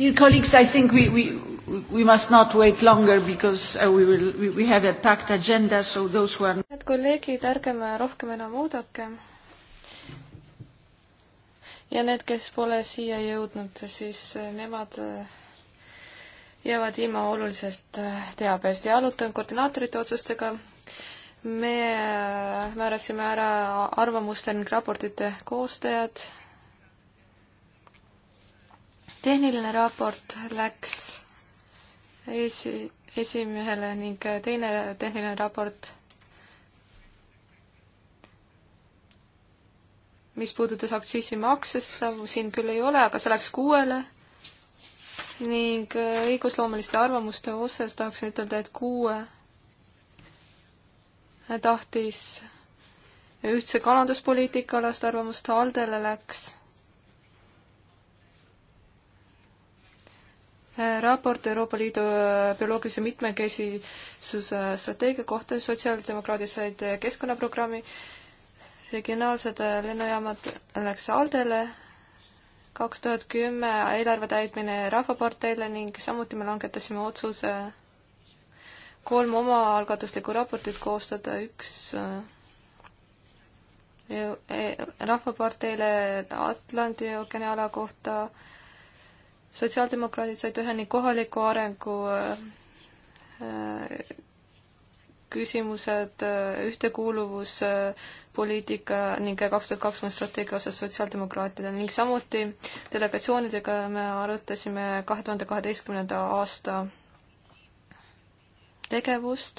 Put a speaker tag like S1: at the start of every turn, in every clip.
S1: Dear colleagues, I think we, we, we must not wait longer because uh, we will, we, we have a packed agenda, so those who are... Head
S2: kolleegid, ärgem rohkem enam oodakem. Ja need, kes pole siia jõudnud, siis äh, nemad äh, jäävad ilma olulisest äh, teabest ja alutan koordinaatorite otsustega. me määrasime ära arvamuste ning raportite koostajad tehniline raport läks esi, esimehele ning teine tehniline raport, mis puudutas aktsiisimakse, seda siin küll ei ole, aga see läks kuuele ning äh, õigusloomeliste arvamuste osas tahaksin ütelda, et kuue tahtis ühtse kalanduspoliitika alast arvamust, Aldele läks raport Euroopa Liidu äh, bioloogilise mitmekesisuse strateegia kohta, sotsiaaldemokraadid said keskkonnaprogrammi, regionaalsed äh, lennujaamad läks Aldele, kaks tuhat kümme eelarve täitmine Rahvaparteile ning samuti me langetasime otsuse kolm omaalgatuslikku raportit koostada, üks äh, e-, e-, Rahvaparteile Atlandi ookeani ala kohta, sotsiaaldemokraadid said ühe nii kohaliku arengu äh, küsimused, äh, ühtekuuluvuspoliitika ning kaks tuhat kakskümmend strateegia osas sotsiaaldemokraatidele ning samuti delegatsioonidega me arutasime kahe tuhande kaheteistkümnenda aasta tegevust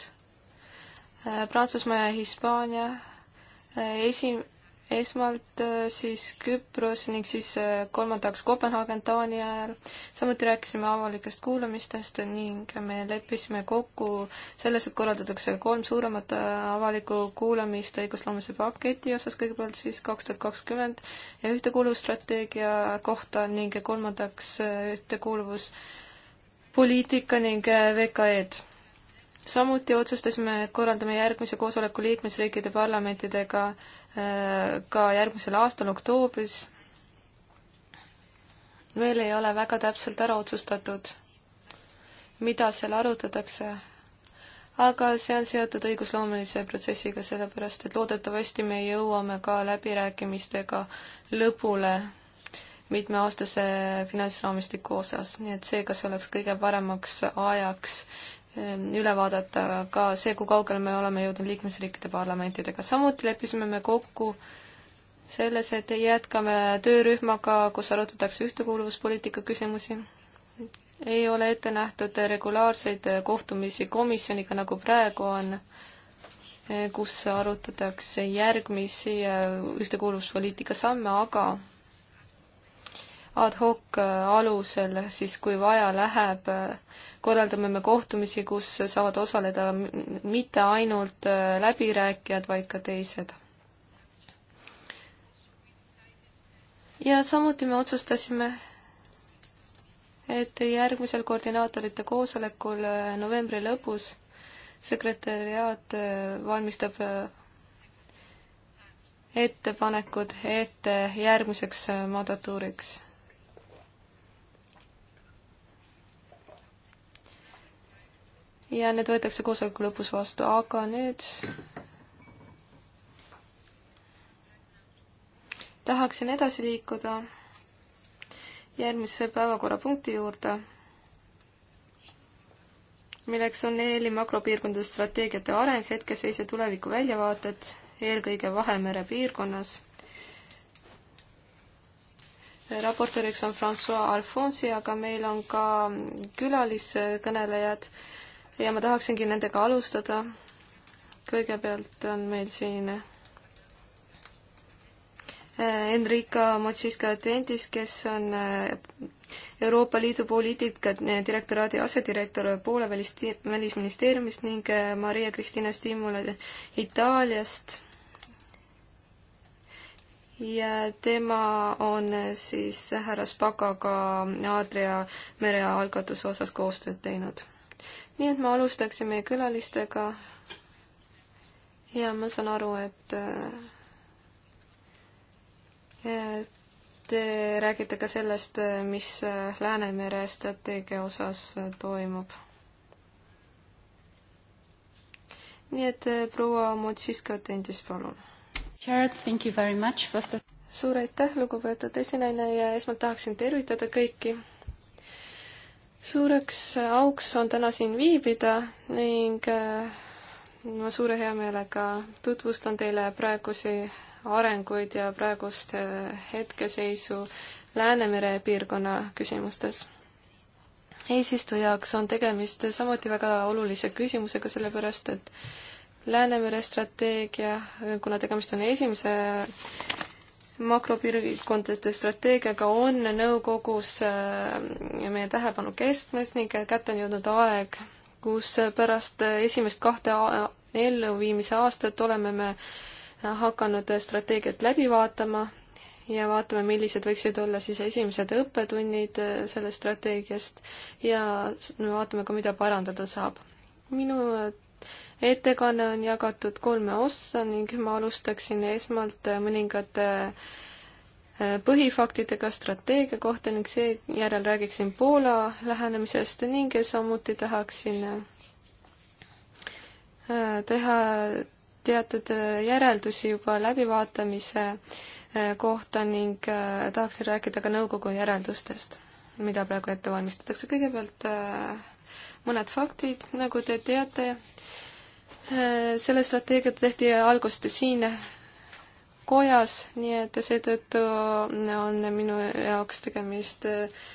S2: äh, Prantsusmaa ja Hispaania esi-, esmalt äh, siis Küpros ning siis äh, kolmandaks Kopenhaagen Taani ajal. samuti rääkisime avalikest kuulamistest ning me leppisime kokku selles, et korraldatakse kolm suuremat äh, avalikku kuulamist õigusloomise paketi osas, kõigepealt siis kaks tuhat kakskümmend ja ühtekuuluvusstrateegia kohta ning kolmandaks ühtekuuluvuspoliitika ning VKE-d samuti otsustasime, et korraldame järgmise koosoleku liikmesriikide parlamentidega äh, ka järgmisel aastal oktoobris. veel ei ole väga täpselt ära otsustatud, mida seal arutatakse, aga see on seotud õigusloomelise protsessiga, sellepärast et loodetavasti me jõuame ka läbirääkimistega lõpule mitmeaastase finantsraamistiku osas, nii et seega see oleks kõige paremaks ajaks Ehm, üle vaadata ka see, kui kaugele me oleme jõudnud liikmesriikide parlamentidega. samuti leppisime me kokku selles, et jätkame töörühmaga, kus arutatakse ühtekuuluvuspoliitika küsimusi. ei ole ette nähtud regulaarseid kohtumisi komisjoniga, nagu praegu on, eh, kus arutatakse järgmisi eh, ühtekuuluvuspoliitika samme, aga ad hoc äh, alusel, siis kui vaja läheb, äh, korraldame me kohtumisi, kus saavad osaleda mitte ainult äh, läbirääkijad, vaid ka teised. ja samuti me otsustasime, et järgmisel koordinaatorite koosolekul novembri lõpus sekretäriaat valmistab ettepanekud ette järgmiseks mandatuuriks ja need võetakse koosoleku lõpus vastu, aga nüüd tahaksin edasi liikuda järgmise päevakorrapunkti juurde, milleks on EL-i makropiirkondade strateegiate areng, hetkeseis ja tuleviku väljavaated, eelkõige Vahemere piirkonnas. raportööriks on Francois Alfonsi, aga meil on ka külaliskõnelejad ja ma tahaksingi nendega alustada. kõigepealt on meil siin eh, Enrica Motsiska Tentis, kes on eh, Euroopa Liidu poliitika eh, direktoraadi asedirektor Poola välisministeeriumist ning Maria-Kristina Stimula Itaaliast. ja tema on siis härra Spakaga Aadria merealgatuse osas koostööd teinud nii et me alustaksime külalistega. ja ma saan aru, et te räägite ka sellest, mis Läänemere strateegia osas toimub. nii et proua Motsiskot endis, palun. suur aitäh, lugupeetud esinaine ja esmalt tahaksin tervitada kõiki suureks auks on täna siin viibida ning äh, ma suure heameelega tutvustan teile praegusi arenguid ja praegust äh, hetkeseisu Läänemere piirkonna küsimustes eesistujaks on tegemist samuti väga olulise küsimusega, sellepärast et Läänemere strateegia, äh, kuna tegemist on esimese makropiirkondade strateegiaga on nõukogus äh, meie tähelepanu kestmas ning kätte on jõudnud aeg, kus pärast esimest kahte elluviimise aastat oleme me hakanud strateegiat läbi vaatama ja vaatame, millised võiksid olla siis esimesed õppetunnid äh, sellest strateegiast ja vaatame ka, mida parandada saab. minu ettekanne on jagatud kolme ossa ning ma alustaksin esmalt mõningate äh, põhifaktidega strateegia kohta ning seejärel räägiksin Poola lähenemisest ning samuti tahaksin äh, teha teatud äh, järeldusi juba läbivaatamise kohta ning tahaksin rääkida ka nõukogu järeldustest, mida praegu ette valmistatakse. kõigepealt mõned faktid, nagu te teate, eh, selle strateegiat tehti algust siin kojas, nii et seetõttu on minu jaoks tegemist eh,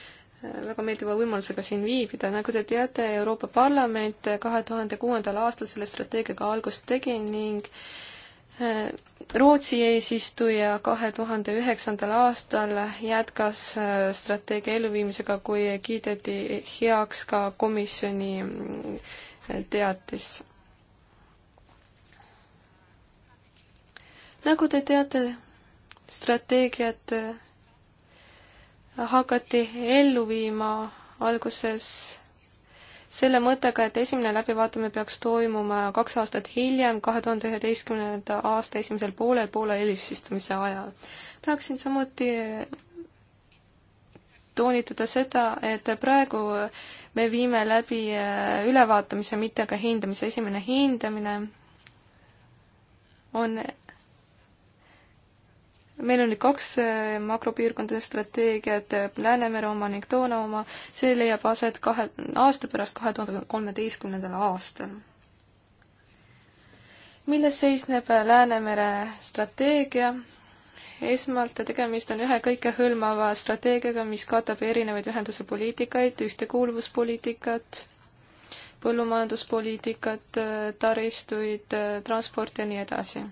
S2: väga meeldiva võimalusega siin viibida. nagu te teate, Euroopa Parlament kahe tuhande kuuendal aastal selle strateegiaga algust tegi ning äh, Rootsi eesistuja kahe tuhande üheksandal aastal jätkas äh, strateegia elluviimisega, kui kiideti heaks ka komisjoni äh, teatis. nagu te teate, strateegiat äh, hakati ellu viima alguses selle mõttega, et esimene läbivaatamine peaks toimuma kaks aastat hiljem, kahe tuhande üheteistkümnenda aasta esimesel poolel Poola eelistumise ajal. tahaksin samuti toonitada seda, et praegu me viime läbi äh, ülevaatamise, mitte aga hindamise. esimene hindamine on meil oli kaks äh, makropiirkondade strateegiat, äh, Läänemere oma ning Toona oma, see leiab aset kahe, aasta pärast, kahe tuhande kolmeteistkümnendal aastal. milles seisneb Läänemere strateegia? esmalt tegemist on ühe kõikehõlmava strateegiaga, mis katab erinevaid ühenduse poliitikaid, ühtekuuluvuspoliitikat, põllumajanduspoliitikat, äh, taristuid, transporti ja nii edasi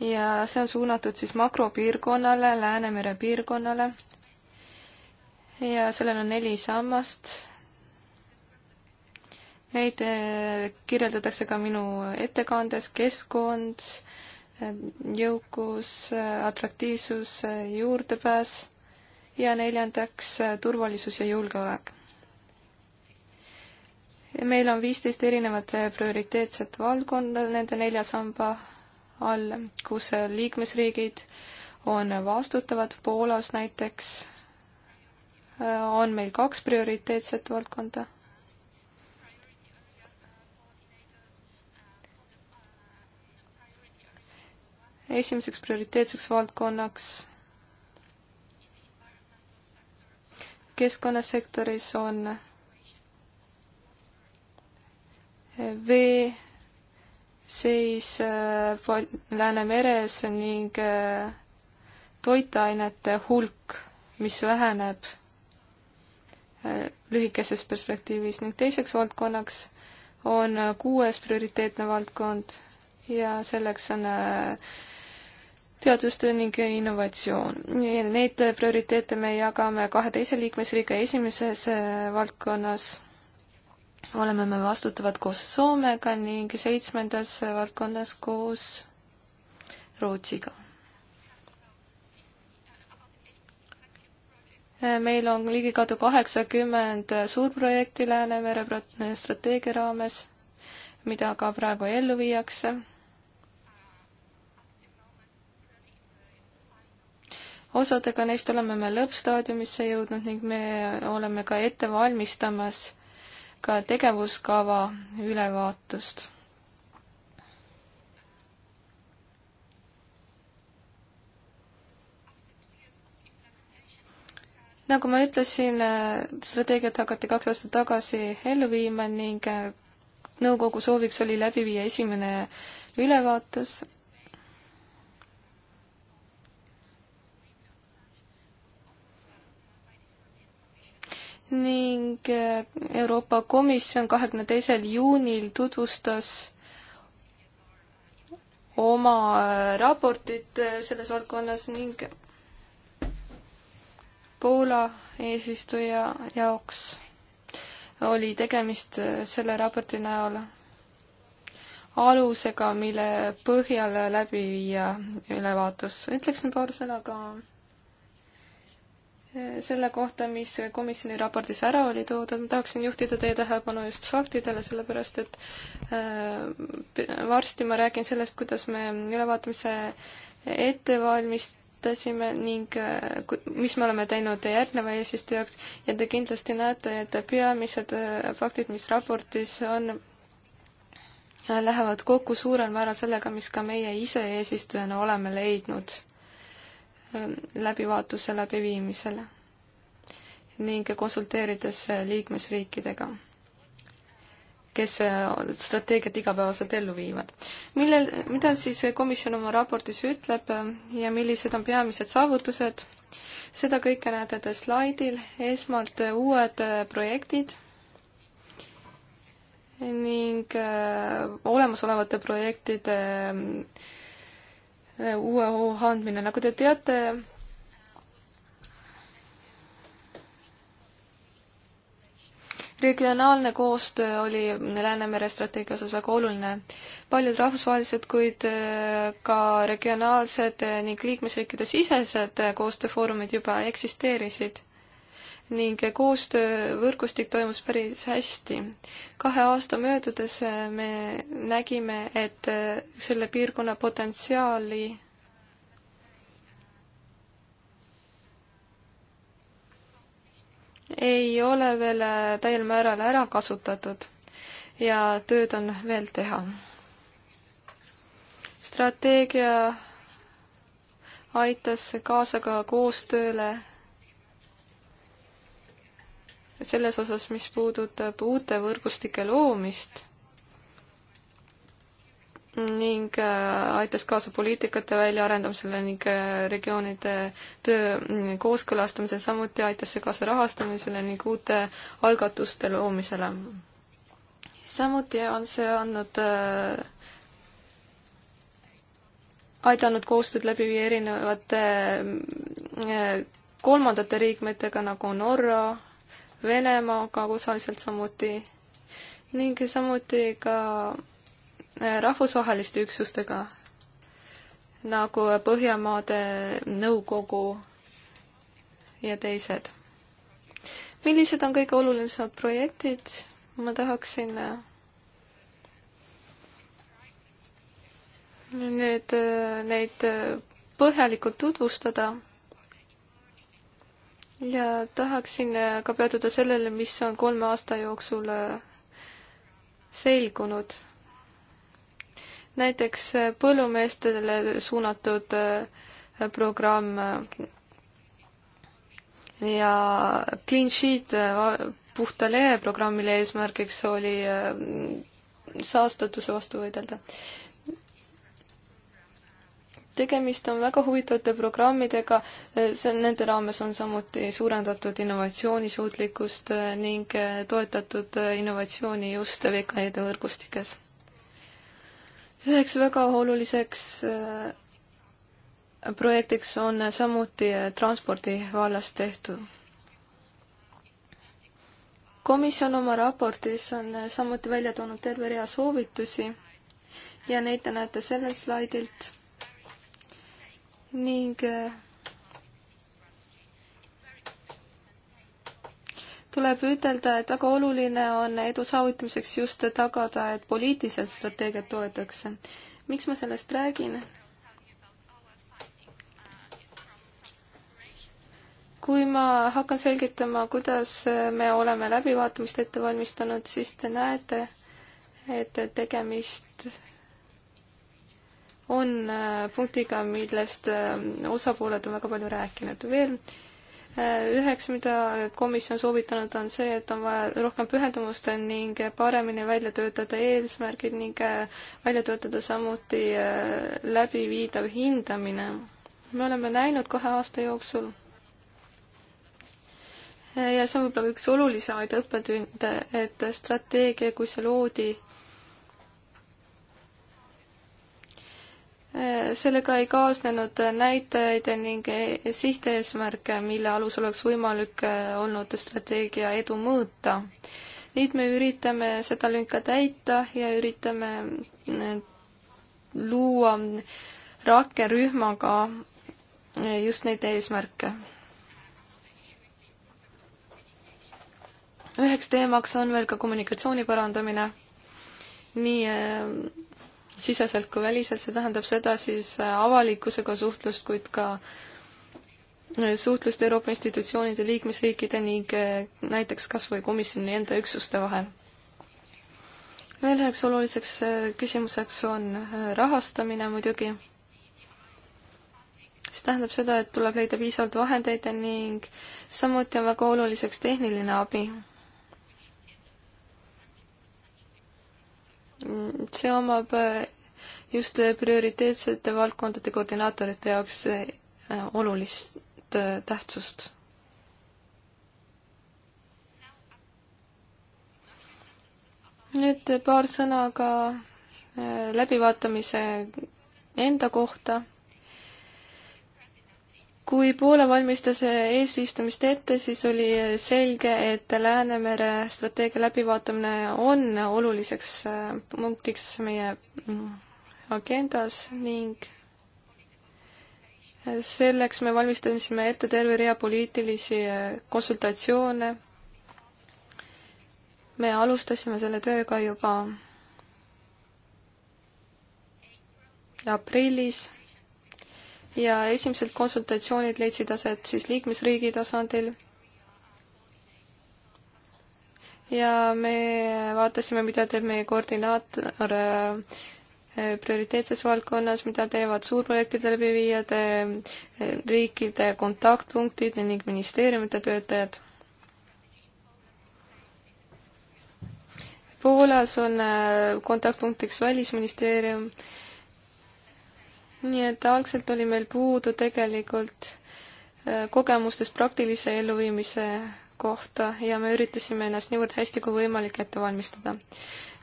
S2: ja see on suunatud siis makropiirkonnale, Läänemere piirkonnale. ja sellel on neli sammast. Neid eh, kirjeldatakse ka minu ettekandes, keskkond, eh, jõukus, eh, atraktiivsus, juurdepääs ja neljandaks turvalisus ja julgeolek. meil on viisteist erinevat prioriteetset valdkonda nende nelja samba all, kus liikmesriigid on vastutavad, Poolas näiteks äh, on meil kaks prioriteetset valdkonda esimeseks prioriteetseks valdkonnaks keskkonnasektoris on vee siis äh, Läänemeres ning äh, toitainete hulk, mis väheneb äh, lühikeses perspektiivis ning teiseks valdkonnaks on kuues prioriteetne valdkond ja selleks on teadustöö ning innovatsioon. Neid prioriteete me jagame kahe teise liikmesriigi esimeses valdkonnas oleme me vastutavad koos Soomega ning seitsmendas valdkonnas koos Rootsiga. meil on ligikaudu kaheksakümmend suurprojekti Läänemere strateegia raames, mida ka praegu ellu viiakse. osadega neist oleme me lõppstaadiumisse jõudnud ning me oleme ka ette valmistamas ka tegevuskava ülevaatust. nagu ma ütlesin, strateegiat hakati kaks aastat tagasi ellu viima ning nõukogu sooviks oli läbi viia esimene ülevaatus ning eh, Euroopa Komisjon kahekümne teisel juunil tutvustas oma eh, raportit eh, selles valdkonnas ning Poola eesistuja jaoks oli tegemist selle raporti näol alusega, mille põhjal läbi viia ülevaatus. ütleksin paar sõna ka selle kohta, mis komisjoni raportis ära oli toodud, ma tahaksin juhtida teie tähelepanu just faktidele, sellepärast et äh, varsti ma räägin sellest, kuidas me ülevaatamise ette valmistasime ning äh, mis me oleme teinud järgneva eesistuja jaoks ja te kindlasti näete, et peamised äh, faktid, mis raportis on, lähevad kokku suurel määral sellega, mis ka meie ise eesistujana oleme leidnud Ähm, läbivaatuse läbiviimisele ning konsulteerides äh, liikmesriikidega, kes äh, strateegiat igapäevaselt ellu viivad. millel, mida siis komisjon oma raportis ütleb ähm, ja millised on peamised saavutused, seda kõike näete te slaidil, esmalt äh, uued projektid ning olemasolevate projektide äh, Äh, uue hoo andmine, nagu te teate, regionaalne koostöö oli Läänemere strateegia osas väga oluline. paljud rahvusvahelised, kuid äh, ka regionaalsed äh, ning liikmesriikide sisesed koostööfoorumid juba eksisteerisid ning koostöövõrgustik toimus päris hästi. kahe aasta möödudes äh, me nägime, et äh, selle piirkonna potentsiaali ei ole veel äh, täiel määral ära kasutatud ja tööd on veel teha. strateegia aitas kaasa ka koostööle selles osas, mis puudutab uute võrgustike loomist ning äh, aitas kaasa poliitikate väljaarendamisele ning äh, regioonide töö mm, kooskõlastamisel, samuti aitas see kaasa rahastamisele ning uute algatuste loomisele. samuti on see andnud äh, aidanud koostööd läbi viia erinevate mm, kolmandate liikmetega nagu Norra, Venemaaga osaliselt samuti ning samuti ka äh, rahvusvaheliste üksustega nagu Põhjamaade Nõukogu ja teised. millised on kõige olulisemad projektid? ma tahaksin äh, nüüd äh, neid põhjalikult tutvustada ja tahaksin äh, ka peatuda sellele, mis on kolme aasta jooksul äh, selgunud. näiteks äh, põllumeestele suunatud programm ja Clean Sheet puhta lehe programmile eesmärgiks oli saastatuse vastu võidelda tegemist on väga huvitavate programmidega, see, nende raames on samuti suurendatud innovatsioonisuutlikkust eh, ning eh, toetatud eh, innovatsiooni just VKE-de võrgustikes. üheks väga oluliseks projektiks on samuti transpordi vallas tehtud. komisjon oma raportis on samuti välja toonud terve rea soovitusi ja neid te näete sellelt slaidilt ning äh, tuleb ütelda, et väga oluline on edu saavutamiseks just tagada, et poliitiliselt strateegiat toetakse. miks ma sellest räägin? kui ma hakkan selgitama, kuidas me oleme läbivaatamist ette valmistanud, siis te näete, et tegemist on äh, punktiga, millest äh, osapooled on väga palju rääkinud. veel äh, üheks, mida komisjon soovitanud, on see, et on vaja rohkem pühendumust ning paremini välja töötada eesmärgid ning välja töötada samuti läbiviidav hindamine. me oleme näinud kahe aasta jooksul ja see on võib-olla üks olulisemaid õppetunde, et strateegia, kui see loodi, Äh, sellega ei kaasnenud näitajaid ning sihteesmärke, mille alusel oleks võimalik äh, olnud strateegia edu mõõta. nüüd me üritame seda lünka täita ja üritame äh, luua rakkerühmaga just neid eesmärke. üheks teemaks on veel ka kommunikatsiooni parandamine nii siseselt kui väliselt, see tähendab seda siis äh, avalikkusega suhtlust, kuid ka äh, suhtlust Euroopa institutsioonide, liikmesriikide ning äh, näiteks kas või komisjoni enda üksuste vahel. veel üheks oluliseks küsimuseks on rahastamine muidugi. see tähendab seda, et tuleb leida piisavalt vahendeid ning samuti on väga oluliseks tehniline abi see omab äh, just äh, prioriteetsete valdkondade koordinaatorite jaoks äh, olulist tähtsust. nüüd paar sõna ka läbivaatamise enda kohta kui Poola valmistas eesistumist ette, siis oli selge, et Läänemere strateegia läbivaatamine on oluliseks äh, punktiks meie mm, agendas ning selleks me valmistasime ette terve rea poliitilisi äh, konsultatsioone. me alustasime selle tööga juba aprillis ja esimesed konsultatsioonid leidsid aset siis liikmesriigi tasandil. ja me vaatasime, mida teeb meie koordinaator äh, prioriteetses valdkonnas, mida teevad suurprojektide läbiviijad, äh, riikide kontaktpunktid ning ministeeriumite töötajad. Poolas on äh, kontaktpunktiks Välisministeerium nii et algselt oli meil puudu tegelikult äh, kogemustest praktilise elluviimise kohta ja me üritasime ennast niivõrd hästi kui võimalik ette valmistada.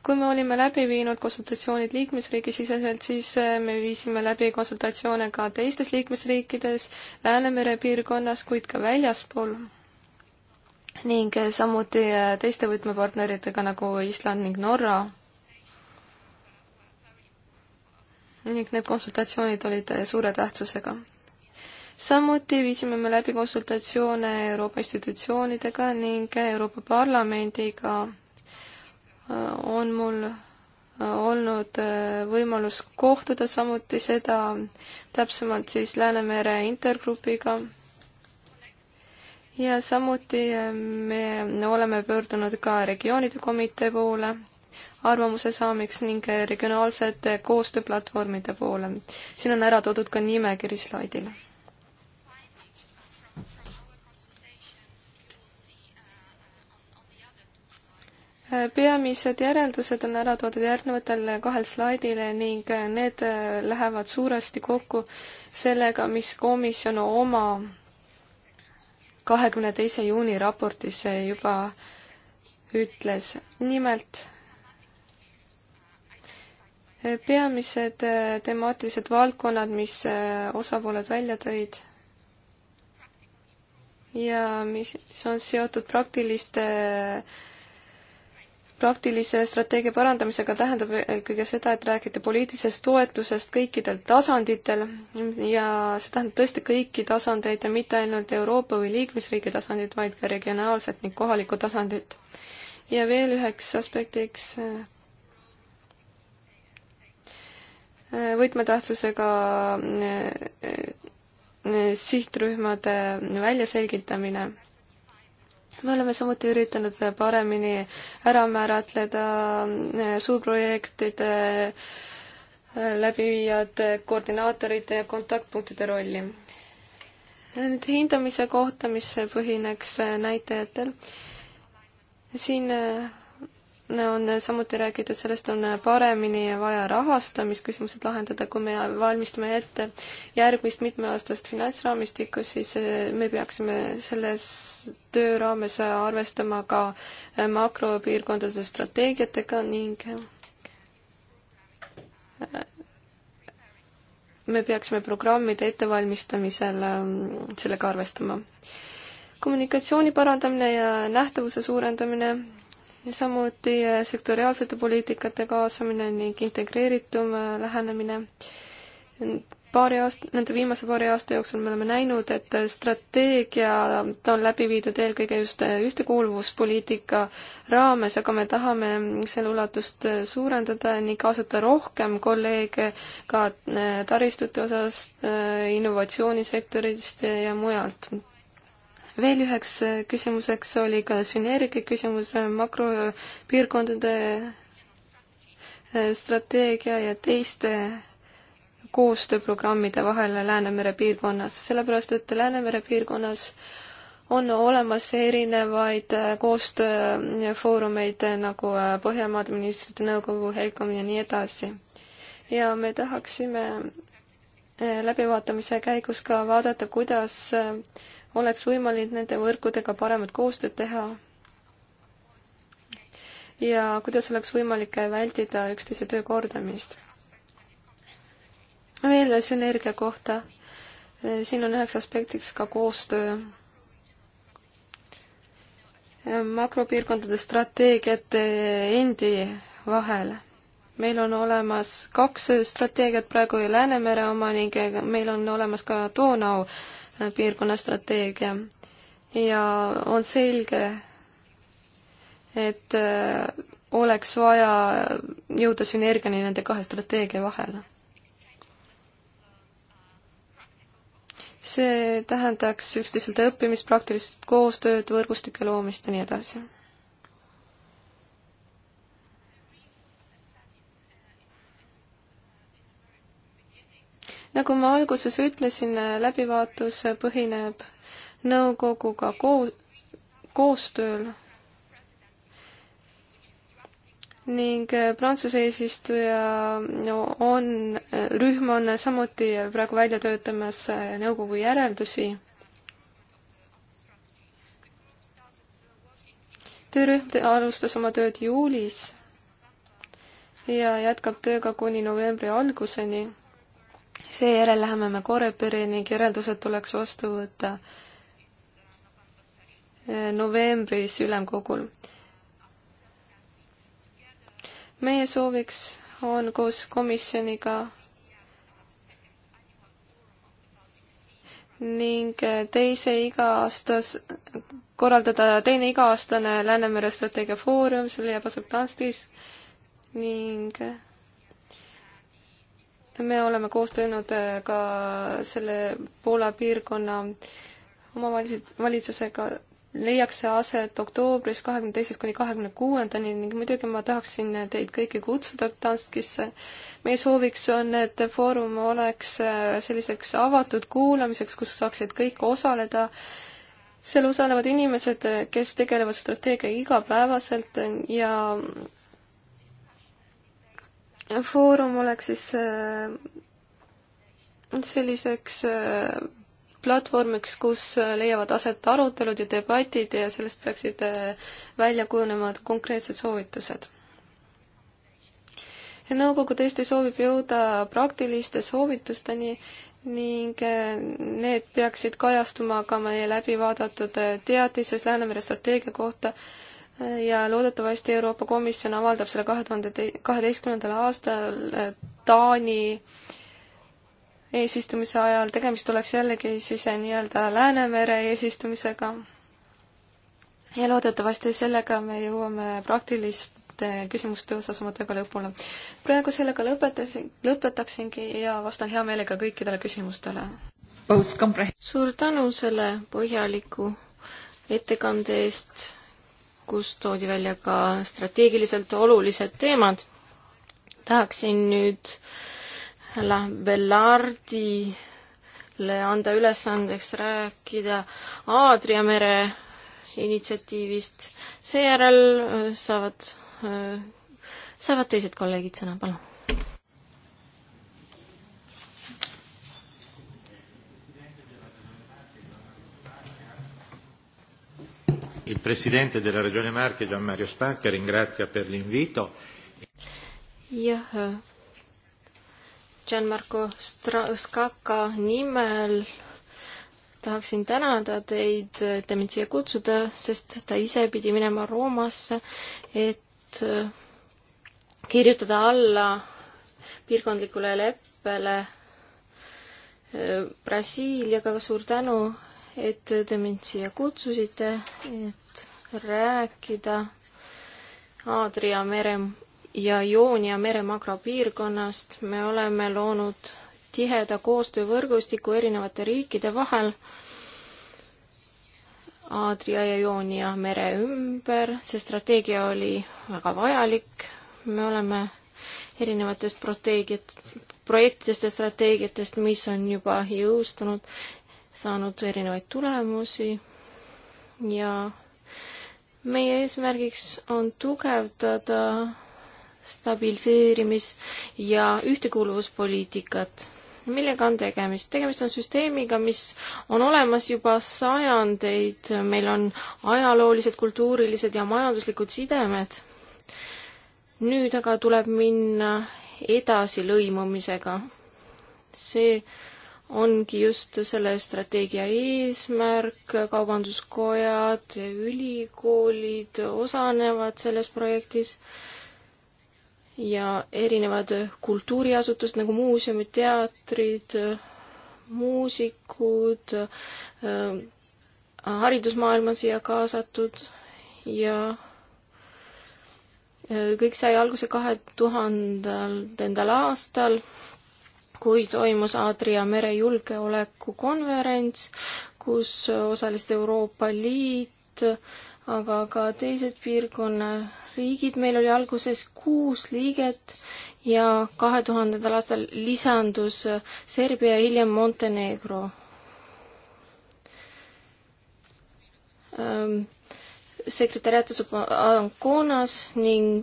S2: kui me olime läbi viinud konsultatsioonid liikmesriigi siseselt, siis äh, me viisime läbi konsultatsioone ka teistes liikmesriikides, Läänemere piirkonnas, kuid ka väljaspool ning äh, samuti teiste võtmepartneritega nagu Island ning Norra ning need konsultatsioonid olid suure tähtsusega. samuti viisime me läbi konsultatsioone Euroopa institutsioonidega ning Euroopa Parlamendiga on mul äh, olnud äh, võimalus kohtuda samuti seda täpsemalt siis Läänemere intergrupiga. ja samuti äh, me oleme pöördunud ka regioonide komitee poole arvamuse saamiks ning regionaalsete koostööplatvormide poole. siin on ära toodud ka nimekiri slaidil. peamised järeldused on ära toodud järgnevatel kahel slaidil ning need lähevad suuresti kokku sellega, mis komisjon oma kahekümne teise juuni raportis juba ütles. nimelt peamised äh, temaatilised valdkonnad, mis äh, osapooled välja tõid ja mis on seotud praktiliste, praktilise strateegia parandamisega, tähendab eelkõige seda, et räägite poliitilisest toetusest kõikidel tasanditel ja see tähendab tõesti kõiki tasandeid ja mitte ainult Euroopa või liikmesriigi tasandit, vaid ka regionaalset ning kohalikku tasandit. ja veel üheks aspektiks äh, võtmetähtsusega eh, eh, sihtrühmade väljaselgitamine. me oleme samuti üritanud paremini ära määratleda eh, suurprojektide läbiviijate, koordinaatorite ja kontaktpunktide rolli. nüüd hindamise kohta, mis põhineks näitajatel. siin on samuti räägitud, sellest on paremini vaja rahastamisküsimused lahendada, kui me valmistame ette järgmist mitmeaastast finantsraamistikku, siis eh, me peaksime selles töö raames arvestama ka eh, makropiirkondade strateegiatega ning eh, me peaksime programmide ettevalmistamisel sellega arvestama. kommunikatsiooni parandamine ja nähtavuse suurendamine samuti äh, sektoriaalsete poliitikate kaasamine ning integreeritum äh, lähenemine. paari aasta, nende viimase paari aasta jooksul me oleme näinud, et äh, strateegia on läbi viidud eelkõige just ühtekuuluvuspoliitika raames, aga me tahame mm, selle ulatust suurendada ning kaasata rohkem kolleege ka taristute osas, innovatsioonisektorist ja mujalt veel üheks äh, küsimuseks oli ka sünergia küsimus äh, makropiirkondade äh, strateegia ja teiste koostööprogrammide vahel Läänemere piirkonnas, sellepärast et Läänemere piirkonnas on olemas erinevaid koostööfoorumeid nagu Põhjamaade ministrite nõukogu, Helcom ja nii edasi. ja me tahaksime läbivaatamise käigus ka vaadata, kuidas oleks võimalik nende võrkudega paremat koostööd teha ja kuidas oleks võimalik vältida üksteise töö kordamist. veel sünergia kohta. siin on üheks aspektiks ka koostöö. makropiirkondade strateegiate endi vahel. meil on olemas kaks strateegiat praegu Läänemere oma ning meil on olemas ka Donau piirkonna strateegia ja on selge, et äh, oleks vaja jõuda sünergiani nende kahe strateegia vahel. see tähendaks üksteiselt õppimist, praktilist koostööd, võrgustike loomist ja nii edasi nagu ma alguses ütlesin, läbivaatus põhineb nõukoguga koo-, koostööl ning Prantsuse eesistuja on, rühm on samuti praegu välja töötamas nõukogu järeldusi. töörühm alustas oma tööd juulis ja jätkab tööga kuni novembri alguseni seejärel läheme me Korepere ning järeldused tuleks vastu võtta eh, novembris ülemkogul. meie sooviks on koos komisjoniga ning eh, teise iga-aastas, korraldada teine iga-aastane Läänemere strateegia foorum, selle jääb Asutanstis ning eh, me oleme koos teinud äh, ka selle Poola piirkonna omavalitsusega, leiaks see aset oktoobris kahekümne teisest kuni kahekümne kuuendani ning muidugi ma tahaksin teid kõiki kutsuda Danskisse. meie sooviks on, et foorum oleks äh, selliseks avatud kuulamiseks, kus saaksid kõik osaleda. seal osalevad inimesed, kes tegelevad strateegiaga igapäevaselt ja Foorum oleks siis äh, selliseks äh, platvormiks, kus äh, leiavad aset arutelud ja debatid ja sellest peaksid välja kujunema konkreetsed soovitused. nõukogu tõesti soovib jõuda praktiliste soovitusteni ning need peaksid kajastuma ka meie läbivaadatud teadises Läänemere strateegia kohta ja loodetavasti Euroopa Komisjon avaldab selle kahe tuhande kaheteistkümnendal aastal äh, Taani eesistumise ajal, tegemist oleks jällegi siis äh, nii-öelda Läänemere eesistumisega. ja loodetavasti sellega me jõuame praktiliste küsimuste osas oma tööga lõpule. praegu sellega lõpetasin, lõpetaksingi ja vastan hea meelega kõikidele küsimustele. suur tänu selle põhjaliku ettekande eest
S1: kus toodi välja ka strateegiliselt olulised teemad. tahaksin nüüd La Bellardile anda ülesandeks rääkida Aadria mere initsiatiivist, seejärel äh, saavad, äh, saavad teised kolleegid sõna, palun
S2: Il
S3: presidente della regione Marche, Gian Mario Spacca, ringrazia per l'invito.
S1: jah, Gianmarco Stra-, Skaka nimel tahaksin tänada teid, et te mind siia kutsuda, sest ta ise pidi minema Roomasse, et kirjutada alla piirkondlikule leppele eh, Brasiiliaga, suur tänu, et te mind siia kutsusite, et rääkida Aadria mere ja Joonia mere makropiirkonnast. me oleme loonud tiheda koostöövõrgustiku erinevate riikide vahel Aadria ja Joonia mere ümber. see strateegia oli väga vajalik. me oleme erinevatest strateegiat, projektidest ja strateegiatest, mis on juba jõustunud saanud erinevaid tulemusi ja meie eesmärgiks on tugevdada stabiliseerimis- ja ühtekuuluvuspoliitikat. millega on tegemist? tegemist on süsteemiga, mis on olemas juba sajandeid, meil on ajaloolised, kultuurilised ja majanduslikud sidemed. nüüd aga tuleb minna edasi lõimumisega. see ongi just selle strateegia eesmärk, kaubanduskojad, ülikoolid osanevad selles projektis ja erinevad kultuuriasutused nagu muuseumid, teatrid, muusikud, äh, haridusmaailm on siia kaasatud ja äh, kõik sai alguse kahe tuhandendal aastal kui toimus Aadria mere julgeolekukonverents, kus osalesid Euroopa Liit, aga ka teised piirkonna riigid, meil oli alguses kuus liiget ja kahe tuhandendal aastal lisandus Serbia, hiljem Montenegro ähm,. sekretäriaat asub Anconas ning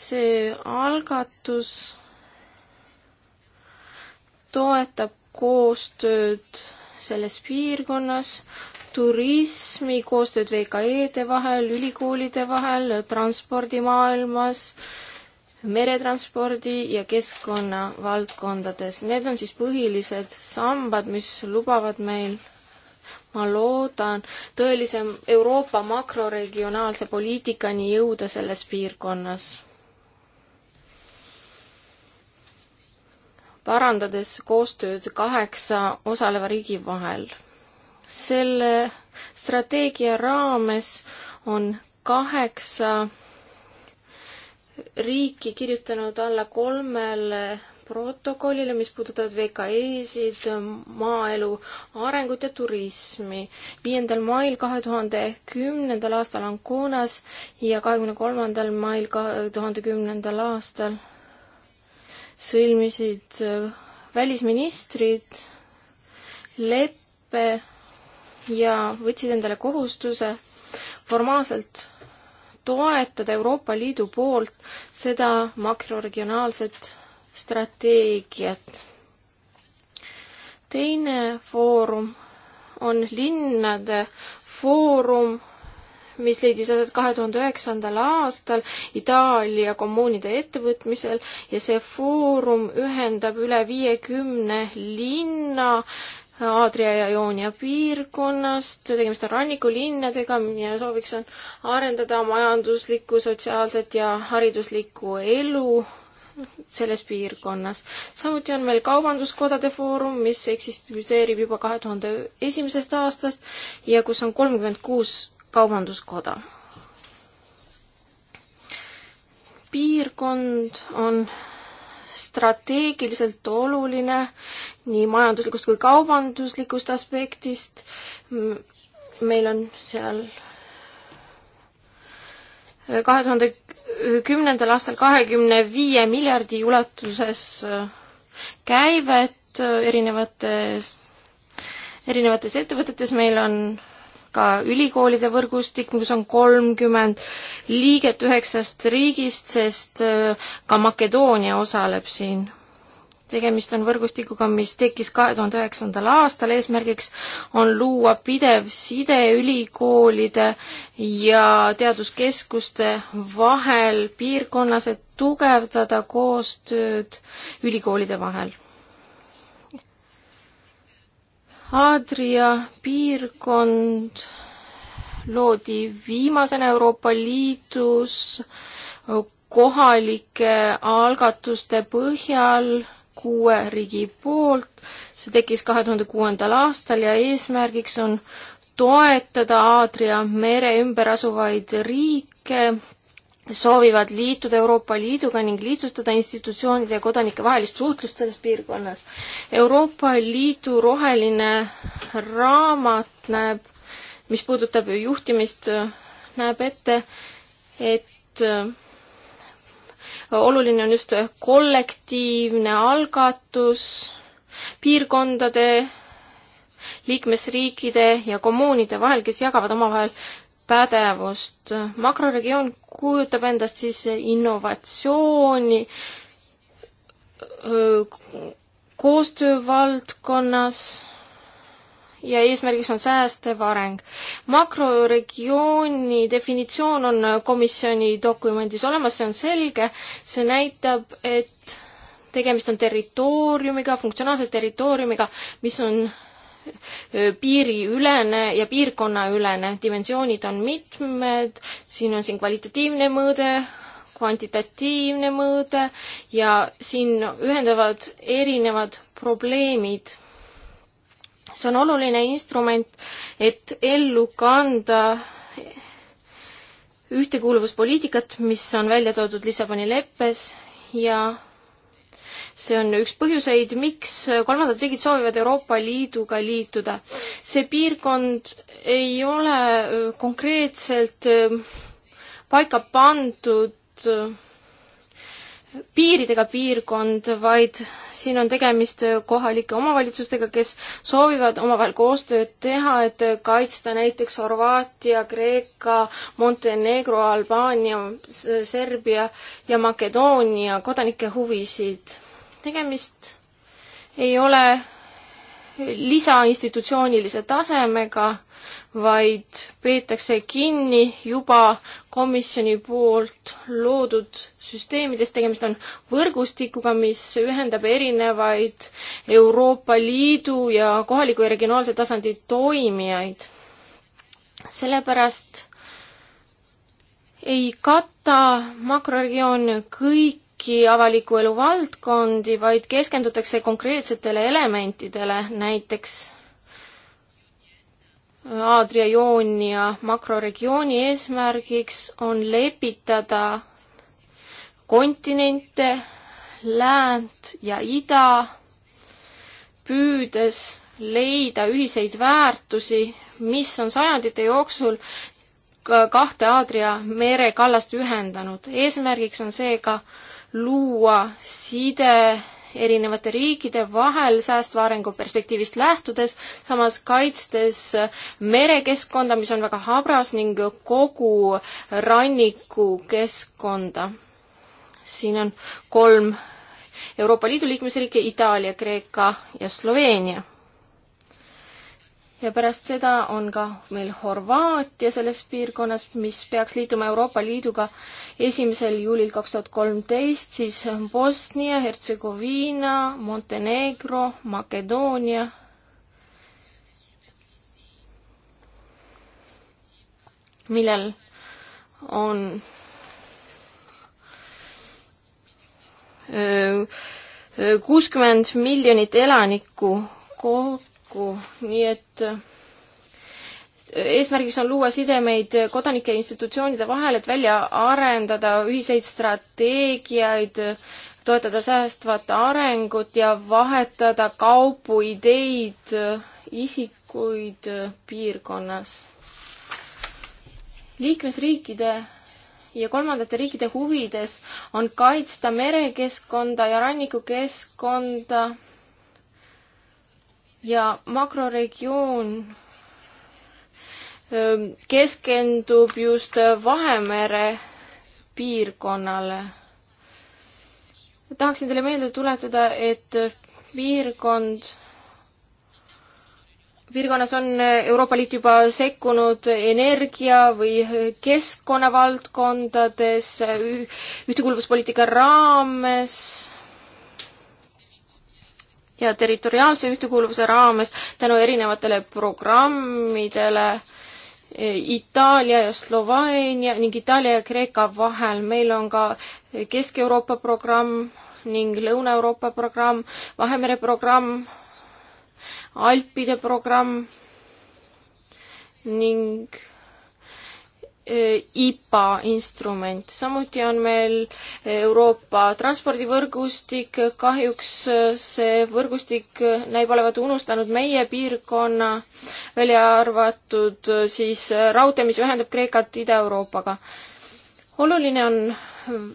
S1: see algatus toetab koostööd selles piirkonnas, turismi, koostööd VKE-de vahel, ülikoolide vahel, transpordimaailmas, meretranspordi ja keskkonna valdkondades. Need on siis põhilised sambad, mis lubavad meil, ma loodan, tõelise Euroopa makroregionaalse poliitikani jõuda selles piirkonnas parandades koostööd kaheksa osaleva riigi vahel. selle strateegia raames on kaheksa riiki kirjutanud alla kolmele protokollile, mis puudutavad VKE-sid, maaelu arengut ja turismi. viiendal mail kahe tuhande kümnendal aastal Anconas ja kahekümne kolmandal mail kahe tuhande kümnendal aastal sõlmisid äh, välisministrid leppe ja võtsid endale kohustuse formaalselt toetada Euroopa Liidu poolt seda makroregionaalset strateegiat. teine foorum on linnade foorum mis leidis aset kahe tuhande üheksandal aastal Itaalia kommuunide ettevõtmisel ja see foorum ühendab üle viiekümne linna Aadria ja Joonia piirkonnast, tegemist on rannikulinnadega ja sooviks on arendada majanduslikku, sotsiaalset ja hariduslikku elu selles piirkonnas. samuti on meil Kaubanduskodade Foorum, mis eksisteerib juba kahe tuhande esimesest aastast ja kus on kolmkümmend kuus Kaubanduskoda. piirkond on strateegiliselt oluline nii majanduslikust kui kaubanduslikust aspektist. meil on seal kahe tuhande kümnendal aastal kahekümne viie miljardi ulatuses äh, käivet äh, erinevates, erinevates ettevõtetes, meil on ka ülikoolide võrgustik, kus on kolmkümmend liiget üheksast riigist, sest äh, ka Makedoonia osaleb siin. tegemist on võrgustikuga, mis tekkis kahe tuhande üheksandal aastal, eesmärgiks on luua pidev side ülikoolide ja teaduskeskuste vahel piirkonnas, et tugevdada koostööd ülikoolide vahel Aadria piirkond loodi viimasena Euroopa Liidus kohalike algatuste põhjal kuue riigi poolt. see tekkis kahe tuhande kuuendal aastal ja eesmärgiks on toetada Aadria mere ümber asuvaid riike soovivad liituda Euroopa Liiduga ning lihtsustada institutsioonide ja kodanike vahelist suhtlust selles piirkonnas. Euroopa Liidu roheline raamat näeb, mis puudutab juhtimist, näeb ette, et äh, oluline on just kollektiivne algatus piirkondade liikmesriikide ja kommuunide vahel, kes jagavad omavahel pädevust. makroregioon kujutab endast siis innovatsiooni koostöövaldkonnas ja eesmärgiks on säästev areng. makroregiooni definitsioon on komisjoni dokumendis olemas, see on selge, see näitab, et tegemist on territooriumiga, funktsionaalse territooriumiga, mis on piiriülene ja piirkonnaülene, dimensioonid on mitmed, siin on siin kvalitatiivne mõõde, kvantitatiivne mõõde ja siin ühendavad erinevad probleemid. see on oluline instrument, et ellu kanda ühtekuuluvuspoliitikat, mis on välja toodud Lissaboni leppes ja see on üks põhjuseid, miks kolmandad riigid soovivad Euroopa Liiduga liituda. see piirkond ei ole konkreetselt ähm, paika pandud äh, piiridega piirkond, vaid siin on tegemist äh, kohalike omavalitsustega, kes soovivad omavahel koostööd teha, et äh, kaitsta näiteks Horvaatia, Kreeka, Montenegro, Albaania, Serbia ja Makedoonia kodanike huvisid tegemist ei ole lisainstitutsioonilise tasemega, vaid peetakse kinni juba komisjoni poolt loodud süsteemidest, tegemist on võrgustikuga, mis ühendab erinevaid Euroopa Liidu ja kohaliku ja regionaalse tasandi toimijaid. sellepärast ei kata makroregioon kõik kõiki avaliku elu valdkondi, vaid keskendutakse konkreetsetele elementidele, näiteks Aadria jooni ja makroregiooni eesmärgiks on lepitada kontinente, läänt ja ida, püüdes leida ühiseid väärtusi, mis on sajandite jooksul kahte Aadria mere kallast ühendanud. eesmärgiks on seega ka luua side erinevate riikide vahel säästva arengu perspektiivist lähtudes, samas kaitstes merekeskkonda, mis on väga habras ning kogu rannikukeskkonda. siin on kolm Euroopa Liidu liikmesriiki, Itaalia, Kreeka ja Sloveenia ja pärast seda on ka meil Horvaatia selles piirkonnas, mis peaks liituma Euroopa Liiduga esimesel juulil kaks tuhat kolmteist, siis Bosnia, Hertsegoviina, Montenegro, Makedoonia. millel on kuuskümmend miljonit elanikku koos kokku, nii et äh, eesmärgiks on luua sidemeid kodanike institutsioonide vahel, et välja arendada ühiseid strateegiaid, toetada säästvat arengut ja vahetada kaupu, ideid, äh, isikuid äh, piirkonnas. liikmesriikide ja kolmandate riikide huvides on kaitsta merekeskkonda ja rannikukeskkonda ja makroregioon ähm, keskendub just äh, Vahemere piirkonnale. tahaksin teile meelde tuletada, et äh, piirkond, piirkonnas on äh, Euroopa Liit juba sekkunud energia või keskkonnavaldkondades, ühtekuuluvuspoliitika raames ja territoriaalse ühtekuuluvuse raames tänu erinevatele programmidele e, Itaalia ja Sloveenia ning Itaalia ja Kreeka vahel. meil on ka Kesk-Euroopa programm ning Lõuna-Euroopa programm, Vahemere programm, Alpide programm ning IPA instrument, samuti on meil Euroopa transpordivõrgustik, kahjuks see võrgustik näib olevat unustanud meie piirkonna, välja arvatud siis raudtee, mis ühendab Kreekat Ida-Euroopaga. oluline on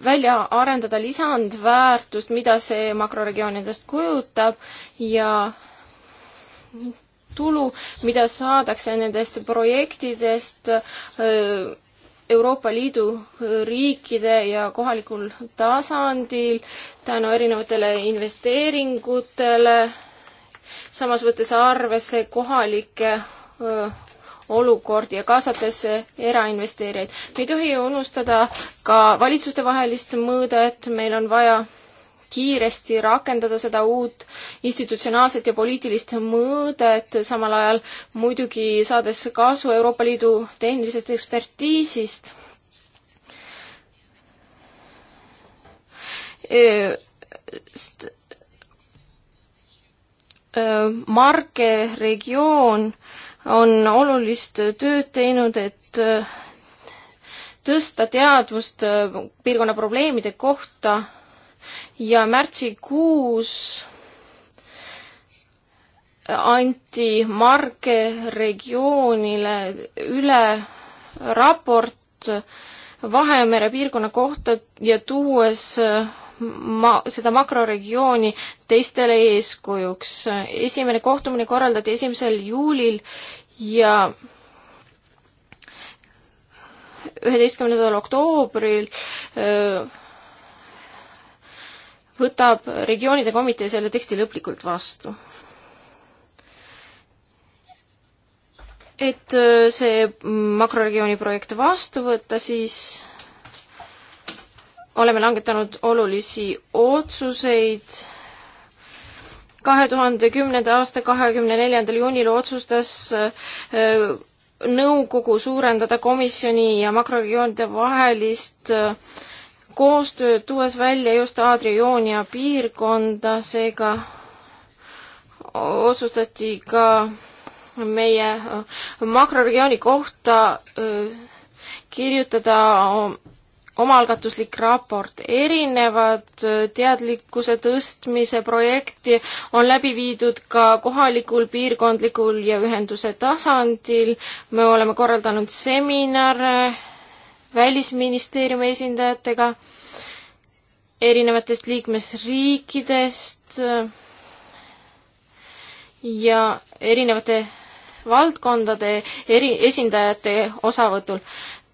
S1: välja arendada lisandväärtust, mida see makroregioonidest kujutab ja tulu, mida saadakse nendest projektidest, Euroopa Liidu riikide ja kohalikul tasandil tänu erinevatele investeeringutele, samas võttes arvesse kohalikke olukordi ja kaasates erainvesteerijaid. me ei tohi unustada ka valitsustevahelist mõõdet, meil on vaja kiiresti rakendada seda uut institutsionaalset ja poliitilist mõõdet, samal ajal muidugi saades kasu Euroopa Liidu tehnilisest ekspertiisist. Marke regioon on olulist tööd teinud, et äh, tõsta teadvust äh, piirkonna probleemide kohta ja märtsikuus anti Marke regioonile üle raport Vahemere piirkonna kohta ja tuues ma-, seda makroregiooni teistele eeskujuks. esimene kohtumine korraldati esimesel juulil ja üheteistkümnendal oktoobril öö, äh, võtab regioonide komitee selle teksti lõplikult vastu. et äh, see makroregiooni projekt vastu võtta, siis oleme langetanud olulisi otsuseid. kahe tuhande kümnenda aasta kahekümne neljandal juunil otsustas äh, nõukogu suurendada komisjoni ja makroregioonide vahelist äh, koostööd, tuues välja just Adrioonia piirkonda, seega otsustati ka meie äh, makroregiooni kohta äh, kirjutada omaalgatuslik raport. erinevad äh, teadlikkuse tõstmise projekti on läbi viidud ka kohalikul, piirkondlikul ja ühenduse tasandil. me oleme korraldanud seminare välisministeeriumi esindajatega erinevatest liikmesriikidest äh, ja erinevate valdkondade eri, esindajate osavõtul.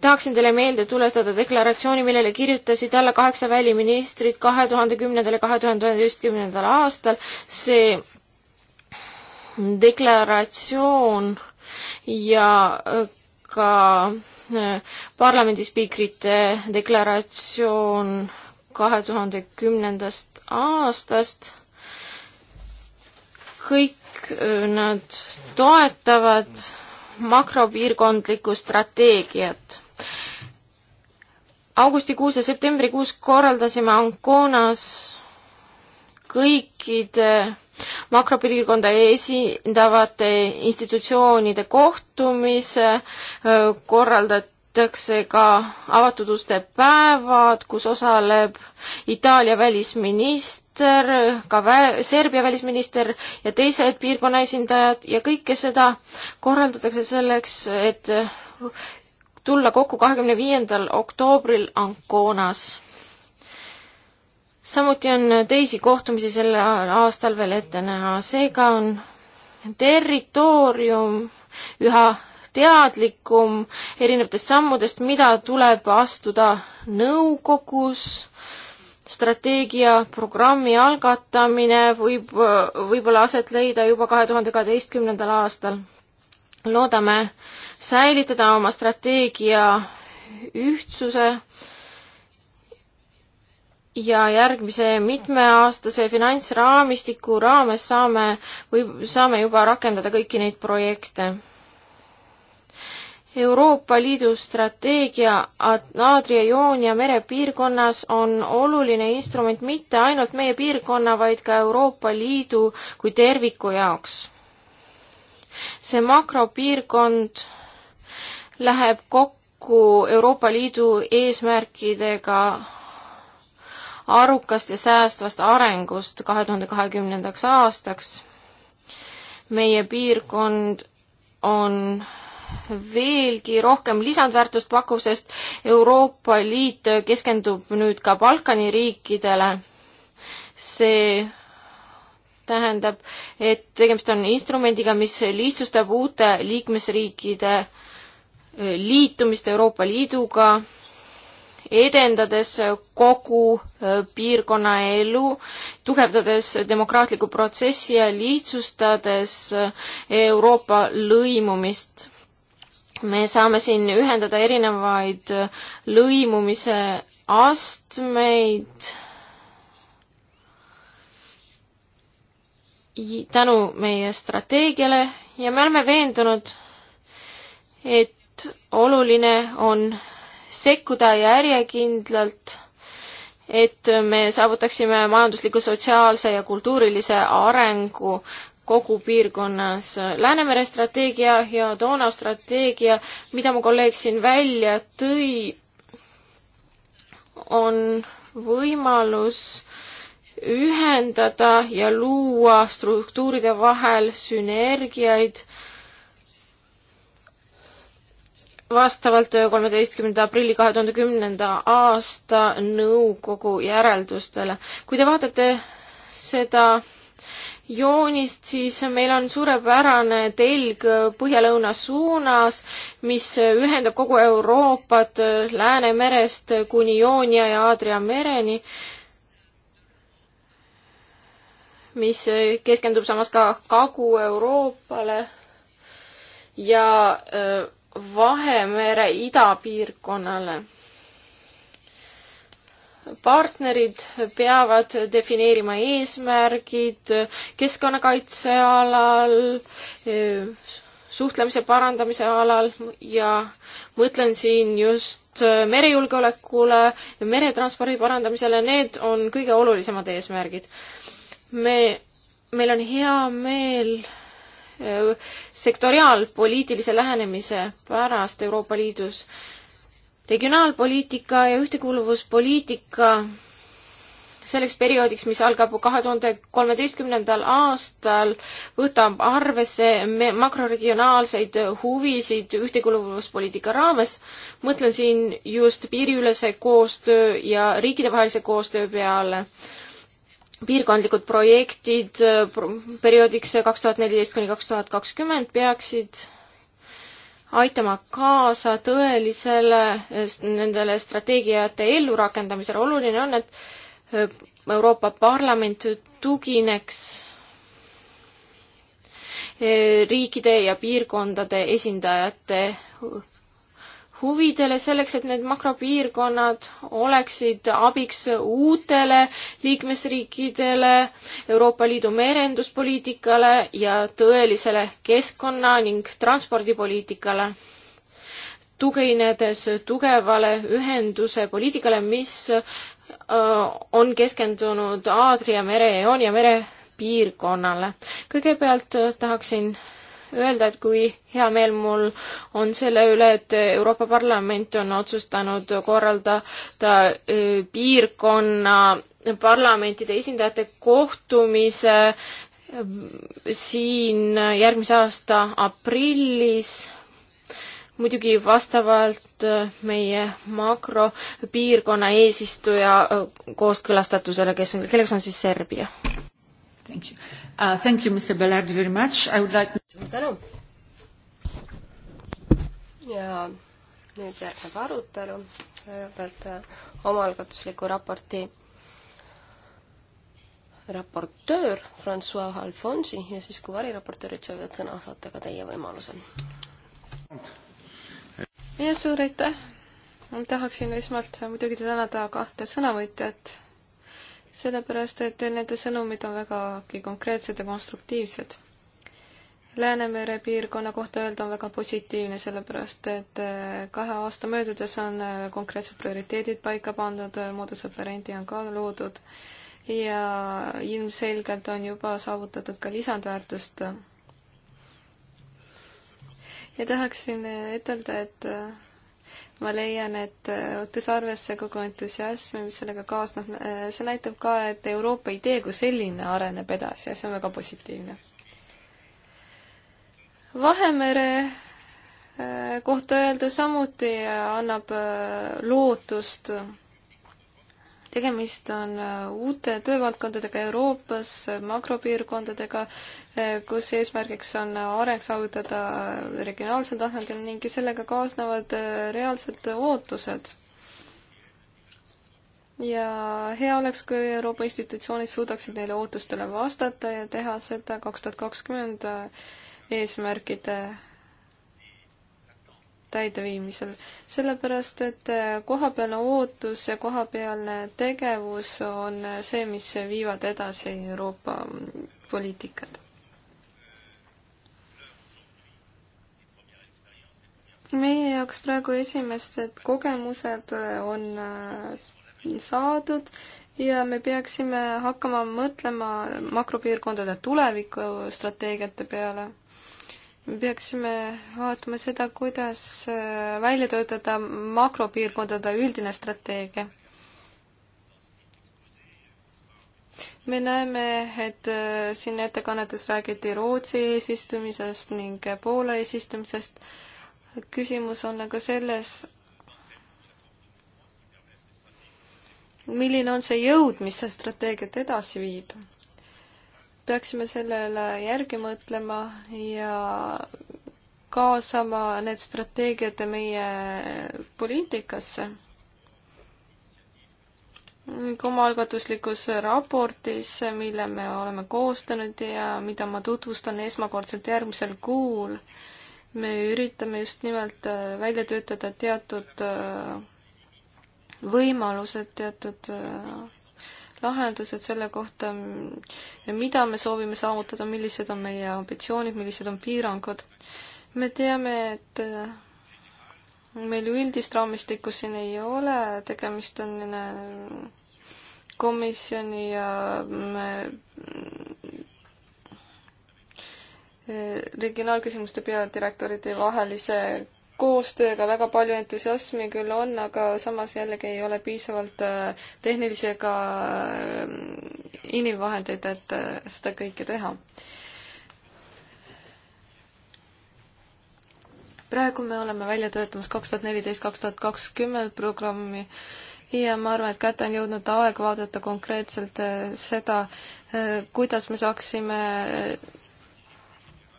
S1: tahaksin teile meelde tuletada deklaratsiooni, millele kirjutasid alla kaheksa väliministrit kahe tuhande kümnendal ja kahe tuhande üheteistkümnendal aastal. see deklaratsioon ja ka parlamendispiikrite deklaratsioon kahe tuhande kümnendast aastast. kõik nad toetavad makropiirkondlikku strateegiat. augustikuus ja septembrikuus korraldasime Anconas kõikide makropiirkonda esindavate institutsioonide kohtumise korraldatakse ka avatud uste päevad, kus osaleb Itaalia välisminister, ka vä-, Serbia välisminister ja teised piirkonna esindajad ja kõike seda korraldatakse selleks, et tulla kokku kahekümne viiendal oktoobril Anconas samuti on teisi kohtumisi sel aastal veel ette näha, seega on territoorium üha teadlikum erinevatest sammudest, mida tuleb astuda nõukogus, strateegia programmi algatamine võib, võib-olla aset leida juba kahe tuhande kaheteistkümnendal aastal. loodame säilitada oma strateegia ühtsuse äh, ja järgmise mitmeaastase finantsraamistiku raames saame või saame juba rakendada kõiki neid projekte. Euroopa Liidu strateegia Adria Joonia merepiirkonnas on oluline instrument mitte ainult meie piirkonna, vaid ka Euroopa Liidu kui terviku jaoks. see makropiirkond läheb kokku Euroopa Liidu eesmärkidega arukast ja säästvast arengust kahe tuhande kahekümnendaks aastaks. meie piirkond on veelgi rohkem lisandväärtust pakkuv, sest Euroopa Liit keskendub nüüd ka Balkani riikidele. see tähendab, et tegemist on instrumendiga, mis lihtsustab uute liikmesriikide liitumist Euroopa Liiduga edendades kogu piirkonna elu, tugevdades demokraatlikku protsessi ja lihtsustades Euroopa lõimumist. me saame siin ühendada erinevaid lõimumise astmeid tänu meie strateegiale ja me oleme veendunud, et oluline on sekkuda järjekindlalt, et me saavutaksime majandusliku, sotsiaalse ja kultuurilise arengu kogu piirkonnas. Läänemere strateegia ja Donau strateegia, mida mu kolleeg siin välja tõi, on võimalus ühendada ja luua struktuuride vahel sünergiaid äh, vastavalt kolmeteistkümnenda aprilli kahe tuhande kümnenda aasta nõukogu järeldustele. kui te vaatate seda joonist, siis meil on suurepärane telg põhja-lõuna suunas, mis ühendab kogu Euroopat Läänemerest kuni Joonia ja Aadria mereni, mis keskendub samas ka Kagu-Euroopale ja öö, äh, Vahemere idapiirkonnale. partnerid peavad defineerima eesmärgid keskkonnakaitse alal, suhtlemise parandamise alal ja mõtlen siin just merejulgeolekule, meretranspordi parandamisele, need on kõige olulisemad eesmärgid. me, meil on hea meel sektoriaalpoliitilise lähenemise pärast Euroopa Liidus. regionaalpoliitika ja ühtekuuluvuspoliitika selleks perioodiks, mis algab kahe tuhande kolmeteistkümnendal aastal, võtab arvesse makroregionaalseid huvisid ühtekuuluvuspoliitika raames. mõtlen siin just piiriülese koostöö ja riikidevahelise koostöö peale piirkondlikud projektid äh, perioodiks kaks tuhat neliteist kuni kaks tuhat kakskümmend peaksid aitama kaasa tõelisele äh, nendele strateegiate ellurakendamisele. oluline on, et äh, Euroopa Parlament tugineks riikide ja piirkondade esindajate huvidele selleks, et need makropiirkonnad oleksid abiks uutele liikmesriikidele, Euroopa Liidu merenduspoliitikale ja tõelisele keskkonna ning transpordipoliitikale. tuginedes tugevale ühenduse poliitikale, mis äh, on keskendunud Aadria mere ja Joonia mere piirkonnale. kõigepealt äh, tahaksin öelda, et kui hea meel mul on selle üle, et Euroopa Parlament on otsustanud korraldada piirkonna parlamentide esindajate kohtumise siin järgmise aasta aprillis muidugi vastavalt meie makropiirkonna eesistuja kooskõlastatusele, kes on, kelleks on siis Serbia. Thank you. Uh, thank you, Mr Bellard, very much. I would like suur
S3: tänu! ja nüüd järgneb arutelu, kõigepealt äh, omaalgatusliku raporti raportöör Francois Alfonsi ja siis, kui variraportöörid soovivad sõna, saate ka teie võimalusel.
S2: ja suur aitäh! tahaksin esmalt muidugi tänada kahte sõnavõtjat sellepärast, et nende sõnumid on vägagi konkreetsed ja konstruktiivsed. Läänemere piirkonna kohta öelda on väga positiivne, sellepärast et äh, kahe aasta möödudes on äh, konkreetsed prioriteedid paika pandud, äh, moodusoperendi on ka loodud ja ilmselgelt on juba saavutatud ka lisandväärtust. ja tahaksin ütelda, et ma leian, et äh, võttes arvesse kogu entusiasmi, mis sellega kaasneb, äh, see näitab ka, et Euroopa idee kui selline areneb edasi ja see on väga positiivne. Vahemere äh, kohta öeldu samuti annab lootust tegemist on äh, uute töövaldkondadega Euroopas, äh, makropiirkondadega, äh, kus eesmärgiks on areng saavutada regionaalsel tasandil ning sellega kaasnevad reaalsed ootused. ja hea oleks, kui Euroopa institutsioonid suudaksid neile ootustele vastata ja teha seda kaks tuhat kakskümmend eesmärkide täideviimisel, sellepärast et äh, kohapealne ootus ja kohapealne tegevus on äh, see, mis viivad edasi Euroopa mm, poliitikat. meie jaoks praegu esimesed kogemused äh, on saadud ja me peaksime hakkama mõtlema makropiirkondade tulevikustrateegiate peale me peaksime vaatama seda, kuidas äh, välja töötada makropiirkondade üldine strateegia. me näeme, et äh, siin ettekannetes räägiti Rootsi eesistumisest ning äh, Poola eesistumisest. küsimus on aga selles, milline on see jõud, mis seda strateegiat edasi viib peaksime sellele järgi mõtlema ja kaasama need strateegiad meie poliitikasse. omaalgatuslikus raportis, mille me oleme koostanud ja mida ma tutvustan esmakordselt järgmisel kuul, me üritame just nimelt äh, välja töötada teatud äh, võimalused, teatud äh, lahendused selle kohta, mm, mida me soovime saavutada, millised on meie ambitsioonid, millised on piirangud. me teame, et äh, meil ju üldist raamistikku siin ei ole, tegemist on äh, komisjoni ja mm, äh, regionaalküsimuste peadirektorite vahelise koostööga väga palju entusiasmi küll on, aga samas jällegi ei ole piisavalt äh, tehnilisi ega äh, inimvahendeid, et äh, seda kõike teha. praegu me oleme välja töötamas kaks tuhat neliteist, kaks tuhat kakskümmend programmi ja ma arvan, et kätte on jõudnud aeg vaadata konkreetselt seda, kuidas me saaksime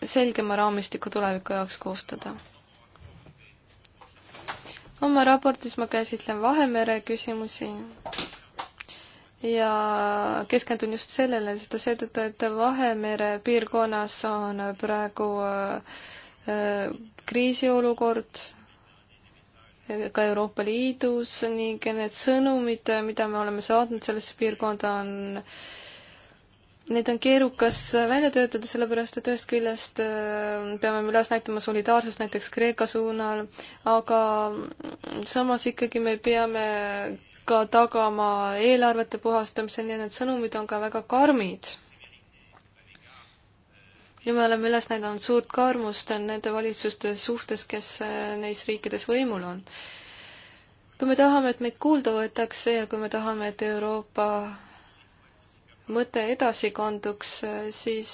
S2: selgema raamistiku tuleviku jaoks koostada oma raportis ma käsitlen Vahemere küsimusi ja keskendun just sellele, seda seetõttu, et Vahemere piirkonnas on praegu äh, kriisiolukord ka Euroopa Liidus ning need sõnumid, mida me oleme saatnud sellesse piirkonda, on Neid on keerukas välja töötada, sellepärast et ühest küljest äh, peame me üles näitama solidaarsust näiteks Kreeka suunal, aga samas ikkagi me peame ka tagama eelarvete puhastamise, nii et need sõnumid on ka väga karmid. ja me oleme üles näidanud suurt karmust nende valitsuste suhtes, kes äh, neis riikides võimul on kui me tahame, et meid kuulda võetakse ja kui me tahame, et Euroopa mõte edasi kanduks, siis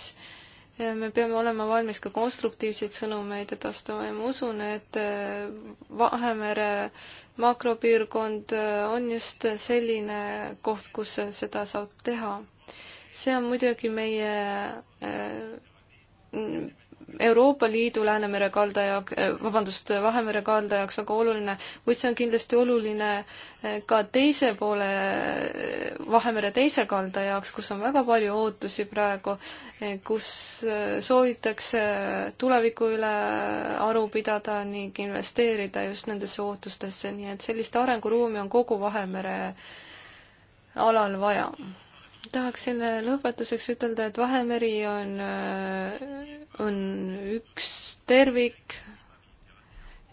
S2: eh, me peame olema valmis ka konstruktiivseid sõnumeid edastama ja ma usun, et eh, Vahemere makropiirkond eh, on just selline koht, kus seda saab teha. see on muidugi meie Euroopa Liidu Läänemere kalda ja, eh, vabandust, Vahemere kalda jaoks väga oluline, kuid see on kindlasti oluline eh, ka teise poole, eh, Vahemere teise kalda jaoks, kus on väga palju ootusi praegu, kus soovitakse tuleviku üle aru pidada ning investeerida just nendesse ootustesse, nii et sellist arenguruumi on kogu Vahemere alal vaja tahaksin lõpetuseks ütelda, et Vahemeri on, äh, on üks tervik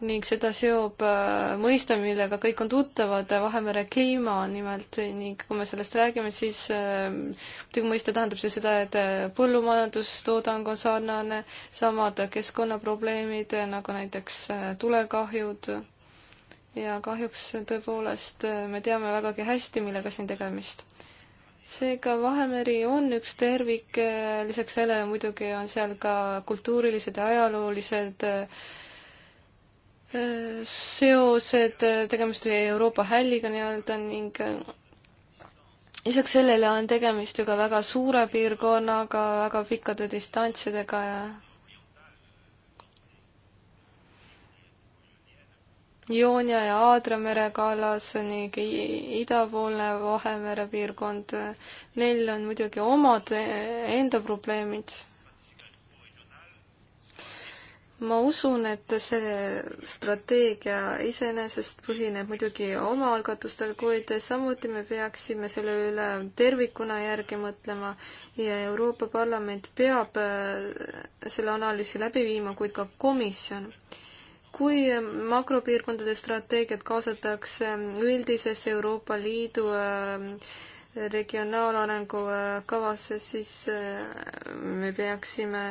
S2: ning seda seob äh, mõiste, millega kõik on tuttavad, Vahemere kliima nimelt ning kui me sellest räägime, siis äh, muidugi mõiste tähendab see seda, et põllumajandustoodang on sarnane, samad keskkonnaprobleemid nagu näiteks tulekahjud ja kahjuks tõepoolest me teame vägagi hästi, millega siin tegemist seega Vahemeri on üks tervik, lisaks sellele muidugi on seal ka kultuurilised ja ajaloolised äh, seosed, tegemist oli Euroopa hälliga nii-öelda ning äh, lisaks sellele on tegemist ju ka väga suure piirkonnaga, väga pikkade distantsidega ja Joonia ja Aadra mere kallas ning idapoolne Vahemere piirkond. Neil on muidugi omad e-, enda probleemid. ma usun, et see strateegia iseenesest põhineb muidugi omaalgatustel, kuid samuti me peaksime selle üle tervikuna järgi mõtlema ja Euroopa Parlament peab e, selle analüüsi läbi viima, kuid ka komisjon kui makropiirkondade strateegiat kaasatakse üldisesse Euroopa Liidu äh, regionaalarengu äh, kavasse, siis äh, me peaksime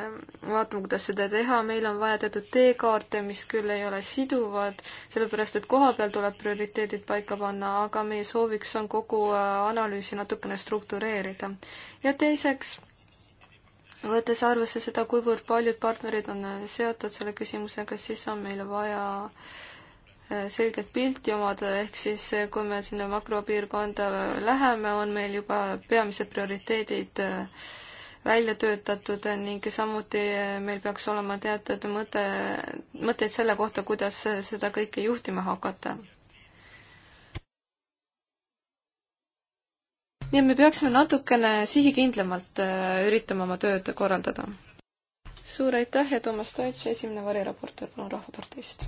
S2: vaatama, kuidas seda teha, meil on vaja teatud teekaarte, mis küll ei ole siduvad, sellepärast et koha peal tuleb prioriteedid paika panna, aga meie sooviks on kogu analüüsi natukene struktureerida. ja teiseks võttes arvesse seda, kuivõrd paljud partnerid on äh, seotud selle küsimusega, siis on meil vaja äh, selget pilti omada, ehk siis äh, kui me sinna makropiirkonda läheme, on meil juba peamised prioriteedid välja töötatud ning samuti meil peaks olema teatud mõte, mõtteid selle kohta, kuidas seda kõike juhtima hakata nii et me peaksime natukene sihikindlamalt äh, üritama oma tööd korraldada. suur aitäh ja Toomas Deutsch, esimene variraportöör no, Rahvaparteist.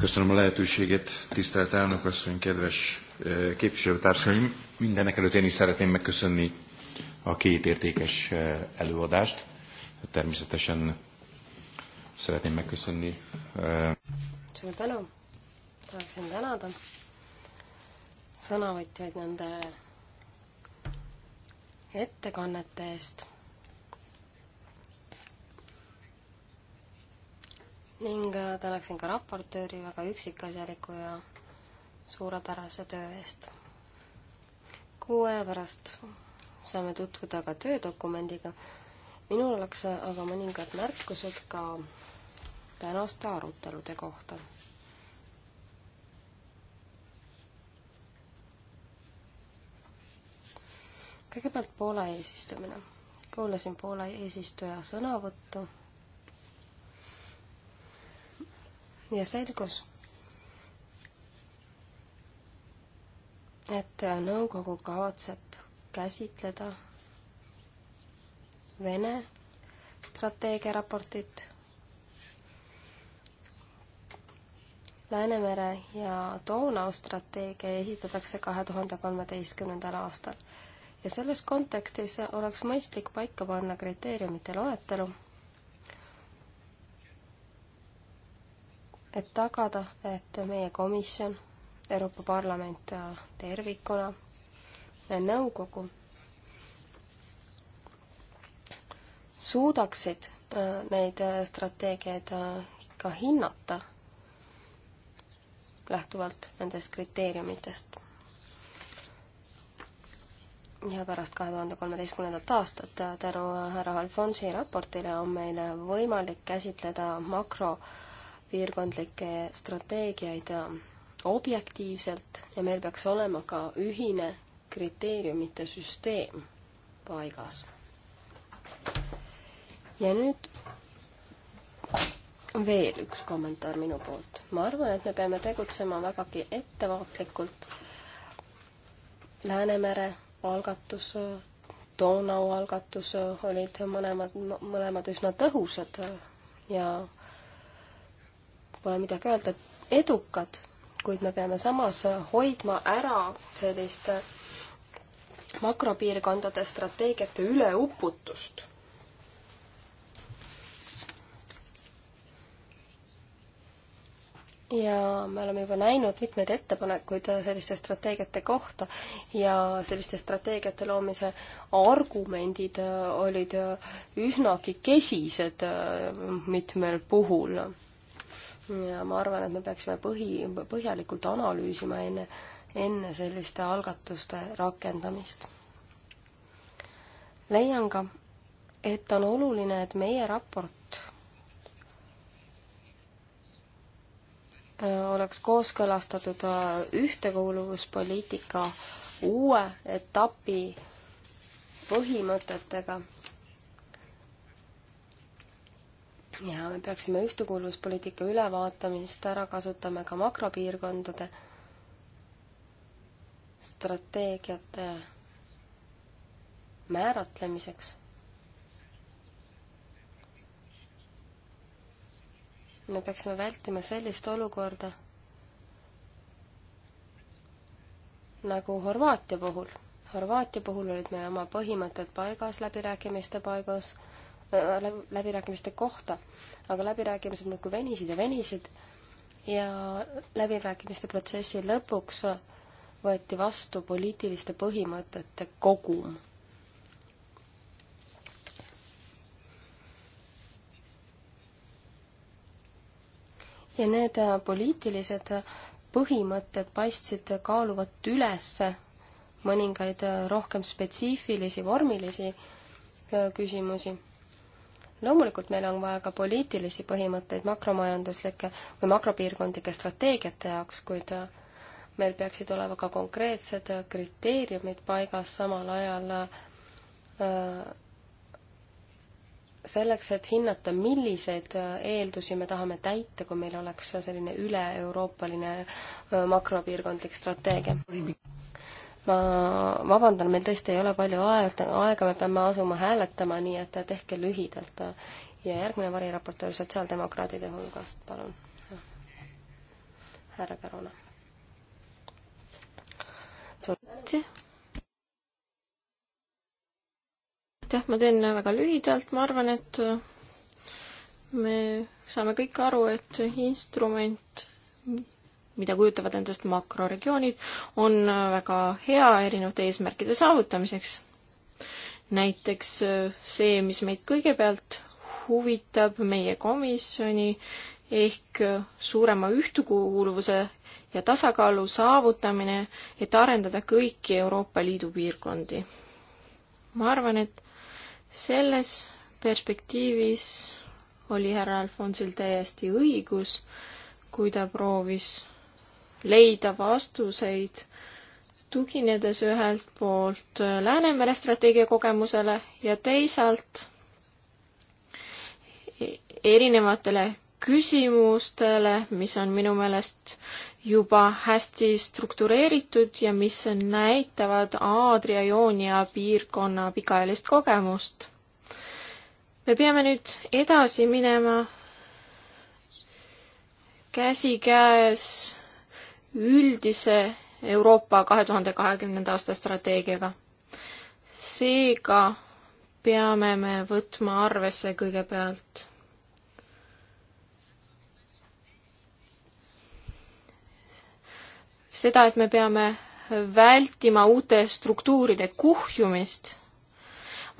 S1: köszönöm a lehetőséget, tisztelt elnök asszony, kedves képviselőtársaim! Mindenek előtt én is szeretném megköszönni a két értékes előadást. Természetesen szeretném
S2: megköszönni.
S3: Suur tänu! tahaksin tänada sõnavõtjaid nende ettekannete eest. ning äh, tänaksin ka raportööri väga üksikasjaliku ja suurepärase töö eest. kuu aja pärast saame tutvuda ka töödokumendiga. minul oleks aga mõningad märkused ka tänaste arutelude kohta kõigepealt Poola eesistumine. kuulasin Poola eesistuja sõnavõttu ja selgus, et nõukogu kavatseb käsitleda Vene strateegiaraportit Läänemere ja Donau strateegia esitatakse kahe tuhande kolmeteistkümnendal aastal ja selles kontekstis oleks mõistlik paika panna kriteeriumite loetelu, et tagada, et meie komisjon, Euroopa Parlament tervikuna ja nõukogu suudaksid äh, neid äh, strateegiaid äh, ka hinnata lähtuvalt nendest kriteeriumitest ja pärast kahe tuhande kolmeteistkümnendat aastat tänu härra Alfonsi raportile on meil võimalik käsitleda makropiirkondlikke strateegiaid objektiivselt ja meil peaks olema ka ühine kriteeriumite süsteem paigas. ja nüüd veel üks kommentaar minu poolt. ma arvan, et me peame tegutsema vägagi ettevaatlikult Läänemere algatus, Donau algatus olid mõlemad, mõlemad üsna tõhusad ja pole midagi öelda, edukad, kuid me peame samas hoidma ära sellist makropiirkondade strateegiate
S2: üleuputust
S3: ja me oleme juba näinud mitmeid ettepanekuid selliste strateegiate kohta ja selliste strateegiate loomise argumendid olid üsnagi kesised mitmel puhul. ja ma arvan, et me peaksime põhi, põhjalikult analüüsima enne, enne selliste algatuste rakendamist. leian ka, et on oluline, et meie raport oleks kooskõlastatud äh, ühtekuuluvuspoliitika uue etapi põhimõtetega. ja me peaksime ühtekuuluvuspoliitika ülevaatamist ära kasutama ka makropiirkondade strateegiate määratlemiseks me peaksime vältima sellist olukorda nagu Horvaatia puhul. Horvaatia puhul olid meil oma põhimõtted paigas läbirääkimiste paigas äh,, läbirääkimiste kohta, aga läbirääkimised muudkui venisid ja venisid ja läbirääkimiste protsessi lõpuks võeti vastu poliitiliste põhimõtete kogum ja need äh, poliitilised põhimõtted paistsid kaaluvat üles mõningaid äh, rohkem spetsiifilisi vormilisi äh, küsimusi. loomulikult meil on vaja ka poliitilisi põhimõtteid makromajanduslike või makropiirkondlike strateegiate jaoks, kuid meil peaksid olema ka konkreetsed kriteeriumid paigas, samal ajal selleks, et hinnata, milliseid äh, eeldusi me tahame täita, kui meil oleks selline üle-euroopaline äh, makropiirkondlik strateegia. ma vabandan, meil tõesti ei ole palju aega, aega me peame asuma hääletama, nii et tehke lühidalt. ja järgmine variraportöör sotsiaaldemokraadide hulgast, palun. härra Karuna. suur aitäh aitäh,
S1: ma teen väga lühidalt, ma arvan, et äh, me saame kõik aru, et instrument, mida kujutavad endast makroregioonid, on äh, väga hea erinevate eesmärkide saavutamiseks. näiteks äh, see, mis meid kõigepealt huvitab, meie komisjoni ehk suurema ühtekuuluvuse ja tasakaalu saavutamine, et arendada kõiki Euroopa Liidu piirkondi. ma arvan, et selles perspektiivis oli härra Alfonsil täiesti õigus, kui ta proovis leida vastuseid, tuginedes ühelt poolt Läänemere strateegia kogemusele ja teisalt e-, erinevatele küsimustele, mis on minu meelest juba hästi struktureeritud ja mis näitavad Aadria-Joonia piirkonna pikaajalist kogemust. me peame nüüd edasi minema käsikäes üldise Euroopa kahe tuhande kahekümnenda aasta strateegiaga. seega peame me võtma arvesse kõigepealt seda, et me peame vältima uute struktuuride kuhjumist.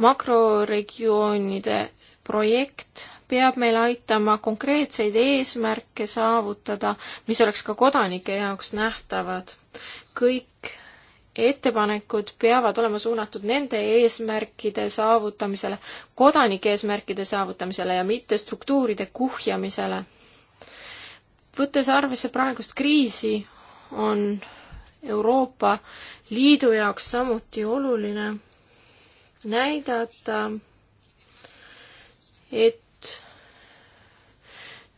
S1: makroregioonide projekt peab meil aitama konkreetseid eesmärke saavutada, mis oleks ka kodanike jaoks nähtavad. kõik ettepanekud peavad olema suunatud nende eesmärkide saavutamisele, kodanike eesmärkide saavutamisele ja mitte struktuuride kuhjamisele. võttes arvesse praegust kriisi, on Euroopa Liidu jaoks samuti oluline näidata, et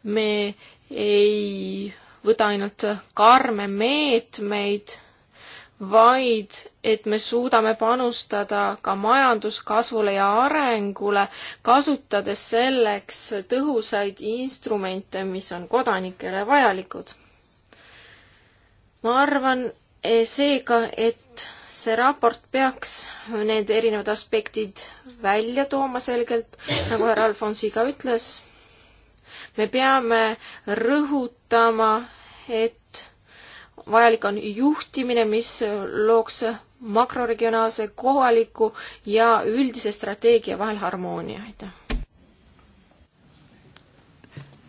S1: me ei võta ainult karme meetmeid, vaid et me suudame panustada ka majanduskasvule ja arengule, kasutades selleks tõhusaid instrumente, mis on kodanikele vajalikud ma arvan eh, seega, et see raport peaks need erinevad aspektid välja tooma selgelt, nagu härra Alfonsi ka ütles. me peame rõhutama, et vajalik on juhtimine, mis looks makroregionaalse, kohaliku ja üldise strateegia vahel harmoonia, aitäh.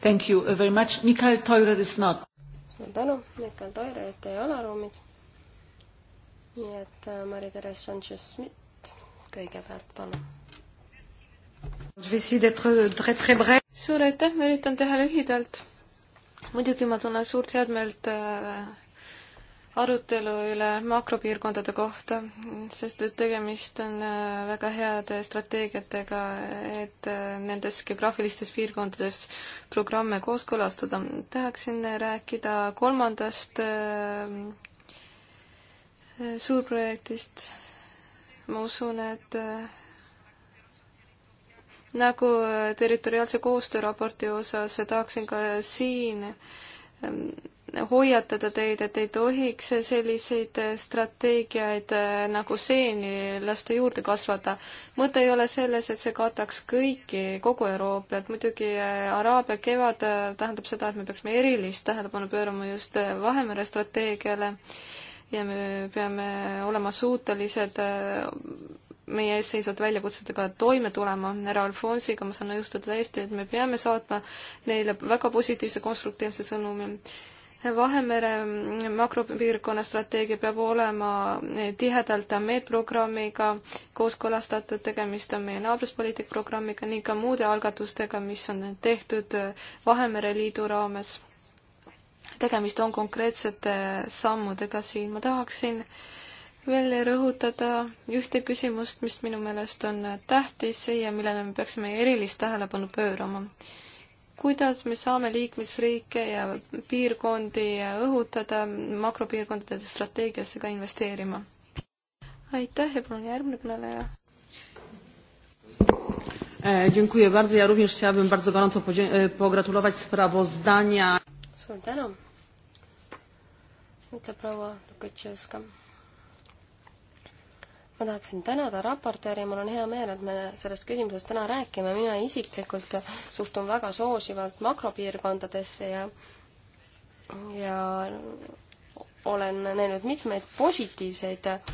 S1: Thank you very much, Mikael Toiler is not
S3: suur tänu, Mikkel Toirelit ei ole ruumis. nii et äh, Mari-Teres Sanchez-Smith kõigepealt, palun.
S2: Euh, suur aitäh, ma üritan teha lühidalt. muidugi ma tunnen suurt headmeelt äh, arutelu üle makropiirkondade kohta, sest et tegemist on äh, väga heade strateegiatega, et äh, nendes geograafilistes piirkondades programme kooskõlastada. tahaksin rääkida kolmandast äh, suurprojektist. ma usun, et nagu territoriaalse koostöö raporti osas tahaksin ka siin ähm, hoiatada teid, et ei tohiks selliseid strateegiaid nagu seeni lasta juurde kasvada. mõte ei ole selles, et see kataks kõiki, kogu Euroopat, muidugi äh, Araabia kevad äh, tähendab seda, et me peaksime erilist tähelepanu pöörama just äh, Vahemere strateegiale ja me peame olema suutelised meie ees seisvate väljakutsetega toime tulema. härra Alfonsiga ma saan nõustuda täiesti, et me peame saatma neile väga positiivse konstruktiivse sõnumi Vahemere makropiirkonna strateegia peab olema tihedalt meetprogrammiga kooskõlastatud, tegemist on meie naabruspoliitika programmiga ning ka muude algatustega, mis on tehtud Vahemere Liidu raames. tegemist on konkreetsete sammudega siin, ma tahaksin veel rõhutada ühte küsimust, mis minu meelest on tähtis ja millele me peaksime erilist tähelepanu pöörama kuidas me saame liikmesriike ja piirkondi õhutada makropiirkondade strateegiasse ka investeerima? aitäh ja palun järgmine kõneleja.
S1: E, dziękuję bardzo. Ja również chciałabym bardzo gorąco e, pogratulować sprawozdania.
S3: Suur tänu. ütleb proua Lukatševska ma tahaksin tänada raportööri, mul on hea meel, et me sellest küsimusest täna räägime, mina isiklikult suhtun väga soosivalt makropiirkondadesse ja ja olen näinud mitmeid positiivseid äh,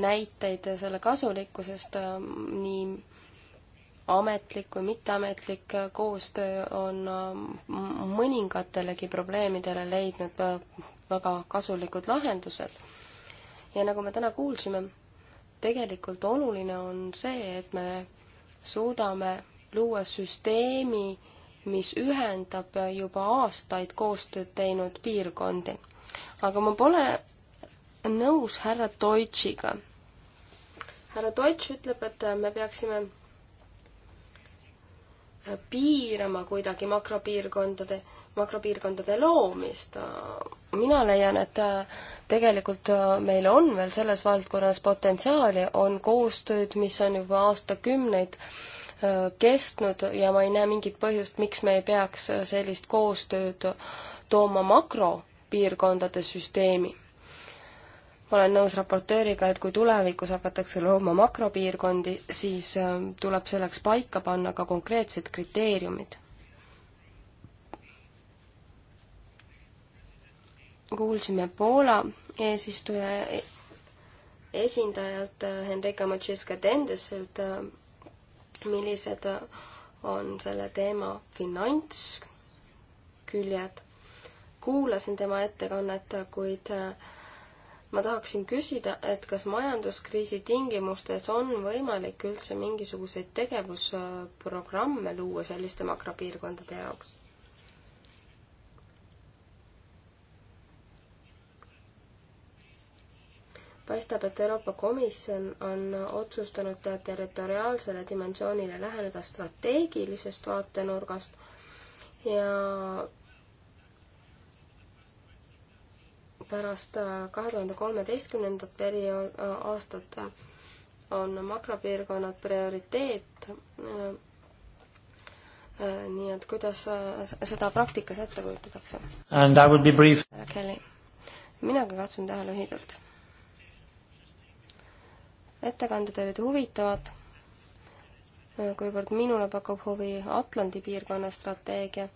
S3: näiteid selle kasulikkusest, nii ametlik kui mitteametlik koostöö on äh, mõningatelegi probleemidele leidnud äh, väga kasulikud lahendused ja nagu me täna kuulsime, tegelikult oluline on see, et me suudame luua süsteemi, mis ühendab juba aastaid koostööd teinud piirkondi. aga ma pole nõus härra Deutschiga. härra Deutsch ütleb, et me peaksime piirama kuidagi makropiirkondade makropiirkondade loomist. mina leian, et äh, tegelikult äh, meil on veel selles valdkonnas potentsiaali, on koostööd, mis on juba aastakümneid äh, kestnud ja ma ei näe mingit põhjust, miks me ei peaks sellist koostööd tooma makropiirkondade süsteemi. ma olen nõus raportööriga, et kui tulevikus hakatakse looma makropiirkondi, siis tuleb selleks paika panna ka konkreetsed kriteeriumid kuulsime Poola eesistuja esindajalt äh, Henrika Maciska-Tendeselt, äh, millised äh, on selle teema finantsküljed. kuulasin tema ettekannet, kuid ma tahaksin küsida, et kas majanduskriisi tingimustes on võimalik üldse mingisuguseid tegevusprogramme luua selliste makropiirkondade jaoks? paistab, et Euroopa Komisjon on otsustanud territoriaalsele dimensioonile läheneda strateegilisest vaatenurgast ja pärast kahe tuhande kolmeteistkümnendat periood, aastat on makropiirkonnad prioriteet. nii et kuidas äh, seda praktikas ette kujutatakse? Kelly, minagi katsun teha lühidalt ettekanded olid huvitavad, kuivõrd minule pakub huvi Atlandi piirkonna strateegia.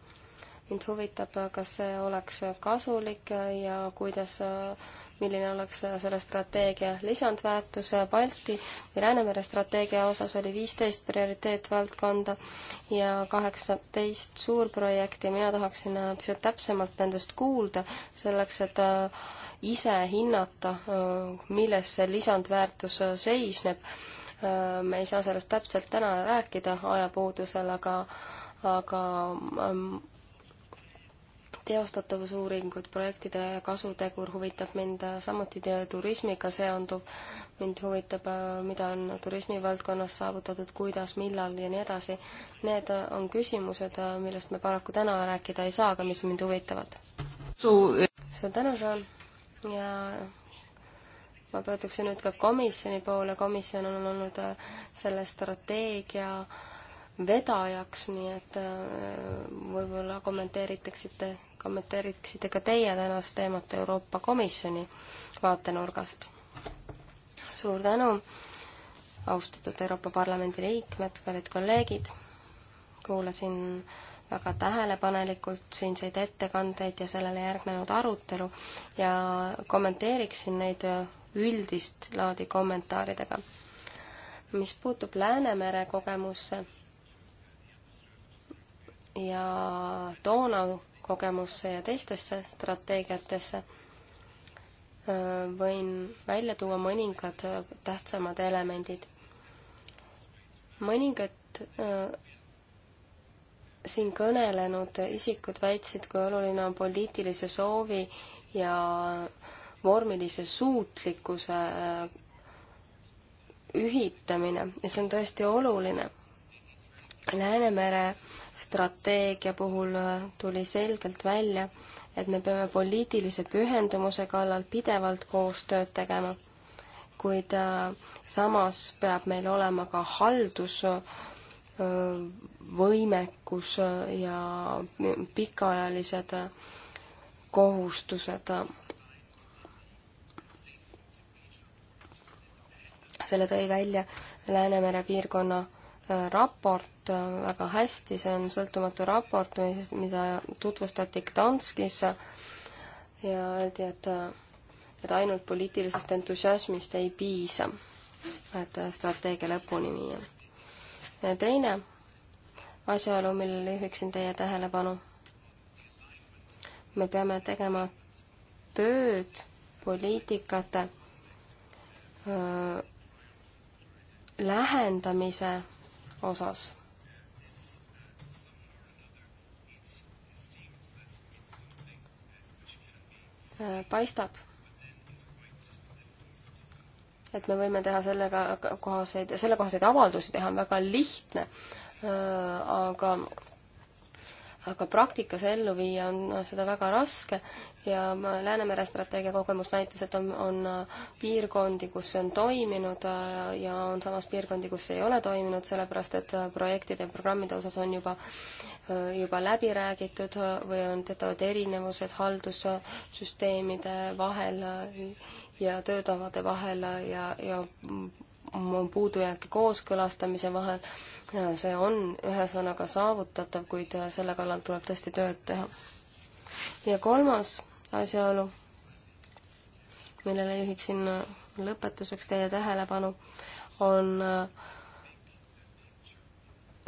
S3: mind huvitab, kas see oleks kasulik ja kuidas milline oleks selle strateegia lisandväärtus Balti või Läänemere strateegia osas oli viisteist prioriteetvaldkonda ja kaheksateist suurprojekti ja mina tahaksin pisut täpsemalt nendest kuulda, selleks et äh, ise hinnata, äh, milles see lisandväärtus äh, seisneb. me ei saa sellest täpselt täna rääkida ajapuudusel, aga aga mm, teostatavusuuringud, projektide kasutegur huvitab mind, samuti turismiga seonduv. mind huvitab, mida on turismivaldkonnas saavutatud, kuidas, millal ja nii edasi. Need on küsimused, millest me paraku täna rääkida ei saa, aga mis mind huvitavad. suur tänu, Jean, ja ma pöörduksin nüüd ka komisjoni poole, komisjon on olnud äh, selle strateegia vedajaks, nii et äh, võib-olla kommenteeritaksite kommenteeriksite ka teie tänast teemat Euroopa Komisjoni vaatenurgast. suur tänu, austatud Euroopa Parlamendi liikmed, kallid kolleegid, kuulasin väga tähelepanelikult siinseid ettekandeid ja sellele järgnenud arutelu ja kommenteeriksin neid üldist laadi kommentaaridega. mis puutub Läänemere kogemusse ja Donau kogemusse ja teistesse strateegiatesse, võin välja tuua mõningad tähtsamad elemendid. mõningad siin kõnelenud isikud väitsid, kui oluline on poliitilise soovi ja vormilise suutlikkuse ühitamine ja see on tõesti oluline Läänemere strateegia puhul äh, tuli selgelt välja, et me peame poliitilise pühendumuse kallal pidevalt koostööd tegema, kuid äh, samas peab meil olema ka haldusvõimekus äh, ja pikaajalised kohustused. selle tõi välja Läänemere piirkonna raport äh, väga hästi, see on sõltumatu raport, mida tutvustati Gdanskis ja öeldi, et, äh, et ainult poliitilisest entusiasmist ei piisa, et äh, strateegia lõpuni viia. ja teine asjaolu, millele juhiksin teie tähelepanu, me peame tegema tööd poliitikate öö, lähendamise osas. paistab, et me võime teha sellega kohaseid, sellekohaseid avaldusi teha on väga lihtne, aga aga praktikas ellu viia on seda väga raske ja Läänemere strateegia kogemus näitas, et on, on äh, piirkondi, kus see on toiminud äh, ja on samas piirkondi, kus see ei ole toiminud, sellepärast et äh, projektide ja programmide osas on juba, juba läbi räägitud või on teatavad erinevused haldussüsteemide vahel ja töötavade vahel ja, ja on puudujääke kooskõlastamise vahel, see on ühesõnaga saavutatav, kuid selle kallal tuleb tõesti tööd teha. ja kolmas asjaolu, millele juhiksin lõpetuseks teie tähelepanu, on äh,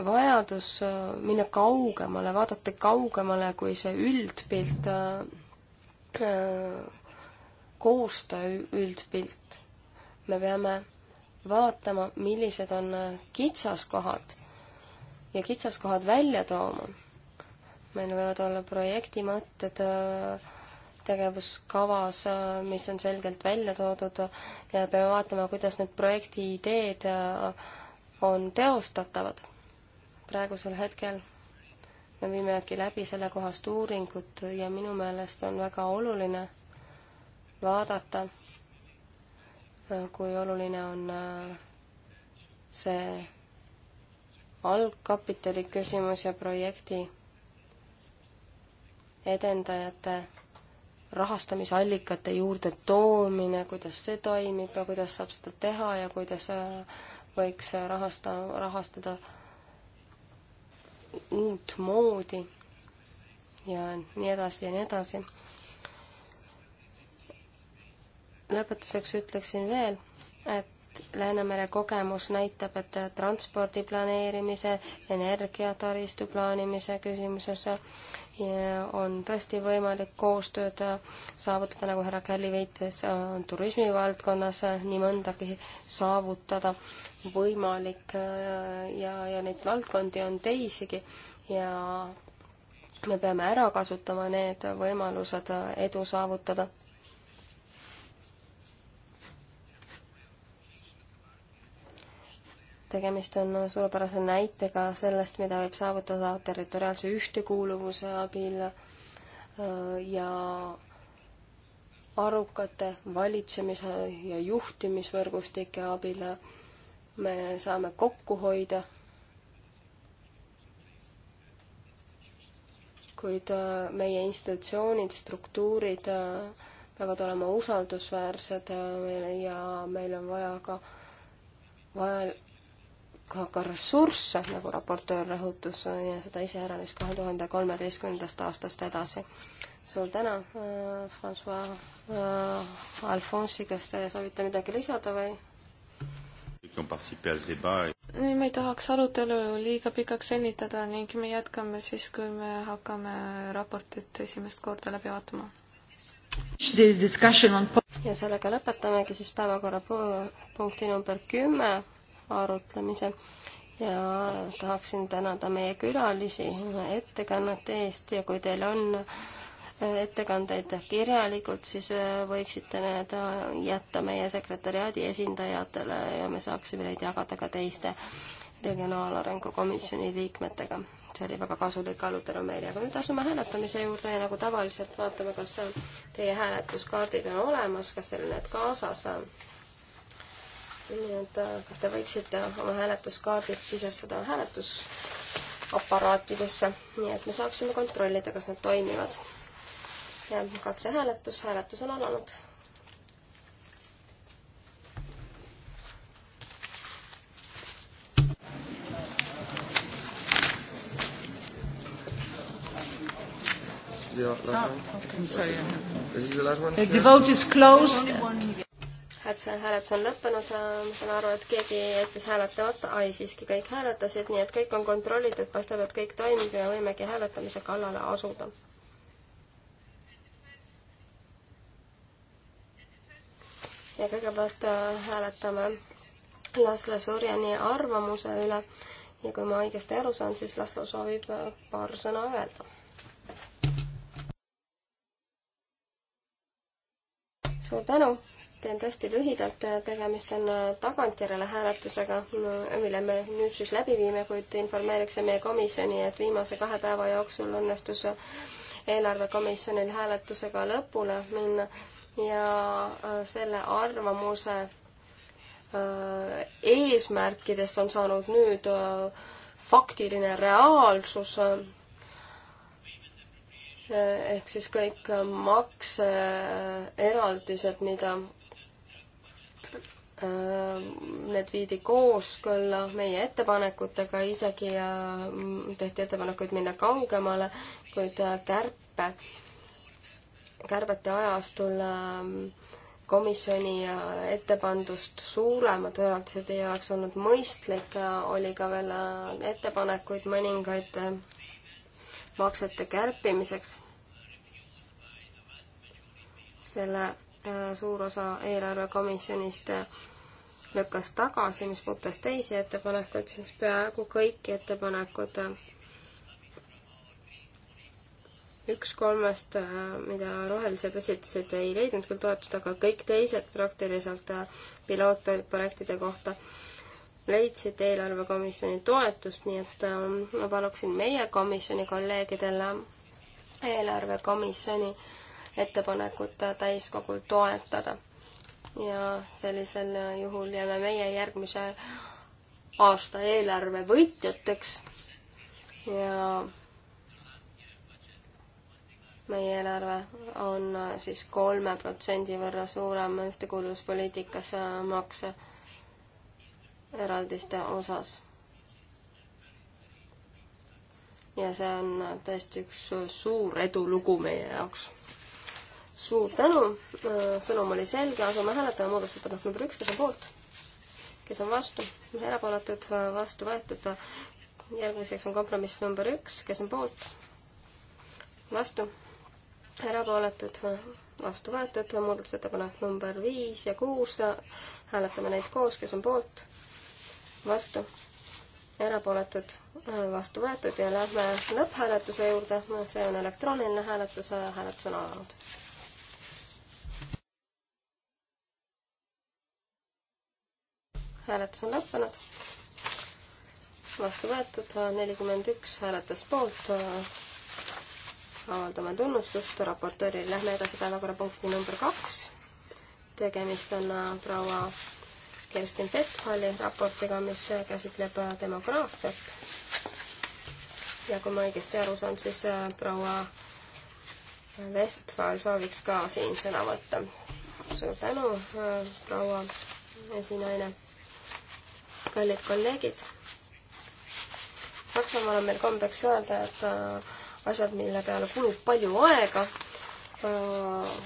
S3: vajadus äh, minna kaugemale, vaadata kaugemale kui see üldpilt, äh, koostöö üldpilt. me peame vaatama, millised on äh, kitsaskohad ja kitsaskohad välja tooma. meil võivad olla projekti mõtted äh, tegevuskavas, äh, mis on selgelt välja toodud ja peame vaatama, kuidas need projekti ideed on teostatavad. praegusel hetkel me viime äkki läbi sellekohast uuringut ja minu meelest on väga oluline vaadata, Äh, kui oluline on äh, see algkapitali küsimus ja projekti edendajate rahastamisallikate juurde toomine, kuidas see toimib ja kuidas saab seda teha ja kuidas äh, võiks rahasta, rahastada uutmoodi ja nii edasi ja nii edasi lõpetuseks ütleksin veel, et Läänemere kogemus näitab, et transpordi planeerimise, energiataristu plaanimise küsimuses on tõesti võimalik koostööd saavutada, nagu härra Källi väitis, on turismivaldkonnas nii mõndagi saavutada võimalik ja, ja neid valdkondi on teisigi ja me peame ära kasutama need võimalused edu saavutada tegemist on suurepärase näitega sellest, mida võib saavutada territoriaalse ühtekuuluvuse abil äh, ja arukate valitsemise ja juhtimisvõrgustike abil me saame kokku hoida, kuid äh, meie institutsioonid, struktuurid äh, peavad olema usaldusväärsed ja meil on vaja ka vajal ka, ka ressursse, nagu raportöör rõhutas ja seda iseäranis kahe tuhande kolmeteistkümnendast aastast edasi. suur tänu, äh, Francois äh, Alfonsi,
S2: kas te soovite midagi lisada või? ei, ma ei tahaks arutelu liiga pikaks venitada ning me jätkame siis, kui me hakkame raportit esimest korda läbi vaatama. ja sellega
S3: lõpetamegi siis päevakorrapunkti number kümme arutlemisel ja tahaksin tänada meie külalisi ettekannete eest ja kui teil on äh, ettekandeid kirjalikult, siis äh, võiksite need äh, jätta meie sekretäriaadi esindajatele ja me saaksime neid jagada ka teiste regionaalarengu komisjoni liikmetega. see oli väga kasulik arutelu meile, aga nüüd asume hääletamise juurde ja nagu tavaliselt vaatame, kas teie hääletuskaardid on olemas, kas teil on need kaasas nii et äh, kas te võiksite oma hääletuskaardid sisestada hääletusaparaatidesse, nii et me saaksime kontrollida, kas need toimivad. ja katsehääletus, hääletus on alanud. Ah,
S2: the vote is closed
S3: et see hääletus on lõppenud, äh, ma saan aru, et keegi jättis hääletamata, ai siiski kõik hääletasid, nii et kõik on kontrollitud, paistab, et kõik toimib ja võimegi hääletamise kallale asuda. ja kõigepealt äh, hääletame Laslo Surjani arvamuse üle ja kui ma õigesti aru saan, siis Laslo soovib äh, paar sõna öelda. suur tänu! teen tõesti lühidalt, tegemist on tagantjärele hääletusega, mille me nüüd siis läbi viime, kuid informeeriksin meie komisjoni, et viimase kahe päeva jooksul õnnestus eelarvekomisjonil hääletusega lõpule minna ja äh, selle arvamuse äh, eesmärkidest on saanud nüüd äh, faktiline reaalsus ehk siis kõik makseeraldised, mida Äh, need viidi kooskõlla meie ettepanekutega, isegi mm, tehti ettepanekuid minna kaugemale, kuid äh, kärpe, kärbete ajastul ähm, komisjoni äh, ette pandust suuremad eraldised ei oleks olnud mõistlik, oli ka veel ettepanekuid mõningaid maksete kärpimiseks. selle suur osa eelarvekomisjonist lükkas tagasi, mis puudutas teisi ettepanekuid, siis peaaegu kõiki ettepanekud äh, üks kolmest, äh, mida rohelised esitasid, ei leidnud küll toetust, aga kõik teised praktiliselt äh, pilootprojektide kohta leidsid eelarvekomisjoni toetust, nii et ma paluksin meie komisjoni kolleegidele eelarvekomisjoni ettepanekut täiskogul toetada ja sellisel äh, juhul jääme meie järgmise aasta eelarve võitjateks ja meie eelarve on äh, siis kolme protsendi võrra suurem ühtekuuluvuspoliitikas äh, makse eraldiste osas. ja see on tõesti üks suur edulugu meie jaoks suur tänu, äh, sõnum oli selge, asume hääletama muudatusettepanek number üks, kes on poolt, kes on vastu, erapooletud, äh, vastu võetud. järgmiseks on kompromiss number üks, kes on poolt, vastu, erapooletud, äh, vastu võetud, muudatusettepanek number viis ja kuus, hääletame neid koos, kes on poolt, vastu erapooletud vastu võetud ja lähme lõpphääletuse juurde. see on elektrooniline hääletus, hääletus on alanud. hääletus on lõppenud. vastu võetud, äh, nelikümmend üks hääletas poolt. Äh, avaldame tunnustust raportööril, lähme edasi päevakorrapunkti number kaks. tegemist on äh, proua Kerstin Festhali raportiga, mis käsitleb demograafiat. ja kui ma õigesti aru saan, siis proua Vestfal sooviks ka siin sõna võtta. suur tänu, proua esinaine kallid kolleegid. Saksamaal on meil kombeks öelda, et äh, asjad, mille peale kulub palju aega, äh,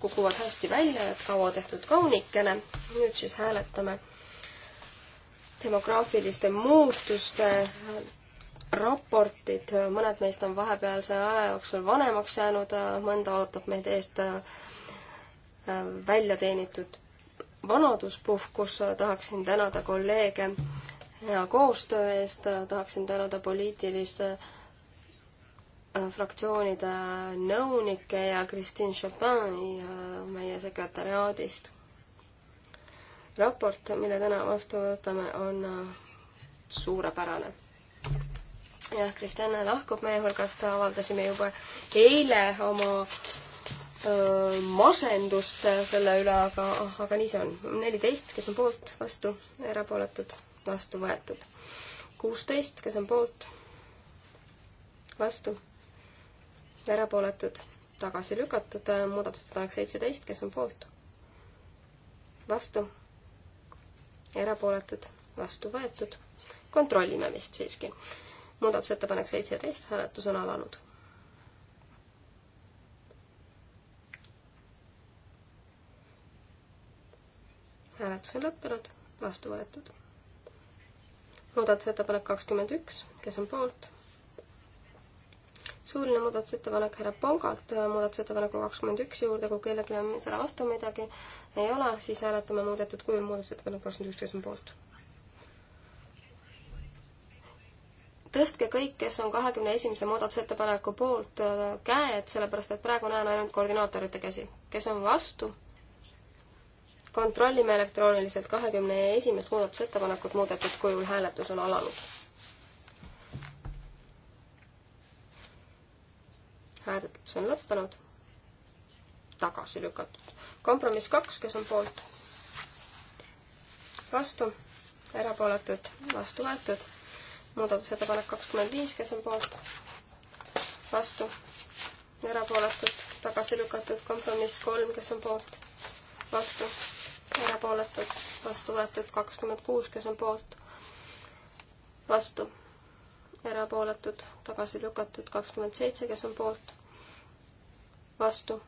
S3: kukuvad hästi välja, et kaua tehtud kaunikene. nüüd siis hääletame demograafiliste muutuste raportid, mõned meist on vahepealse aja jooksul vanemaks jäänud, äh, mõnda ootab meid eest välja teenitud vanaduspuhkus, tahaksin tänada kolleege hea koostöö eest, tahaksin tänada poliitiliste äh, fraktsioonide nõunikke ja Christine Chopin'i meie sekretäriaadist. raport, mille täna vastu võtame, on äh, suurepärane. jah, Kristjanne lahkub meie hulgast, avaldasime juba eile oma masendust selle üle, aga, aga nii see on. neliteist, kes on poolt, vastu, erapooletud, vastu võetud. kuusteist, kes on poolt, vastu, erapooletud, tagasi lükatud, muudatusettepanek seitseteist, kes on poolt, vastu, erapooletud, vastu võetud. kontrollime vist siiski. muudatusettepanek seitseteist, hääletus on alanud hääletus on lõppenud, vastu võetud. muudatusettepanek kakskümmend üks, kes on poolt? suuline muudatusettepanek härra Pongalt muudatusettepaneku kakskümmend üks juurde, kui kellelgi on selle vastu midagi, ei ole, siis hääletame muudetud kujul muudatusettepanek kakskümmend üks, kes on poolt tõstke kõik, kes on kahekümne esimese muudatusettepaneku poolt äh, käed, sellepärast et praegu näen ainult koordinaatorite käsi. kes on vastu, kontrollime elektrooniliselt kahekümne esimest muudatusettepanekut muudetud kujul, hääletus on alanud. hääletus on lõppenud, tagasi lükatud. kompromiss kaks, kes on poolt? vastu, erapooletud, vastu võetud. muudatusettepanek kakskümmend viis, kes on poolt? vastu, erapooletud, tagasi lükatud. kompromiss kolm, kes on poolt? vastu erapooletud, vastu võetud kakskümmend kuus, kes on poolt, vastu, erapooletud, tagasi lükatud kakskümmend seitse, kes on poolt, vastu,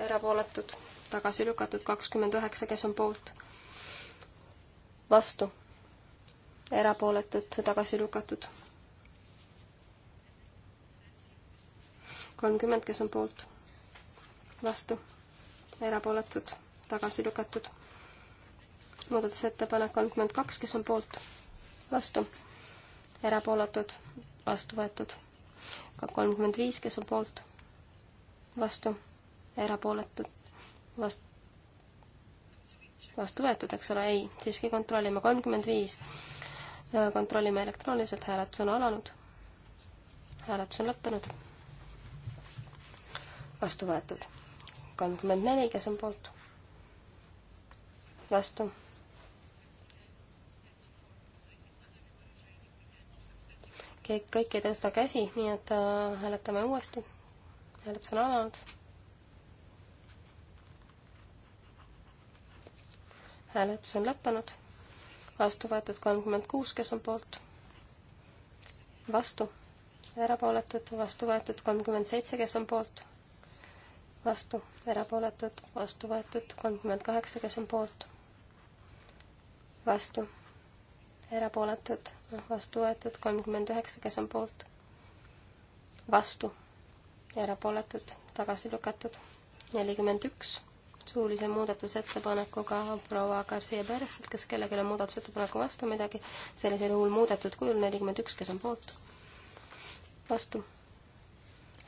S3: erapooletud, tagasi lükatud kakskümmend üheksa, kes on poolt, vastu, erapooletud, tagasi lükatud kolmkümmend, kes on poolt, vastu, erapooletud tagasi lükatud. muudatusettepanek kolmkümmend kaks, kes on poolt, vastu, erapooletud, vastu võetud. kolmkümmend viis, kes on poolt, vastu, erapooletud, vastu, vastu võetud, eks ole, ei, siiski kontrollime, kolmkümmend viis. kontrollime elektrooniliselt, hääletus on alanud. hääletus on lõppenud. vastu võetud. kolmkümmend neli, kes on poolt? vastu. kõik, kõik ei tõsta käsi, nii et äh, hääletame uuesti. hääletus on alanud. hääletus on lõppenud. vastu võetud kolmkümmend kuus, kes on poolt. vastu, erapooletud, vastu võetud kolmkümmend seitse, kes on poolt. vastu, erapooletud, vastu võetud kolmkümmend kaheksa, kes on poolt vastu, erapooletud, vastu võetud kolmkümmend üheksa, kes on poolt, vastu, erapooletud, tagasi lükatud nelikümmend üks suulise muudatusettepanekuga proua Garcia Perset, kas kellelgi on muudatusettepaneku vastu midagi, sellisel juhul muudetud kujul nelikümmend üks, kes on poolt, vastu,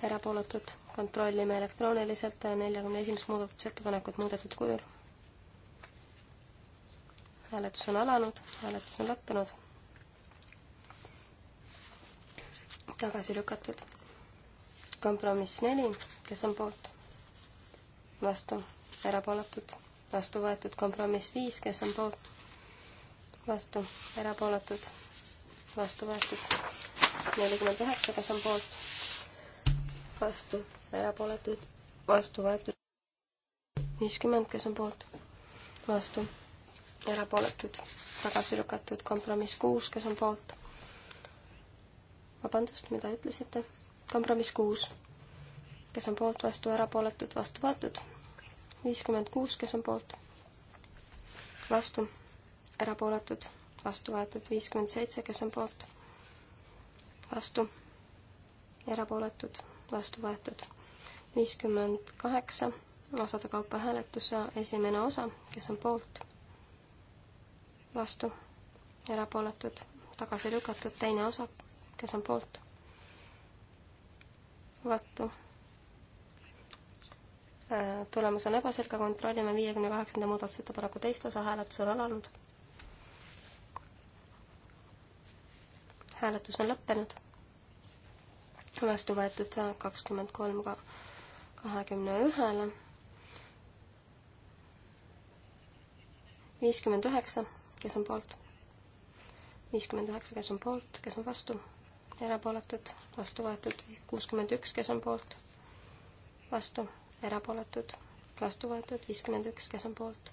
S3: erapooletud, kontrollime elektrooniliselt neljakümne esimest muudatusettepanekut muudetud kujul hääletus on alanud, hääletus on lõppenud. tagasi lükatud. kompromiss neli, kes on poolt? vastu, erapooletud, vastu võetud. kompromiss viis, kes on poolt? vastu, erapooletud, vastu võetud. nelikümmend üheksa, kes on poolt? vastu, erapooletud, vastu võetud. viiskümmend, kes on poolt? vastu erapooletud, tagasi lükatud, kompromiss kuus, kes on poolt. vabandust, mida ütlesite? kompromiss kuus, kes on poolt, vastu, erapooletud, vastu võetud. viiskümmend kuus, kes on poolt, vastu, erapooletud, vastu võetud. viiskümmend seitse, kes on poolt, vastu, erapooletud, vastu võetud. viiskümmend kaheksa, osade kaupa hääletus, esimene osa, kes on poolt vastu, erapooletud, tagasi lükatud, teine osa, kes on poolt, vastu. Äh, tulemus on ebaselge, kontrollime viiekümne kaheksanda muudatusettepaneku teist osa, hääletus on alanud. hääletus on lõppenud. vastu võetud kakskümmend kolm ka kahekümne ühele. viiskümmend üheksa kes on poolt? viiskümmend üheksa, kes on poolt, kes on vastu? erapooletud, vastu võetud, kuuskümmend üks, kes on poolt? vastu, erapooletud, vastu võetud, viiskümmend üks, kes on poolt?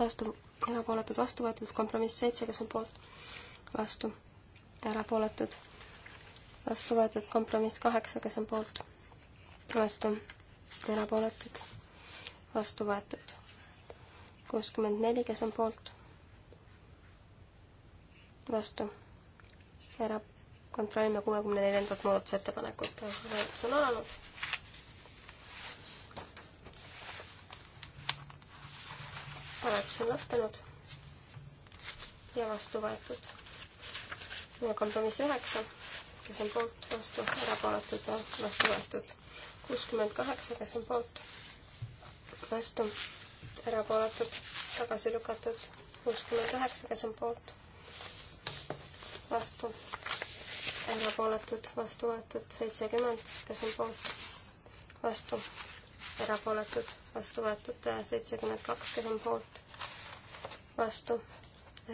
S3: vastu, erapooletud, vastu võetud, kompromiss seitse, kes on poolt? vastu, erapooletud, vastu võetud, kompromiss kaheksa, kes on poolt? vastu, erapooletud, vastu võetud kuuskümmend neli, kes on poolt? vastu. ära kontrollime kuuekümne neljandat muudatusettepanekut, hääletus on alanud. hääletus on lõppenud ja vastu võetud. ja kompromiss üheksa, kes on poolt, vastu, erapooletud ja vastu võetud. kuuskümmend kaheksa, kes on poolt, vastu erapooletud, tagasi lükatud, kuuskümmend üheksa, kes on poolt, vastu, erapooletud, vastu võetud, seitsekümmend, kes on poolt, vastu, erapooletud, vastu võetud, seitsekümmend kaks, kes on poolt, vastu,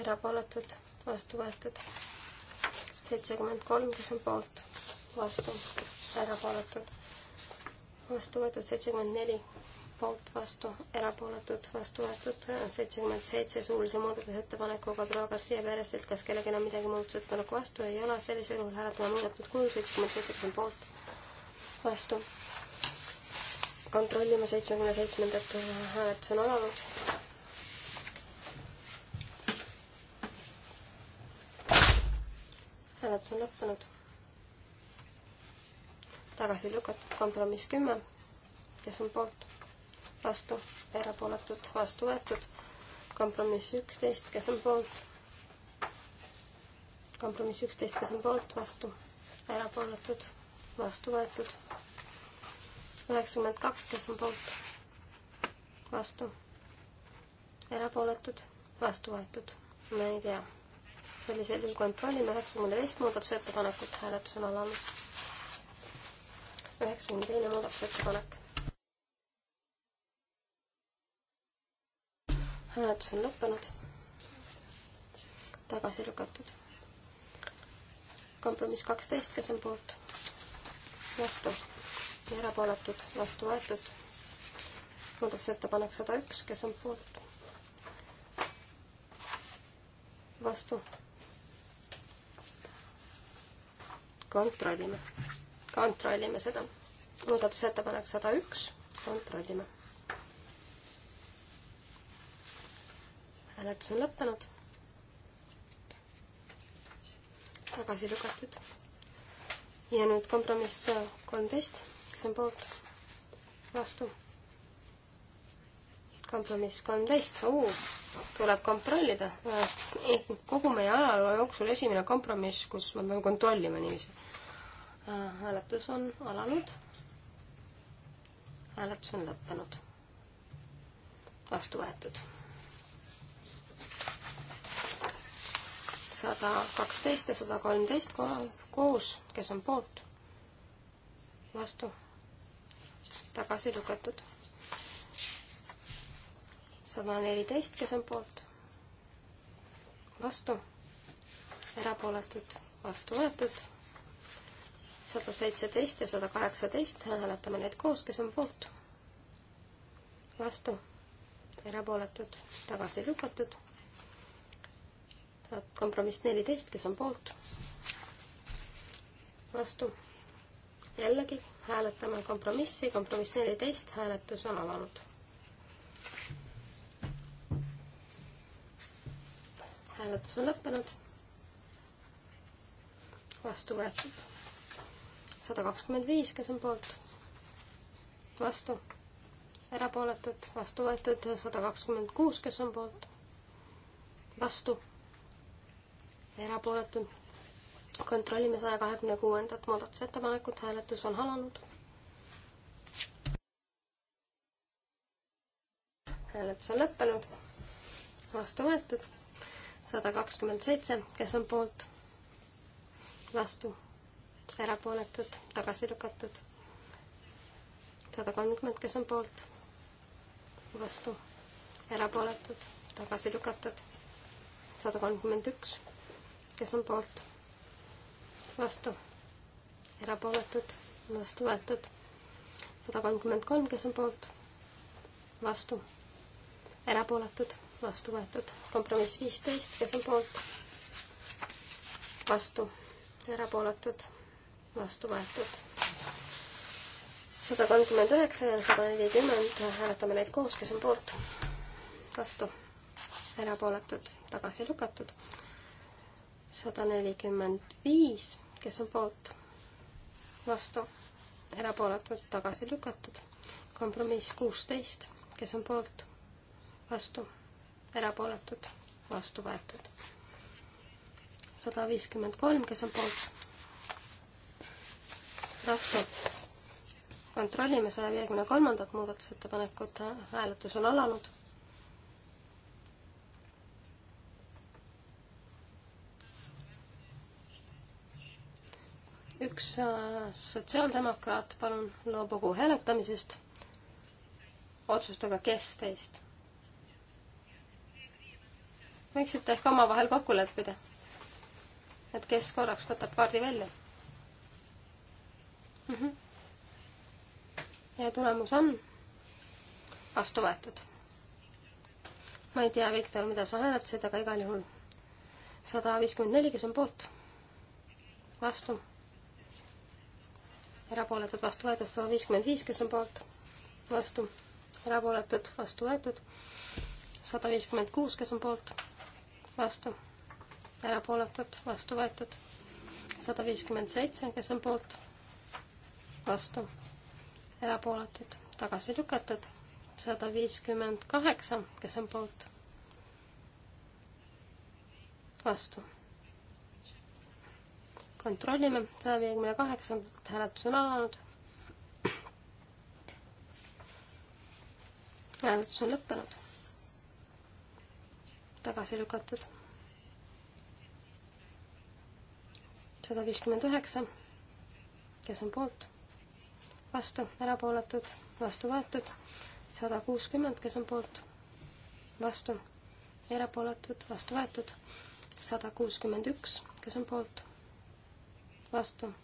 S3: erapooletud, vastu võetud, seitsekümmend kolm, kes on poolt, vastu, erapooletud, vastu võetud, seitsekümmend neli poolt vastu, erapooletud vastu võetud, seitsekümmend seitse suulise muudatusettepanekuga proua Garcia Peresilt, kas kellelgi on midagi muudatusettepaneku vastu, ei ole, sellisel juhul hääletame muudetud kujul, seitsekümmend seitse, kes on poolt, vastu. kontrollime seitsmekümne seitsmendat, hääletus on alanud. hääletus on lõppenud. tagasi lükatud kompromiss kümme, kes on poolt vastu, erapooletud, vastu võetud. kompromiss üksteist, kes on poolt? kompromiss üksteist, kes on poolt, vastu, erapooletud, vastu võetud. üheksakümmend kaks, kes on poolt, vastu, erapooletud, vastu võetud. ma ei tea. sellisel juhul kontrollime üheksakümne teist muudatusettepanekut, hääletus on alanud. üheksakümne teine muudatusettepanek. hääletus on lõppenud. tagasi lükatud. kompromiss kaksteist, kes on poolt? vastu. erapooletud, vastu võetud. muudatusettepanek sada üks, kes on poolt? vastu. kontrollime, kontrollime seda. muudatusettepanek sada üks, kontrollime hääletus on lõppenud. tagasi lükatud. ja nüüd kompromiss kolmteist, kes on poolt, vastu kompromiss kolmteist, tuleb kontrollida. Äh, eh, kogu meie ajaloo jooksul esimene kompromiss, kus me peame kontrollima niiviisi. Äh, hääletus on alanud. hääletus on lõppenud. vastu võetud sada kaksteist ja sada kolmteist koos, kes on poolt, vastu, tagasi lükatud. sada neliteist, kes on poolt, vastu, erapooletud, vastu võetud. sada seitseteist ja sada kaheksateist, hääletame neid koos, kes on poolt, vastu, erapooletud, tagasi lükatud kompromiss neliteist, kes on poolt? vastu. jällegi hääletame kompromissi, kompromiss neliteist, hääletus on alanud. hääletus on lõppenud. vastu võetud. sada kakskümmend viis, kes on poolt? vastu. erapooletud, vastu võetud sada kakskümmend kuus, kes on poolt? vastu erapooletu. kontrollime saja kahekümne kuuendat muudatusettepanekut, hääletus on alanud. hääletus on lõppenud, vastu võetud, sada kakskümmend seitse, kes on poolt, vastu, erapooletud, tagasi lükatud, sada kolmkümmend, kes on poolt, vastu, erapooletud, tagasi lükatud, sada kolmkümmend üks kes on poolt, vastu, erapooletud, vastu võetud. sada kolmkümmend kolm, kes on poolt, vastu, erapooletud, vastu võetud. kompromiss viisteist, kes on poolt, vastu, erapooletud, vastu võetud. sada kolmkümmend üheksa ja sada nelikümmend, hääletame neid koos, kes on poolt, vastu, erapooletud, tagasi lükatud sada nelikümmend viis, kes on poolt, vastu, erapooletud, tagasi lükatud. kompromiss kuusteist, kes on poolt, vastu, erapooletud, vastu võetud. sada viiskümmend kolm, kes on poolt, vastu. kontrollime saja viiekümne kolmandat muudatusettepanekut, hääletus on alanud üks äh, sotsiaaldemokraat, palun loobugu hääletamisest. otsustage, kes teist. võiksite ehk omavahel kokku leppida, et kes korraks võtab kaardi välja mm. -hmm. ja tulemus on vastu võetud. ma ei tea, Viktor, mida sa hääletasid, aga igal juhul sada viiskümmend neli, kes on poolt vastu erapooletud, vastu võetud sada viiskümmend viis, kes on poolt, vastu, erapooletud, vastu võetud sada viiskümmend kuus, kes on poolt, vastu, erapooletud, vastu võetud sada viiskümmend seitse, kes on poolt, vastu, erapooletud, tagasi lükatud sada viiskümmend kaheksa, kes on poolt, vastu kontrollime, saja viiekümne kaheksandat hääletus on alanud. hääletus on lõppenud. tagasi lükatud. sada viiskümmend üheksa. kes on poolt? vastu, erapooletud, vastu võetud. sada kuuskümmend, kes on poolt? vastu, erapooletud, vastu võetud. sada kuuskümmend üks, kes on poolt? vastu.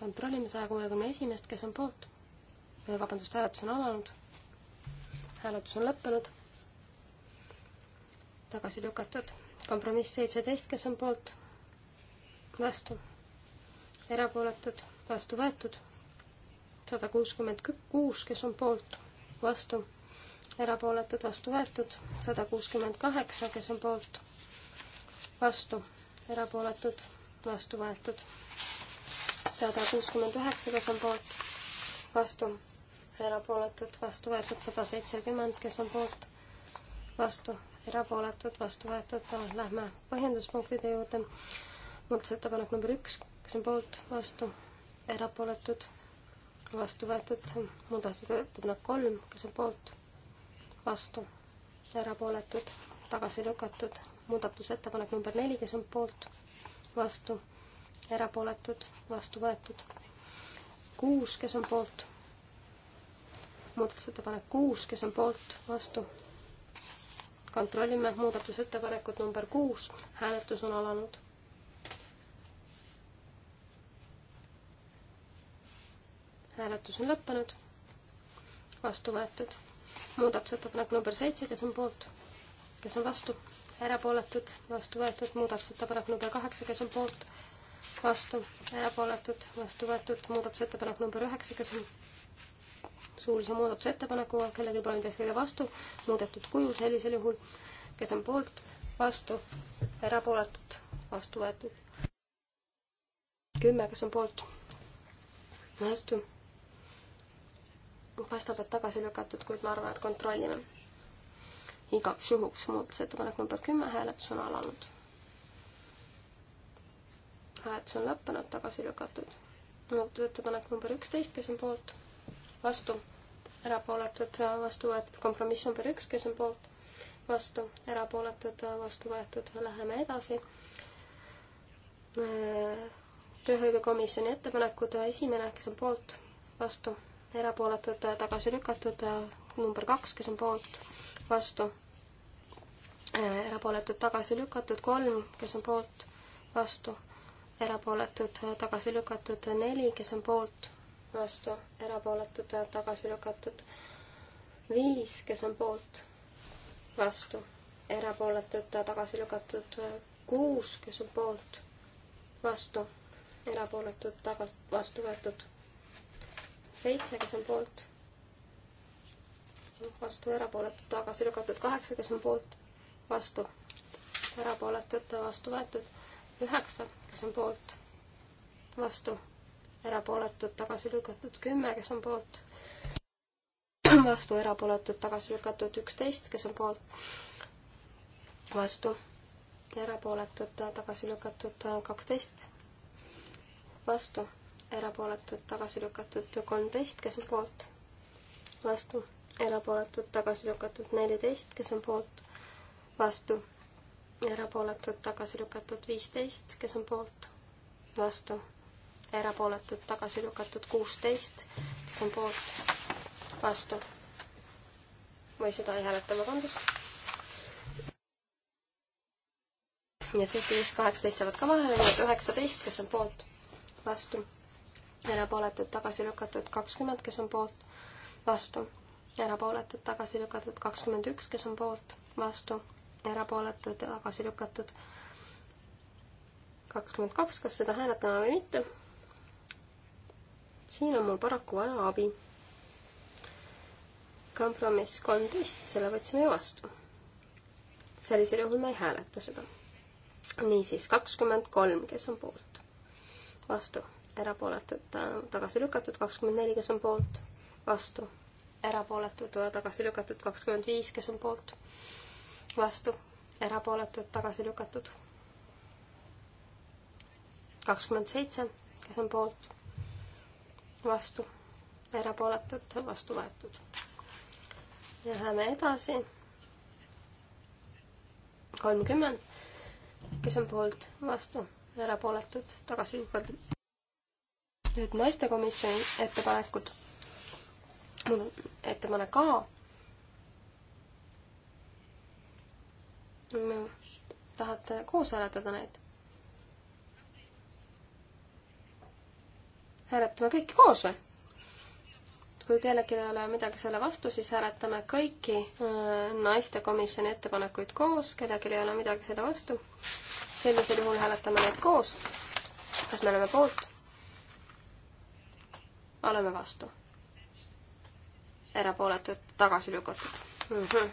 S3: kontrollime saja kuuekümne esimest, kes on poolt. vabandust, hääletus on alanud. hääletus on lõppenud. tagasi lükatud. kompromiss seitseteist, kes on poolt. vastu. erapooletud, vastu võetud. sada kuuskümmend kuus, kes on poolt, vastu erapooletud vastu võetud, sada kuuskümmend kaheksa, kes on poolt, vastu erapooletud, vastu võetud. sada kuuskümmend üheksa, kes on poolt, vastu, erapooletud, vastu võetud, sada seitsekümmend, kes on poolt, vastu, erapooletud, vastu võetud. Lähme põhjenduspunktide juurde. muudatusettepanek number üks, kes on poolt, vastu, erapooletud, vastu võetud. muudatusettepanek kolm, kes on poolt, vastu, erapooletud, tagasi lükatud muudatusettepanek number neli, kes on poolt, vastu, erapooletud, vastu võetud. kuus, kes on poolt, muudatusettepanek kuus, kes on poolt, vastu. kontrollime muudatusettepanekut number kuus, hääletus on alanud. hääletus on lõppenud, vastu võetud muudatusettepanek number seitse, kes on poolt, kes on vastu erapooletud, vastu võetud, muudatusettepanek number kaheksa, kes on poolt, vastu, erapooletud, vastu võetud, muudatusettepanek number üheksa, kes on suulise muudatusettepanekuga, kellelgi pole midagi kõige vastu, muudetud kuju sellisel juhul, kes on poolt, vastu, erapooletud, vastu võetud. kümme, kes on poolt, vastu. paistab, et tagasi lükatud, kuid ma arvan, et kontrollime igaks juhuks muudatusettepanek number kümme, hääletus on alanud. hääletus on lõppenud, tagasi lükatud. muudatusettepanek number üksteist, kes on poolt? vastu. erapooletud, vastu võetud, kompromiss number üks, kes on poolt? vastu, erapooletud, vastu võetud, läheme edasi. tööhõivekomisjoni ettepanekud, esimene, kes on poolt, vastu, erapooletud, tagasi lükatud, number kaks, kes on poolt, vastu, erapooletud tagasi lükatud, kolm, kes on poolt, vastu, erapooletud tagasi lükatud, neli, kes on poolt, vastu, erapooletud tagasi lükatud, viis, kes on poolt, vastu, erapooletud tagasi lükatud, kuus, kes on poolt, vastu, erapooletud tagasi, vastu võetud, seitse, kes on poolt vastu, erapooletud, tagasi lükatud. kaheksa, kes on poolt, vastu, erapooletud, vastu võetud. üheksa, kes on poolt, vastu, erapooletud, tagasi lükatud. kümme, kes on poolt, vastu, erapooletud, tagasi lükatud. üksteist, kes on poolt, vastu, erapooletud, tagasi lükatud kaksteist, vastu, erapooletud, tagasi lükatud kolmteist, kes on poolt, vastu, erapooletud, tagasi lükatud neliteist, kes on poolt, vastu, erapooletud, tagasi lükatud viisteist, kes on poolt, vastu, erapooletud, tagasi lükatud kuusteist, kes on poolt, vastu. või seda ei hääleta, vabandust. ja seitseteist, kaheksateist jäävad ka vahele, nii et üheksateist, kes on poolt, vastu, erapooletud, tagasi lükatud kakskümmend, kes on poolt, vastu erapooletud, tagasi lükatud kakskümmend üks, kes on poolt, vastu, erapooletud, tagasi lükatud kakskümmend kaks, kas seda hääletame või mitte. siin on mul paraku vaja abi. kompromiss kolmteist, selle võtsime ju vastu. sellisel juhul me ei hääleta seda. niisiis, kakskümmend kolm, kes on poolt, vastu, erapooletud, tagasi lükatud, kakskümmend neli, kes on poolt, vastu erapooletud, tagasi lükatud kakskümmend viis, kes on poolt, vastu, erapooletud, tagasi lükatud kakskümmend seitse, kes on poolt, vastu, erapooletud, vastu võetud. Läheme edasi. kolmkümmend, kes on poolt, vastu, erapooletud, tagasi lükatud. nüüd naistekomisjoni ettepanekud muudatusettepanek A. tahate koos hääletada neid? hääletame kõiki koos või? kui kellelgi ei ole midagi selle vastu, siis hääletame kõiki äh, naistekomisjoni ettepanekuid koos, kellelgi ei ole midagi selle vastu. sellisel juhul hääletame neid koos. kas me oleme poolt? oleme vastu erapooletud, tagasi lükatud mm. -hmm.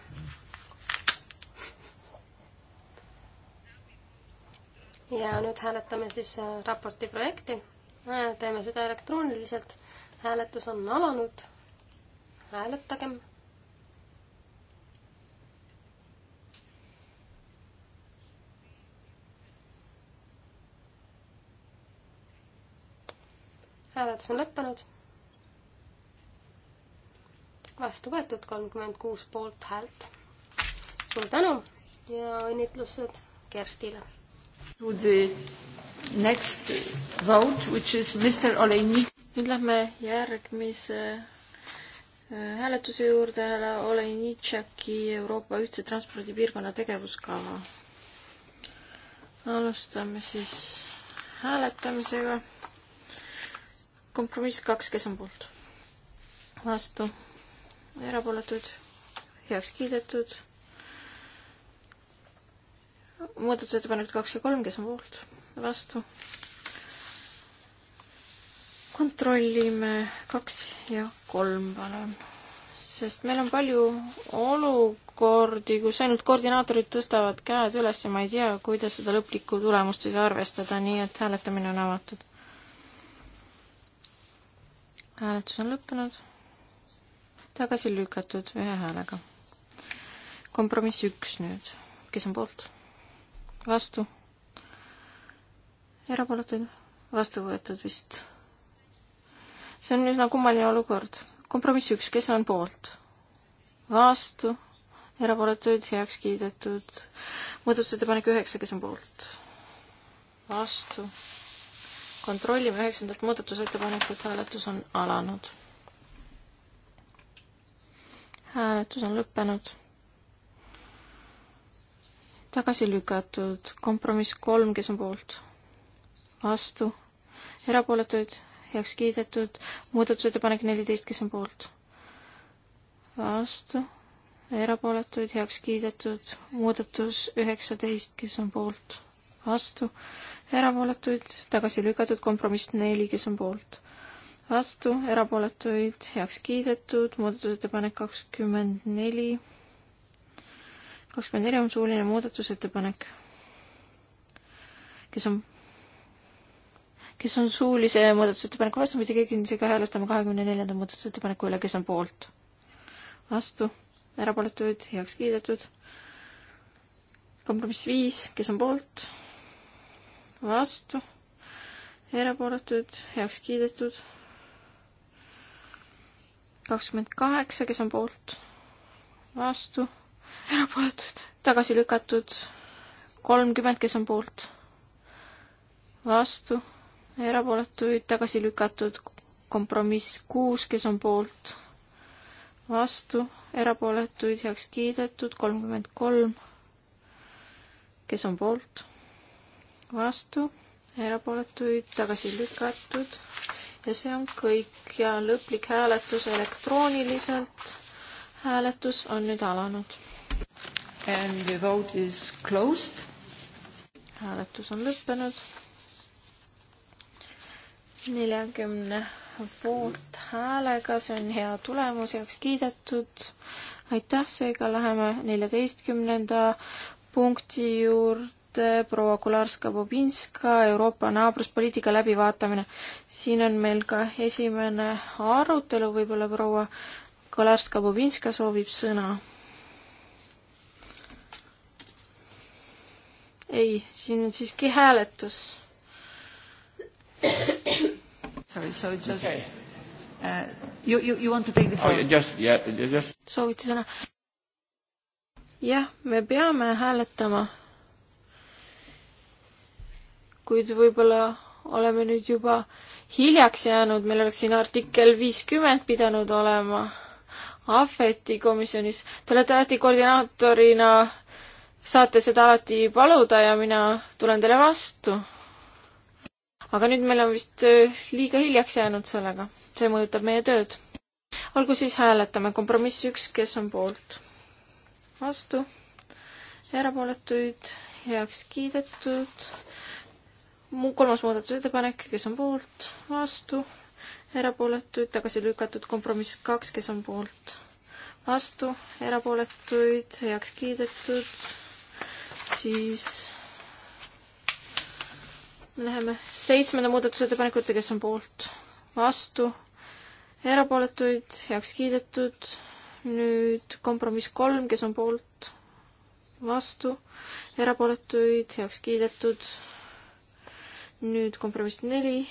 S3: ja nüüd hääletame siis äh, raporti projekti. Äh, teeme seda elektrooniliselt. hääletus on alanud. hääletagem. hääletus on lõppenud vastu võetud, kolmkümmend kuus poolthäält. suur tänu ja õnnitlused Kerstile.
S1: To the next vote, which is Mr Oleinik. nüüd lähme järgmise äh, hääletuse juurde hääle Olenitšaki Euroopa ühtse transpordipiirkonna tegevuskava. alustame siis hääletamisega. kompromiss kaks, kes on poolt? vastu erapooletud, heaks kiidetud. muudatusettepanekud kaks ja kolm, kes on poolt, vastu. kontrollime kaks ja kolm, palun. sest meil on palju olukordi, kus ainult koordinaatorid tõstavad käed üles ja ma ei tea, kuidas seda lõplikku tulemust siis arvestada, nii et hääletamine on avatud hääletus on lõppenud tagasi lükatud ühe häälega. kompromiss üks nüüd, kes on poolt? vastu? erapooletuid? vastu võetud vist. see on üsna kummaline olukord. kompromiss üks, kes on poolt? vastu? erapooletuid heaks kiidetud. muudatusettepanek üheksa, kes on poolt? vastu? kontrollime üheksandat muudatusettepanekut, hääletus on alanud hääletus on lõppenud. tagasi lükatud kompromiss kolm, kes on poolt, vastu, erapooletuid heaks kiidetud, muudatusettepanek neliteist, kes on poolt, vastu, erapooletuid heaks kiidetud, muudatus üheksateist, kes on poolt, vastu, erapooletuid tagasi lükatud, kompromiss neli, kes on poolt vastu, erapooletuid heaks kiidetud, muudatusettepanek kakskümmend neli. kakskümmend neli on suuline muudatusettepanek. kes on, kes on suulise muudatusettepaneku vastu, mitte keegi on isegi häälestama kahekümne neljanda muudatusettepaneku üle, kes on poolt? vastu, erapooletuid heaks kiidetud. kompromiss viis, kes on poolt? vastu, erapooletuid heaks kiidetud kakskümmend kaheksa, kes on poolt, vastu, erapooletuid, tagasi lükatud, kolmkümmend, kes on poolt, vastu, erapooletuid, tagasi lükatud, kompromiss kuus, kes on poolt, vastu, erapooletuid heaks kiidetud, kolmkümmend kolm, kes on poolt, vastu, erapooletuid tagasi lükatud ja see on kõik ja lõplik hääletus elektrooniliselt. hääletus on nüüd alanud. And the vote is closed. hääletus on lõppenud. neljakümne poolthäälega, see on hea tulemus, heaks kiidetud. aitäh, seega läheme neljateistkümnenda punkti juurde ette eh, proua Kularska-Bobinska Euroopa naabruspoliitika läbivaatamine. siin on meil ka esimene arutelu, võib-olla proua Kularska-Bobinska soovib sõna. ei, siin on siiski hääletus. Sorry, so it's just okay. uh, you, you, you want to take the floor oh,?
S2: Just, yeah, just.
S1: soovite sõna? jah, me peame hääletama kuid võib-olla oleme nüüd juba hiljaks jäänud, meil oleks siin artikkel viiskümmend pidanud olema Ahveti komisjonis. Te olete alati koordinaatorina, saate seda alati paluda ja mina tulen teile vastu. aga nüüd meil on vist äh, liiga hiljaks jäänud sellega, see mõjutab meie tööd. olgu siis, hääletame kompromiss üks, kes on poolt, vastu, erapooletuid, heaks kiidetud kolmas muudatusettepanek, kes on poolt, vastu, erapooletuid, tagasi lükatud, kompromiss kaks, kes on poolt, vastu, erapooletuid, heaks kiidetud, siis me läheme seitsmenda muudatusettepanekute, kes on poolt, vastu, erapooletuid, heaks kiidetud, nüüd kompromiss kolm, kes on poolt, vastu, erapooletuid, heaks kiidetud nüüd kompromiss neli,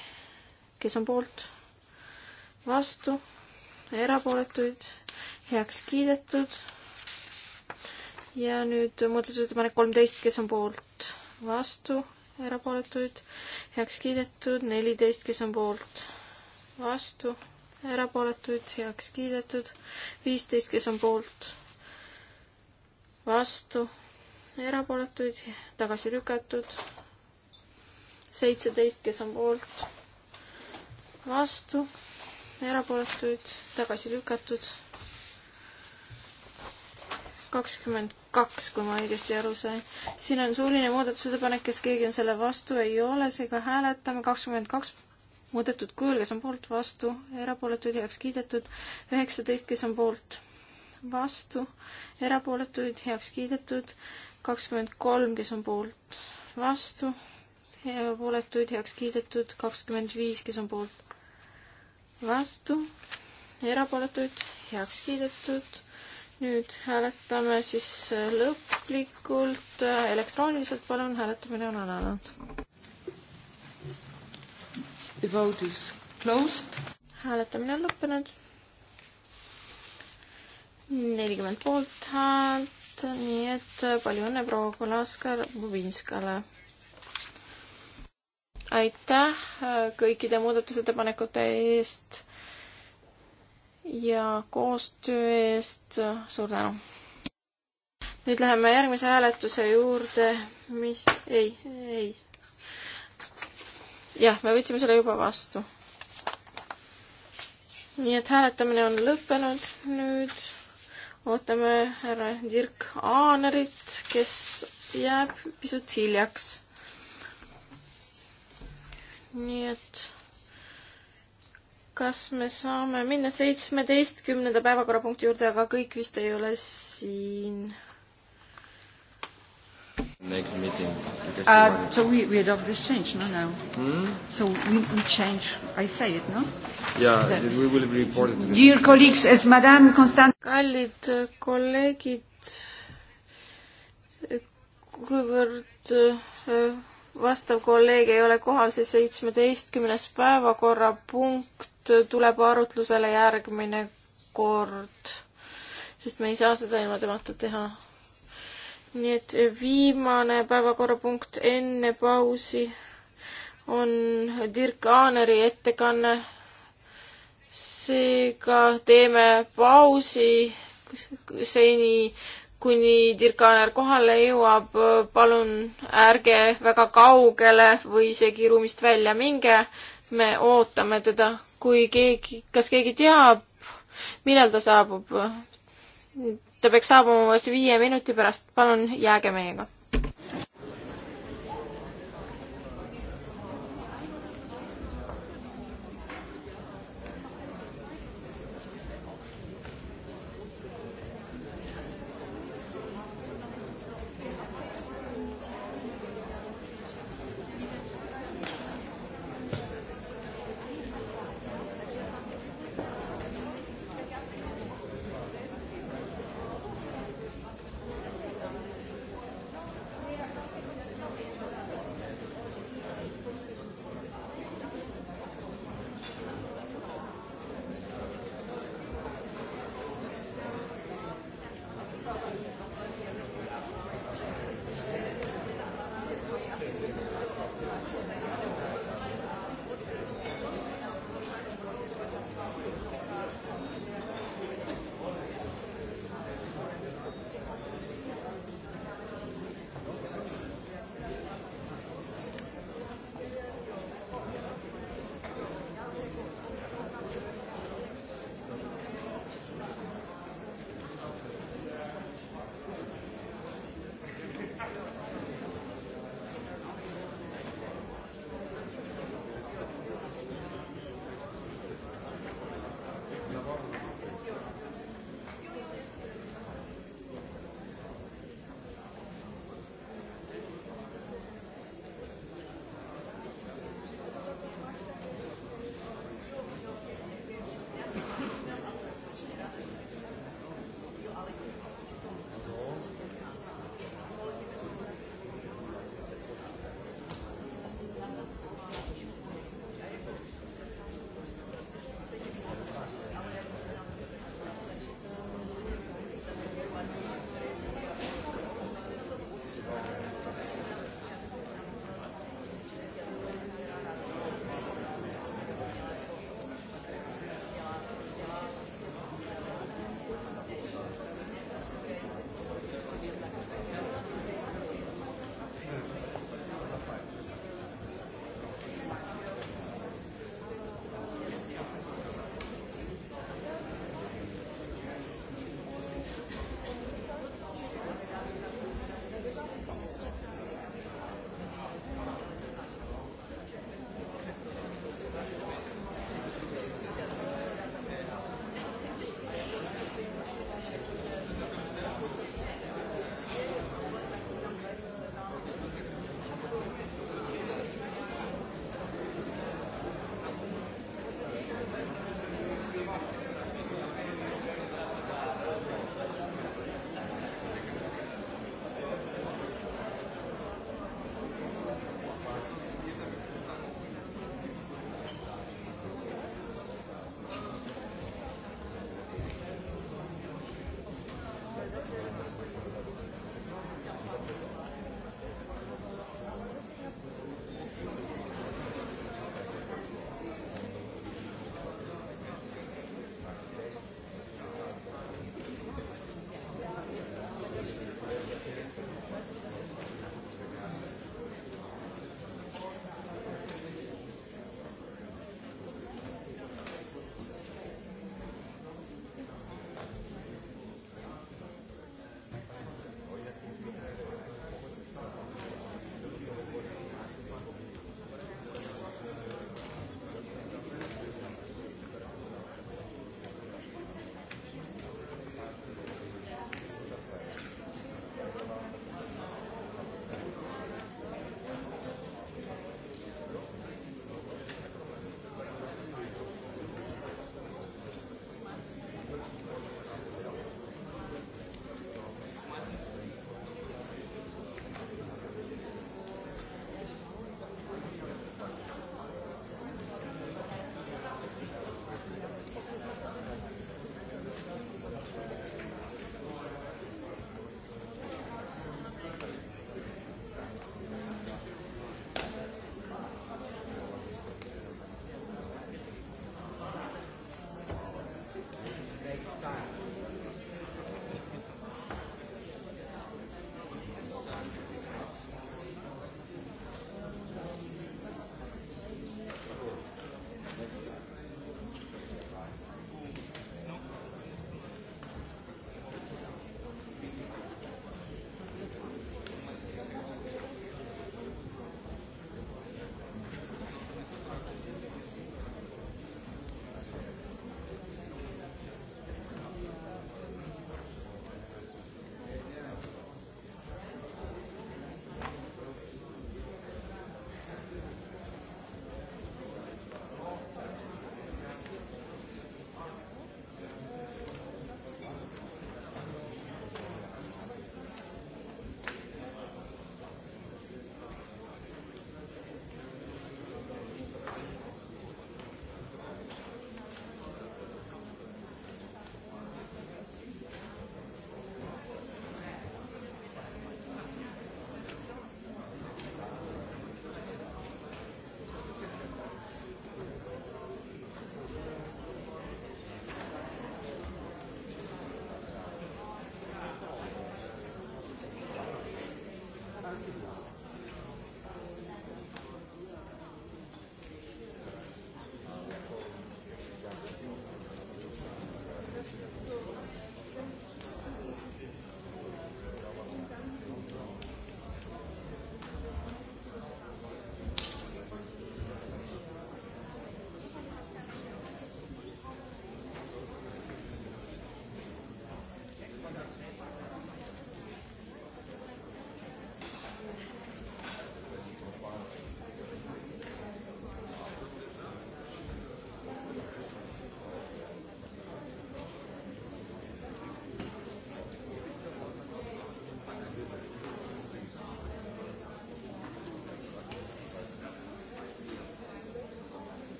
S1: kes on poolt, vastu, erapooletuid, heaks kiidetud. ja nüüd muudatusettepanek kolmteist, kes on poolt, vastu, erapooletuid, heaks kiidetud, neliteist, kes on poolt, vastu, erapooletuid, heaks kiidetud, viisteist, kes on poolt, vastu, erapooletuid, tagasi lükatud seitseteist, kes on poolt, vastu, erapooletuid tagasi lükatud. kakskümmend kaks, kui ma õigesti aru sain. siin on suuline muudatusettepanek, kes keegi on selle vastu, ei ole, seega hääletame kakskümmend kaks muudetud kujul, kes on poolt, vastu, erapooletuid heaks kiidetud, üheksateist, kes on poolt, vastu, erapooletuid heaks kiidetud, kakskümmend kolm, kes on poolt, vastu, erapooletuid heaks kiidetud, kakskümmend viis, kes on poolt, vastu, erapooletuid heaks kiidetud. nüüd hääletame siis lõplikult äh, elektrooniliselt, palun, hääletamine on alanud. The vote is closed. hääletamine on lõppenud. nelikümmend poolt häält, nii et palju õnne proua Kolaskar-Bubinskale aitäh äh, kõikide muudatusettepanekute eest ja koostöö eest, suur tänu! nüüd läheme järgmise hääletuse juurde, mis, ei, ei. jah, me võtsime selle juba vastu. nii et hääletamine on lõppenud, nüüd ootame härra Dirk Aanerit, kes jääb pisut hiljaks nii et kas me saame minna seitsmeteistkümnenda päevakorrapunkti juurde, aga kõik vist ei ole siin. Next meeting. Uh, so we, we adopt this change, no, no. Hmm? So we, we change, I say it, no? Yeah, that
S3: we will report it. Dear
S1: colleagues, as Madame Constant-. kallid kolleegid, kuivõrd uh, vastav kolleeg ei ole kohal, siis seitsmeteistkümnes päevakorrapunkt tuleb arutlusele järgmine kord, sest me ei saa seda ilma temata teha. nii et viimane päevakorrapunkt enne pausi on Dirk Aaneri ettekanne. seega teeme pausi seni kuni Dirk Anner kohale jõuab, palun ärge väga kaugele või isegi ruumist välja minge. me ootame teda, kui keegi, kas keegi teab, millal ta saabub? ta peaks saabuma umbes viie minuti pärast, palun jääge meiega.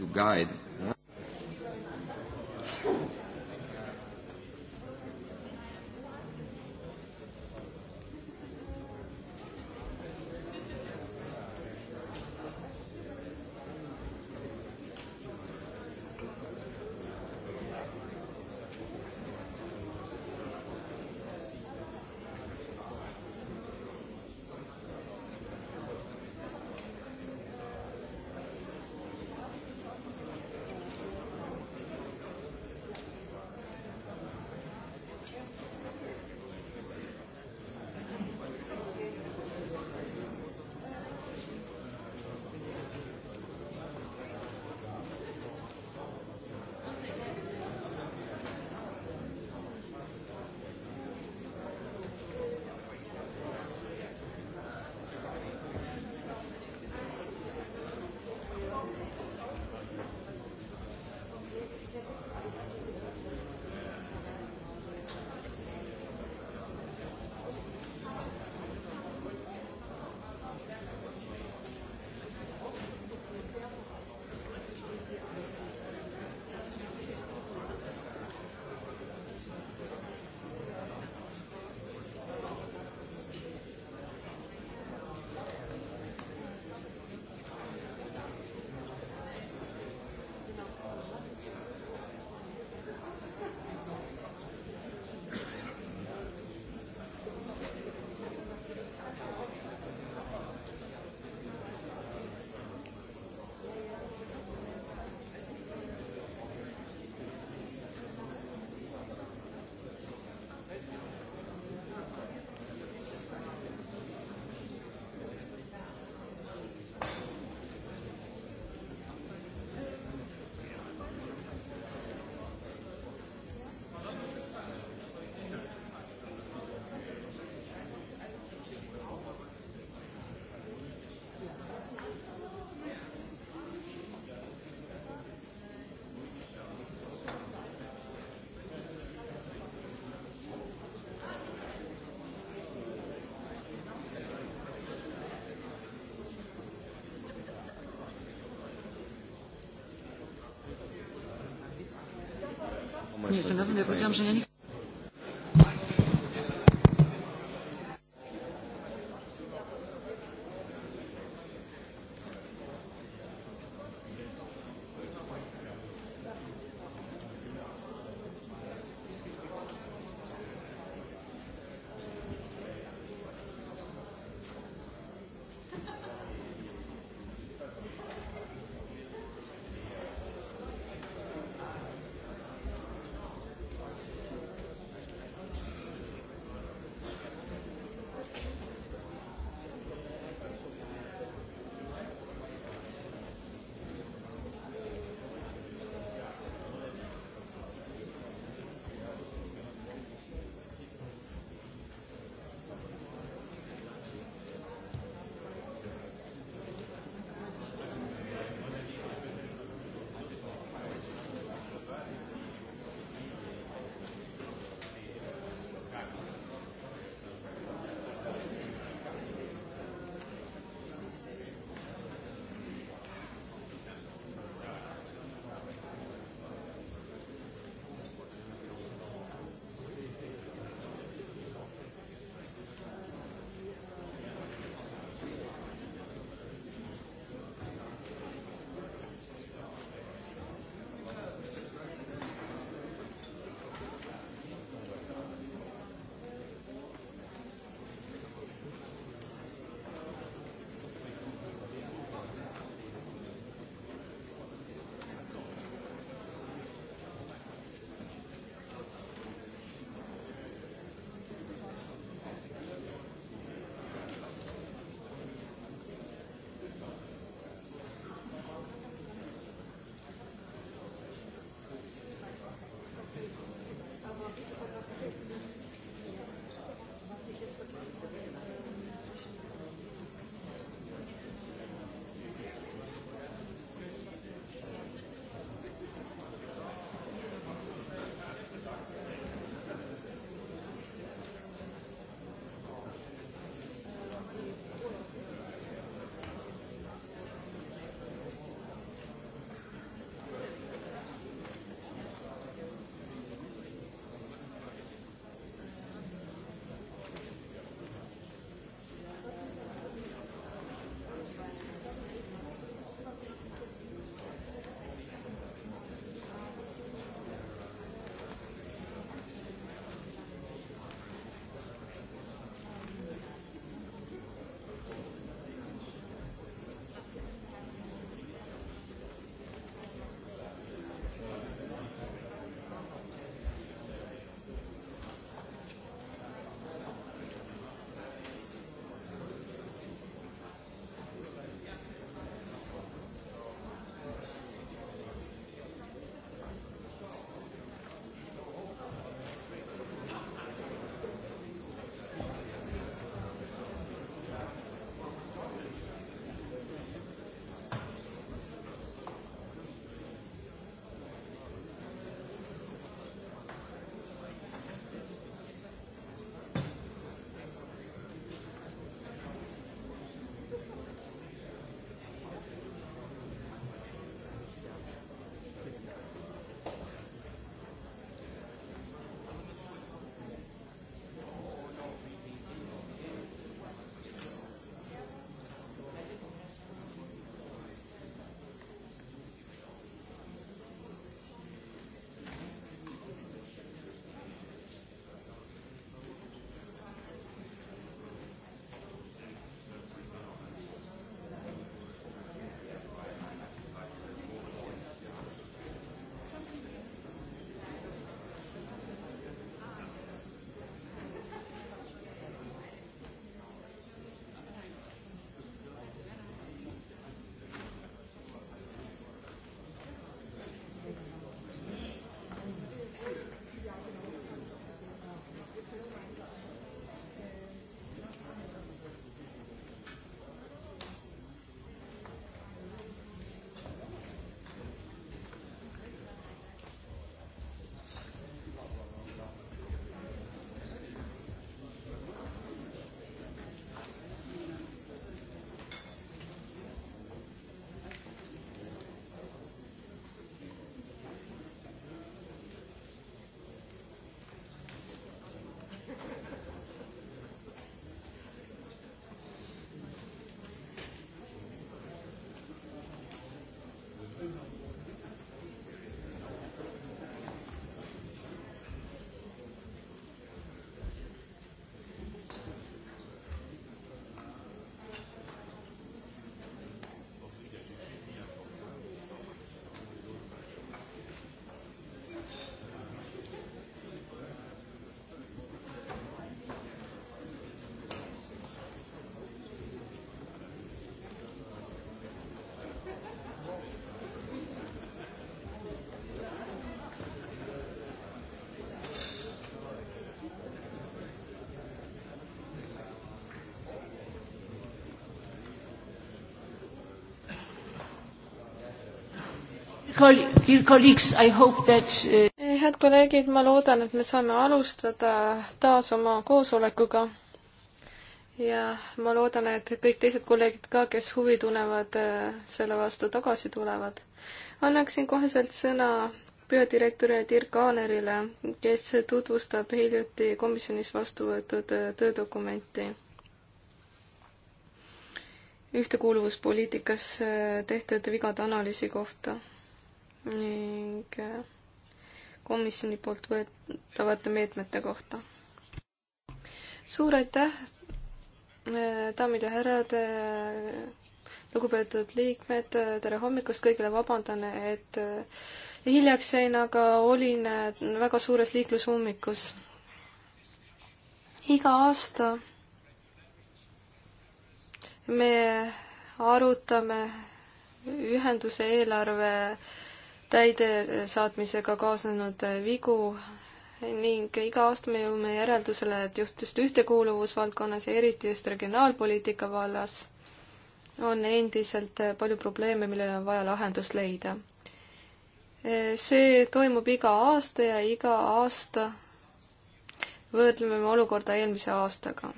S1: to guide
S3: 2009, ja powiedziałam, że ja nie
S2: Uh, head kolleegid, ma loodan, et me saame alustada taas oma koosolekuga. ja ma loodan, et kõik teised kolleegid ka, kes huvi tunnevad, äh, selle vastu tagasi tulevad. annaksin koheselt sõna peadirektorile Dirk Aalerile, kes tutvustab hiljuti komisjonis vastu võetud äh, töödokumenti ühtekuuluvuspoliitikas äh, tehtud vigade analüüsi kohta ning äh, komisjoni poolt võetavate meetmete kohta. suur aitäh, äh, daamid ja härrad, äh, lugupeetud liikmed, tere hommikust kõigile, vabandan, et hiljaks jäin, aga olin väga suures liiklusummikus. iga aasta me arutame ühenduse eelarve äh, täidesaatmisega kaasnenud vigu ning iga aasta me jõuame järeldusele, et just just ühtekuuluvusvaldkonnas ja eriti just regionaalpoliitika vallas on endiselt palju probleeme, millele on vaja lahendust leida. see toimub iga aasta ja iga aasta võrdleme me olukorda eelmise aastaga.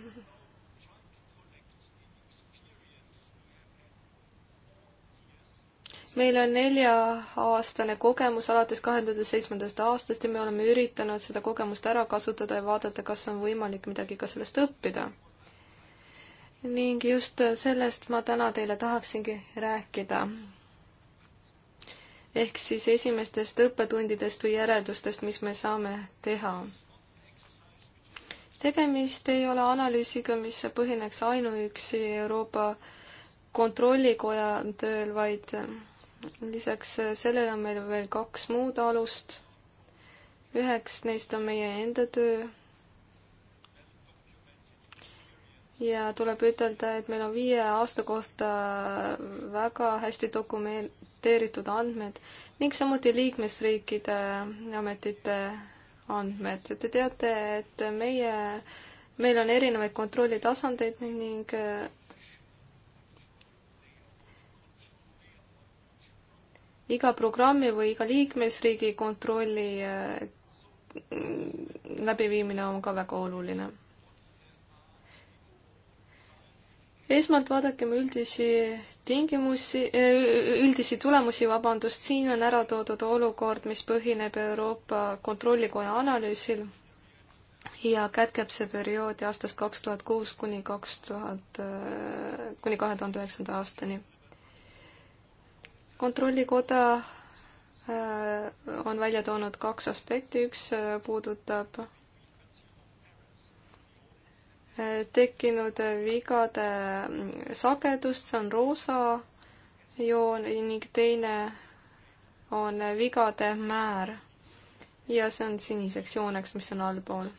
S2: meil on nelja-aastane kogemus alates kahe tuhande seitsmendast aastast ja me oleme üritanud seda kogemust ära kasutada ja vaadata, kas on võimalik midagi ka sellest õppida. ning just sellest ma täna teile tahaksingi rääkida. ehk siis esimestest õppetundidest või järeldustest, mis me saame teha. tegemist ei ole analüüsiga, mis põhineks ainuüksi Euroopa kontrollikoja tööl, vaid lisaks äh, sellele on meil veel kaks muud alust. üheks neist on meie enda töö. ja tuleb ütelda, et meil on viie aasta kohta väga hästi dokumenteeritud andmed ning samuti liikmesriikide ametite andmed. Te teate, et meie, meil on erinevaid kontrollitasandeid ning, ning äh, iga programmi või iga liikmesriigi kontrolli äh, läbiviimine on ka väga oluline. esmalt vaadakem üldisi tingimusi, äh, üldisi tulemusi, vabandust, siin on ära toodud olukord, mis põhineb Euroopa Kontrollikoja analüüsil ja kätkeb see perioodi aastast kaks tuhat kuus kuni kaks tuhat, äh, kuni kahe tuhande üheksanda aastani kontrollikoda äh, on välja toonud kaks aspekti, üks äh, puudutab äh, tekkinud vigade sagedust, see on roosa joon ning teine on vigade määr. ja see on siniseks jooneks, mis on allpool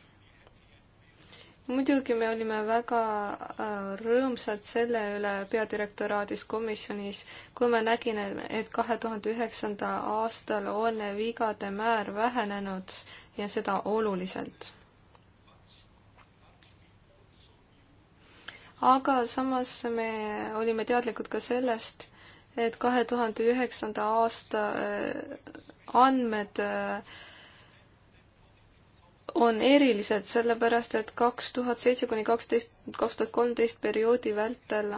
S2: muidugi me olime väga äh, rõõmsad selle üle peadirektoraadis komisjonis, kui me nägime, et kahe tuhande üheksanda aastal on vigade määr vähenenud ja seda oluliselt. aga samas me olime teadlikud ka sellest, et kahe tuhande üheksanda aasta äh, andmed äh, on erilised, sellepärast et kaks tuhat seitse kuni kaksteist, kaks tuhat kolmteist perioodi vältel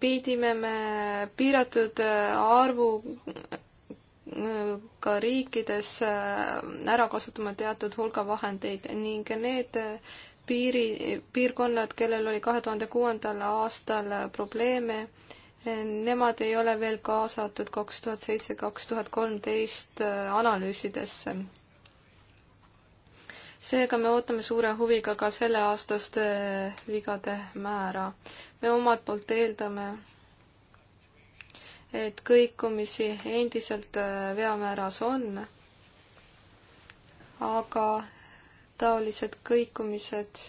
S2: pidime me piiratud arvuga riikides ära kasutama teatud hulga vahendeid ning need piiri, piirkonnad, kellel oli kahe tuhande kuuendal aastal probleeme, Nemad ei ole veel kaasatud kaks tuhat seitse, kaks tuhat kolmteist äh, analüüsidesse. seega me ootame suure huviga ka selleaastaste äh, vigade määra. me omalt poolt eeldame, et kõikumisi endiselt äh, veamääras on, aga taolised kõikumised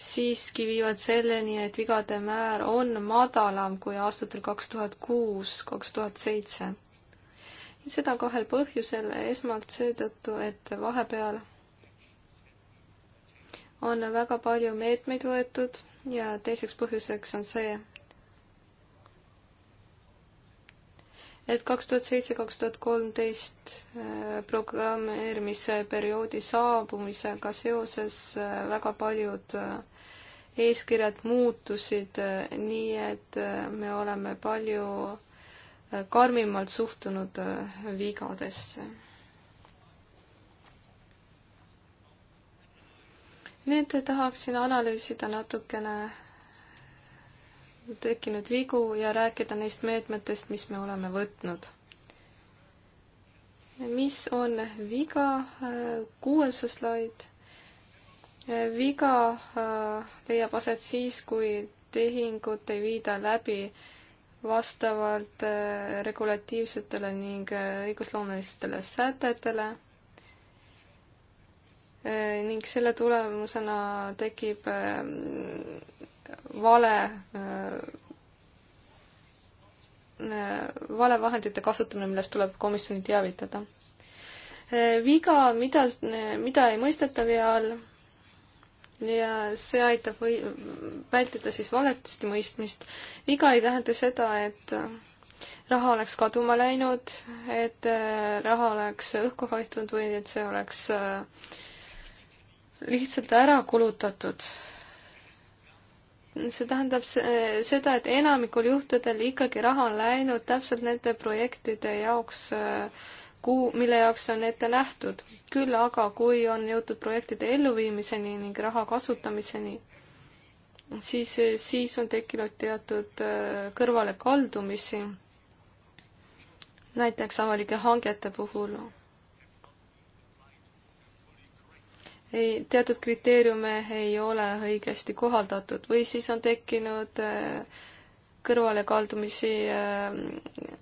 S2: siiski viivad selleni, et vigade määr on madalam kui aastatel kaks tuhat kuus, kaks tuhat seitse. seda kahel põhjusel, esmalt seetõttu, et vahepeal on väga palju meetmeid võetud ja teiseks põhjuseks on see, et kaks tuhat seitse, kaks tuhat kolmteist äh, programmeerimise perioodi saabumisega seoses äh, väga paljud äh, eeskirjad muutusid, nii et me oleme palju karmimalt suhtunud vigadesse nüüd tahaksin analüüsida natukene tekkinud vigu ja rääkida neist meetmetest, mis me oleme võtnud. mis on viga, kuues slaid. viga äh, leiab aset siis, kui tehingut ei viida läbi vastavalt äh, regulatiivsetele ning äh, õigusloomelistele sätetele ning selle tulemusena tekib vale äh, valevahendite kasutamine, millest tuleb komisjoni teavitada. Äh, viga, mida, mida ei mõisteta vea all ja see aitab või vältida siis valetisti mõistmist. viga ei tähenda seda, et raha oleks kaduma läinud, et äh, raha oleks õhku haihtunud või et see oleks lihtsalt ära kulutatud see tähendab seda, et enamikul juhtudel ikkagi raha on läinud täpselt nende projektide jaoks, kuhu, mille jaoks see on ette nähtud. küll aga, kui on jõutud projektide elluviimiseni ning raha kasutamiseni, siis, siis on tekkinud teatud kõrvalekaldumisi, näiteks avalike hangete puhul ei, teatud kriteeriume ei ole õigesti kohaldatud või siis on tekkinud äh, kõrvalekaldumisi äh,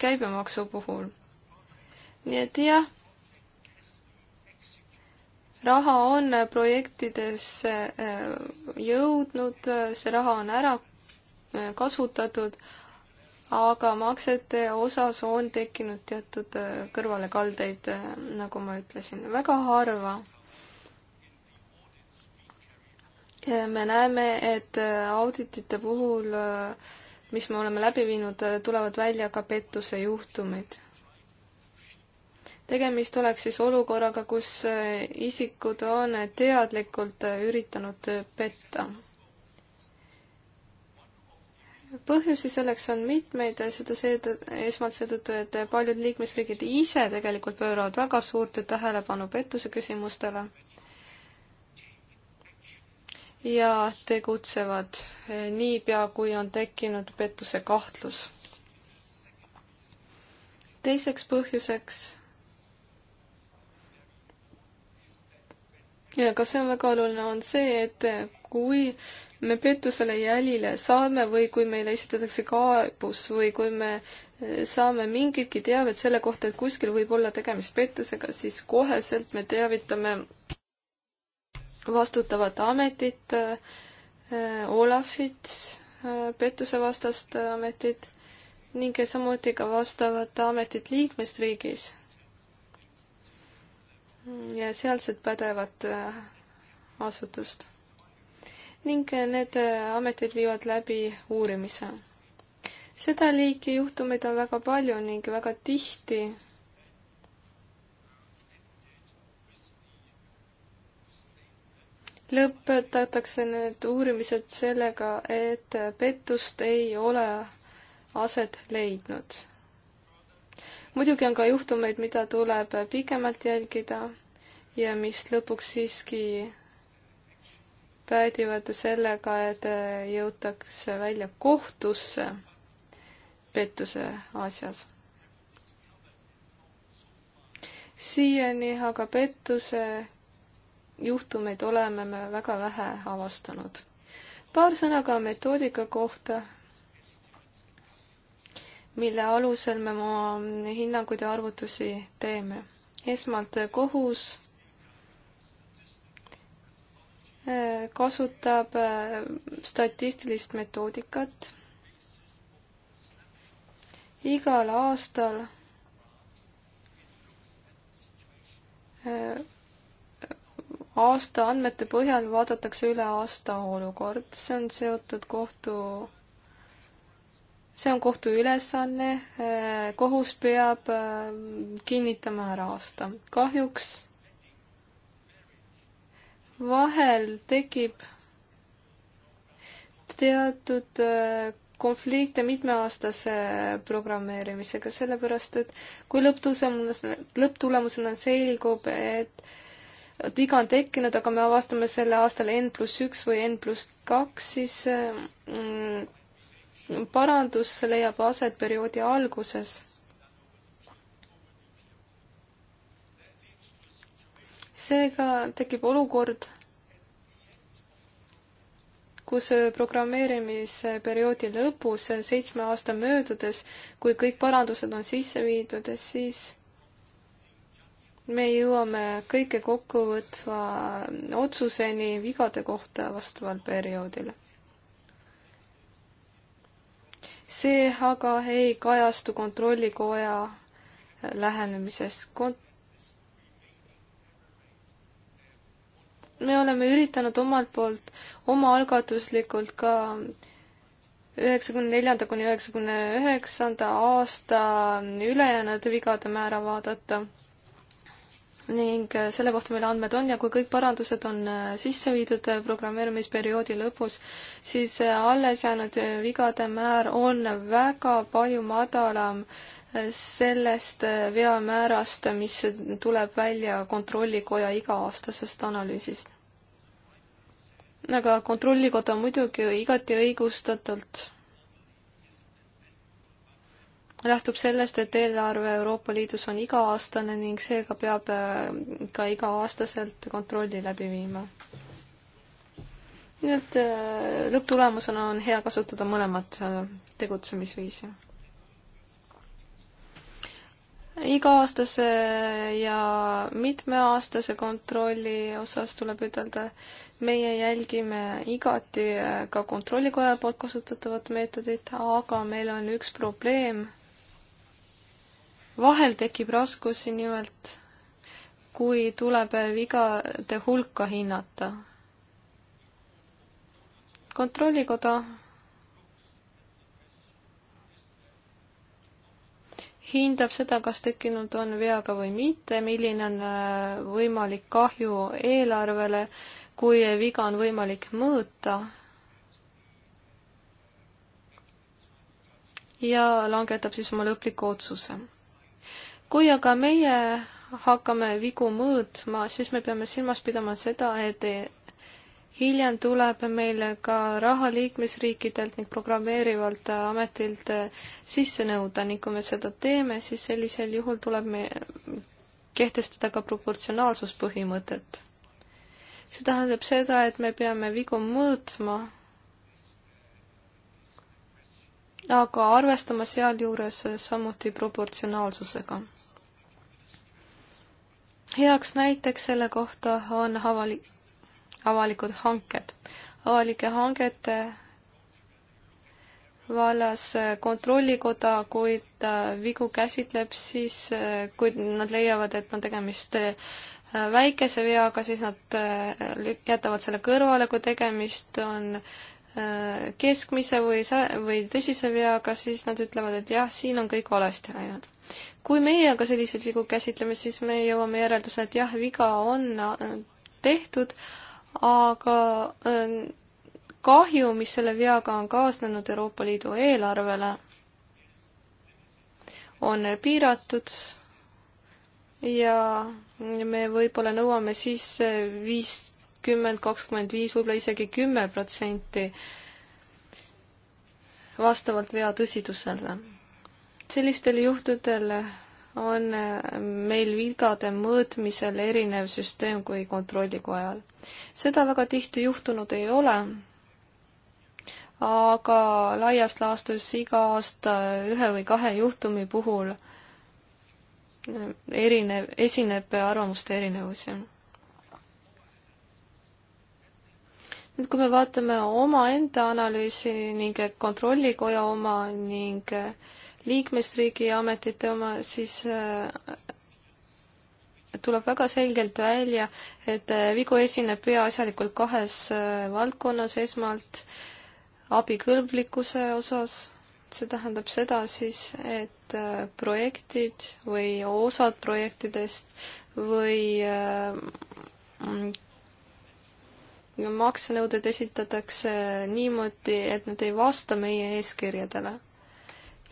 S2: käibemaksu puhul. nii et jah, raha on projektidesse äh, jõudnud, see raha on ära kasutatud, aga maksete osas on tekkinud teatud äh, kõrvalekaldeid, äh, nagu ma ütlesin, väga harva. Äh, me näeme, et auditite puhul, mis me oleme läbi viinud, tulevad välja ka pettuse juhtumid. tegemist oleks siis olukorraga, kus isikud on teadlikult üritanud petta põhjusi selleks on mitmeid, seda seetõttu, esmalt seetõttu, et paljud liikmesriigid ise tegelikult pööravad väga suurt tähelepanu pettuse küsimustele ja tegutsevad niipea, kui on tekkinud pettuse kahtlus. teiseks põhjuseks ja ka see on väga oluline, on see, et kui me pettusele jälile saame või kui meile esitatakse kaebus või kui me eh, saame mingitki teavet selle kohta, et kuskil võib olla tegemist pettusega, siis koheselt me teavitame vastutavat ametit, eh, Olafit, eh, pettusevastast ametit ning samuti ka vastavat ametit liikmesriigis ja sealset pädevat asutust ning need äh, ametid viivad läbi uurimise. seda liiki juhtumeid on väga palju ning väga tihti lõpetatakse need uurimised sellega, et pettust ei ole aset leidnud. muidugi on ka juhtumeid, mida tuleb pikemalt jälgida ja mis lõpuks siiski päädivad sellega, et jõutakse välja kohtusse pettuse asjas. siiani aga pettuse juhtumeid oleme me väga vähe avastanud. paar sõna ka metoodika kohta, mille alusel me oma hinnanguid ja arvutusi teeme. esmalt kohus kasutab äh, statistilist metoodikat. igal aastal äh, aasta andmete põhjal vaadatakse üle aasta olukord, see on seotud kohtu, see on kohtu ülesanne, äh, kohus peab kinnitama ära aasta. kahjuks vahel tekib teatud äh, konflikte mitmeaastase programmeerimisega, sellepärast et kui lõpptulemus, lõpptulemusena selgub, et viga on tekkinud, aga me avastame selle aastal N pluss üks või N pluss kaks, siis äh, mm, parandus leiab aset perioodi alguses. seega tekib olukord, kus programmeerimisperioodi lõpus, seitsme aasta möödudes, kui kõik parandused on sisse viidud, siis me jõuame kõike kokkuvõtva otsuseni vigade kohta vastaval perioodil. see aga ei kajastu kontrollikoja lähenemises Kont me oleme üritanud omalt poolt omaalgatuslikult ka üheksakümne neljanda kuni üheksakümne üheksanda aasta ülejäänud vigade määra vaadata. ning äh, selle kohta meil andmed on ja kui kõik parandused on äh, sisse viidud äh, programmeerimisperioodi lõpus, siis alles jäänud vigade määr on väga palju madalam äh, sellest äh, veamäärast, mis tuleb välja Kontrollikoja iga-aastasest analüüsist. aga Kontrollikoda muidugi igati õigustatult lähtub sellest, et eelarve Euroopa Liidus on iga-aastane ning seega peab äh, ka iga-aastaselt kontrolli läbi viima. nii et äh, lõpptulemusena on hea kasutada mõlemat tegutsemisviisi iga-aastase ja mitmeaastase kontrolli osas tuleb ütelda, meie jälgime igati ka Kontrollikoja poolt kasutatavat meetodit, aga meil on üks probleem. vahel tekib raskusi nimelt, kui tuleb vigade hulka hinnata. kontrollikoda hindab seda, kas tekkinud on veaga või mitte, milline on äh, võimalik kahju eelarvele, kui viga on võimalik mõõta ja langetab siis oma lõpliku otsuse. kui aga meie hakkame vigu mõõtma, siis me peame silmas pidama seda, et hiljem tuleb meil ka raha liikmesriikidelt ning programmeerivalt ametilt sisse nõuda ning kui me seda teeme, siis sellisel juhul tuleb me kehtestada ka proportsionaalsuspõhimõtet. see tähendab seda, et me peame vigu mõõtma, aga arvestama sealjuures samuti proportsionaalsusega. heaks näiteks selle kohta on avalik avalikud hanked. avalike hangete vallas eh, kontrollikoda, kui ta vigu käsitleb, siis eh, kui nad leiavad, et on tegemist eh, väikese veaga, siis nad jätavad selle kõrvale, kui tegemist on keskmise või sa-, või tõsise veaga, siis nad ütlevad, et jah, siin on kõik valesti läinud. kui meie aga selliseid vigu käsitleme, siis me jõuame järeldusele, et jah, viga on tehtud, aga äh, kahju, mis selle veaga on kaasnenud Euroopa Liidu eelarvele, on piiratud ja me võib-olla nõuame sisse viiskümmend, kakskümmend viis, võib-olla isegi kümme protsenti vastavalt vea tõsidusele. sellistel juhtudel on äh, meil vigade mõõtmisel erinev süsteem kui kontrollikojal. seda väga tihti juhtunud ei ole, aga laias laastus iga aasta ühe või kahe juhtumi puhul äh, erinev, esineb arvamuste erinevusi. nüüd, kui me vaatame omaenda analüüsi ning kontrollikoja oma ning äh, liikmesriigi ametite oma, siis äh, tuleb väga selgelt välja, et äh, vigu esineb peaasjalikult kahes äh, valdkonnas, esmalt abikõlblikkuse osas, see tähendab seda siis, et projektid või osad projektidest või maksenõuded esitatakse niimoodi, et nad ei vasta meie eeskirjadele.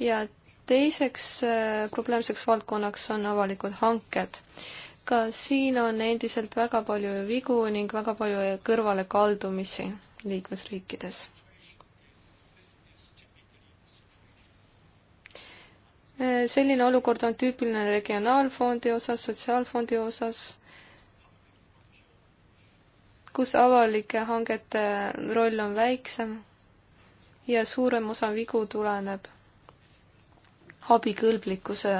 S2: ja teiseks äh, probleemseks valdkonnaks on avalikud hanked. ka siin on endiselt väga palju vigu ning väga palju kõrvalekaldumisi liikmesriikides äh, selline olukord on tüüpiline regionaalfondi osas, sotsiaalfondi osas, kus avalike hangete roll on väiksem ja suurem osa vigu tuleneb abikõlblikkuse,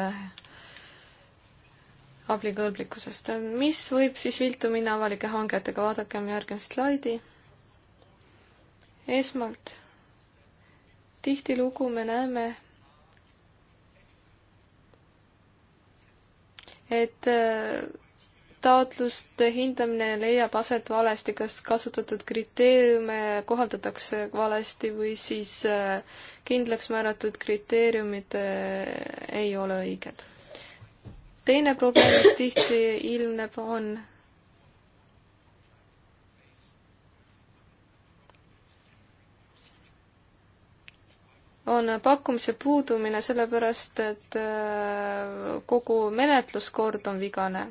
S2: abikõlblikkusest. mis võib siis viltu minna avalike hangetega, vaadakem järgmist slaidi. esmalt, tihtilugu me näeme, et taotluste hindamine leiab aset valesti, kas kasutatud kriteeriume kohaldatakse valesti või siis äh, kindlaks määratud kriteeriumid äh, ei ole õiged. teine probleem, mis tihti ilmneb, on on pakkumise puudumine, sellepärast et äh, kogu menetluskord on vigane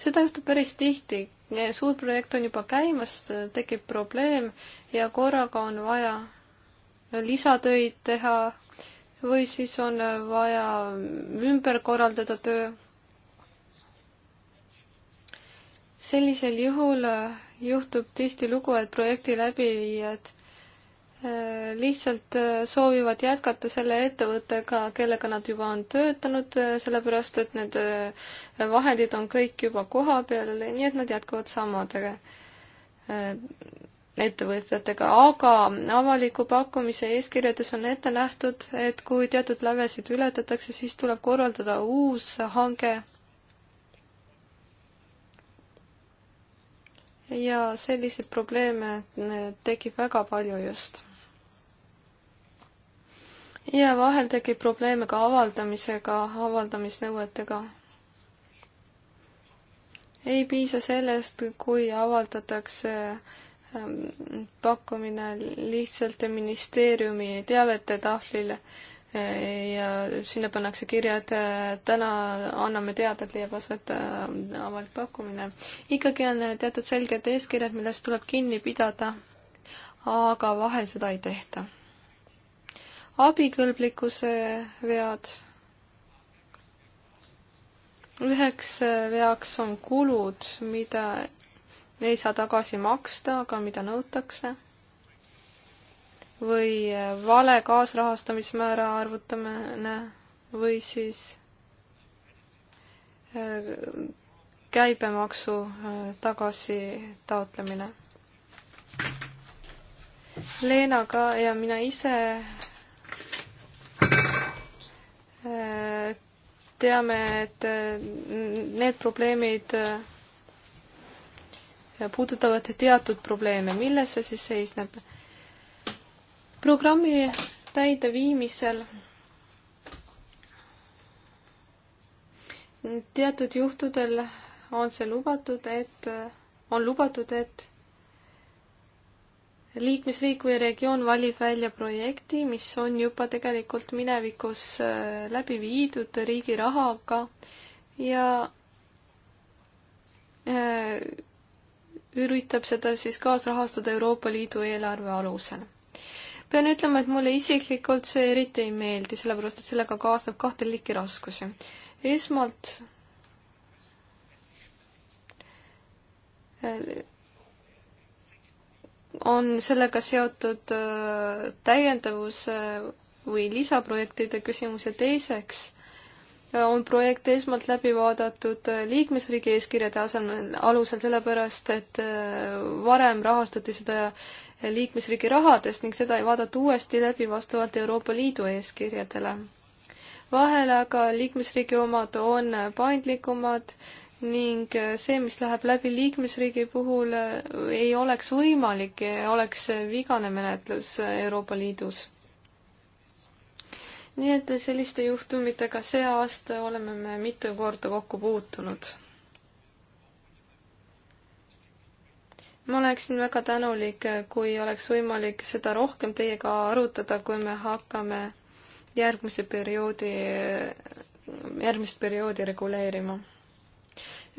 S2: seda juhtub päris tihti. suur projekt on juba käimas, tekib probleem ja korraga on vaja lisatöid teha või siis on vaja ümber korraldada töö. sellisel juhul juhtub tihtilugu, et projekti läbiviijad Äh, lihtsalt äh, soovivad jätkata selle ettevõttega, kellega nad juba on töötanud, äh, sellepärast et need vahendid on kõik juba koha peal, nii et nad jätkavad samadega ettevõtjatega, aga avaliku pakkumise eeskirjades on ette nähtud, et kui teatud lävesid ületatakse, siis tuleb korraldada uus hange ja selliseid probleeme tekib väga palju just. ja vahel tekib probleeme ka avaldamisega, avaldamisnõuetega. ei piisa sellest, kui avaldatakse ähm, pakkumine lihtsalt ministeeriumi teavete tahvlile ja sinna pannakse kirja, et äh, täna anname teada, et leiab aset äh, avalik pakkumine. ikkagi on äh, teatud selged eeskirjad, millest tuleb kinni pidada, aga vahel seda ei tehta. abikõlblikkuse vead. üheks veaks on kulud, mida ei saa tagasi maksta, aga mida nõutakse või vale kaasrahastamismäära arvutamine või siis äh, käibemaksu äh, tagasi taotlemine. Leena ka ja mina ise äh, teame, et need probleemid puudutavad teatud probleeme, milles see siis seisneb? programmi täideviimisel teatud juhtudel on see lubatud, et, on lubatud, et liikmesriik või regioon valib välja projekti, mis on juba tegelikult minevikus äh, läbi viidud riigi rahaga ja äh, üritab seda siis kaasrahastada Euroopa Liidu eelarve alusel pean ütlema, et mulle isiklikult see eriti ei meeldi, sellepärast et sellega kaasneb kahte liiki raskusi. esmalt on sellega seotud äh, täiendavuse või lisaprojektide küsimus ja teiseks äh, on projekt esmalt läbi vaadatud äh, liikmesriigi eeskirjade asemel, alusel, sellepärast et varem rahastati seda liikmesriigi rahadest ning seda ei vaadata uuesti läbi vastavalt Euroopa Liidu eeskirjadele. vahel aga liikmesriigi omad on paindlikumad ning see, mis läheb läbi liikmesriigi puhul, ei oleks võimalik, oleks vigane menetlus Euroopa Liidus. nii et selliste juhtumitega see aasta oleme me mitu korda kokku puutunud ma oleksin väga tänulik, kui oleks võimalik seda rohkem teiega arutada, kui me hakkame järgmise perioodi, järgmist perioodi reguleerima.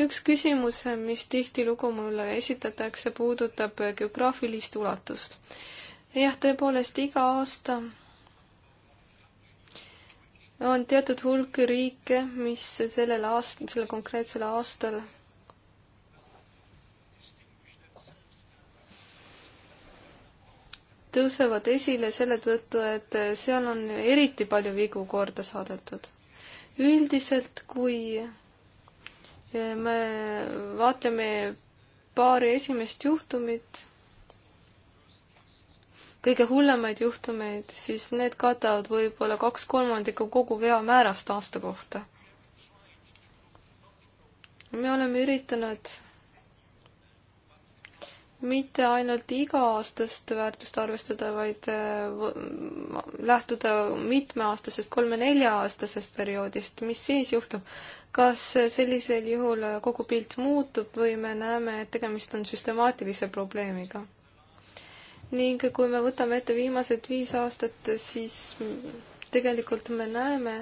S2: üks küsimus, mis tihtilugu mulle esitatakse, puudutab geograafilist ulatust. jah, tõepoolest iga aasta on teatud hulk riike, mis sellel aastal, sellel konkreetsel aastal tõusevad esile selle tõttu, et seal on eriti palju vigu korda saadetud. üldiselt, kui me vaatame paari esimest juhtumit, kõige hullemaid juhtumeid, siis need katavad võib-olla kaks kolmandikku kogu veamäärast aasta kohta. me oleme üritanud mitte ainult iga-aastast väärtust arvestada, vaid äh, lähtuda mitmeaastasest, kolme-nelja-aastasest perioodist, mis siis juhtub? kas sellisel juhul kogu pilt muutub või me näeme, et tegemist on süstemaatilise probleemiga? ning kui me võtame ette viimased viis aastat, siis tegelikult me näeme,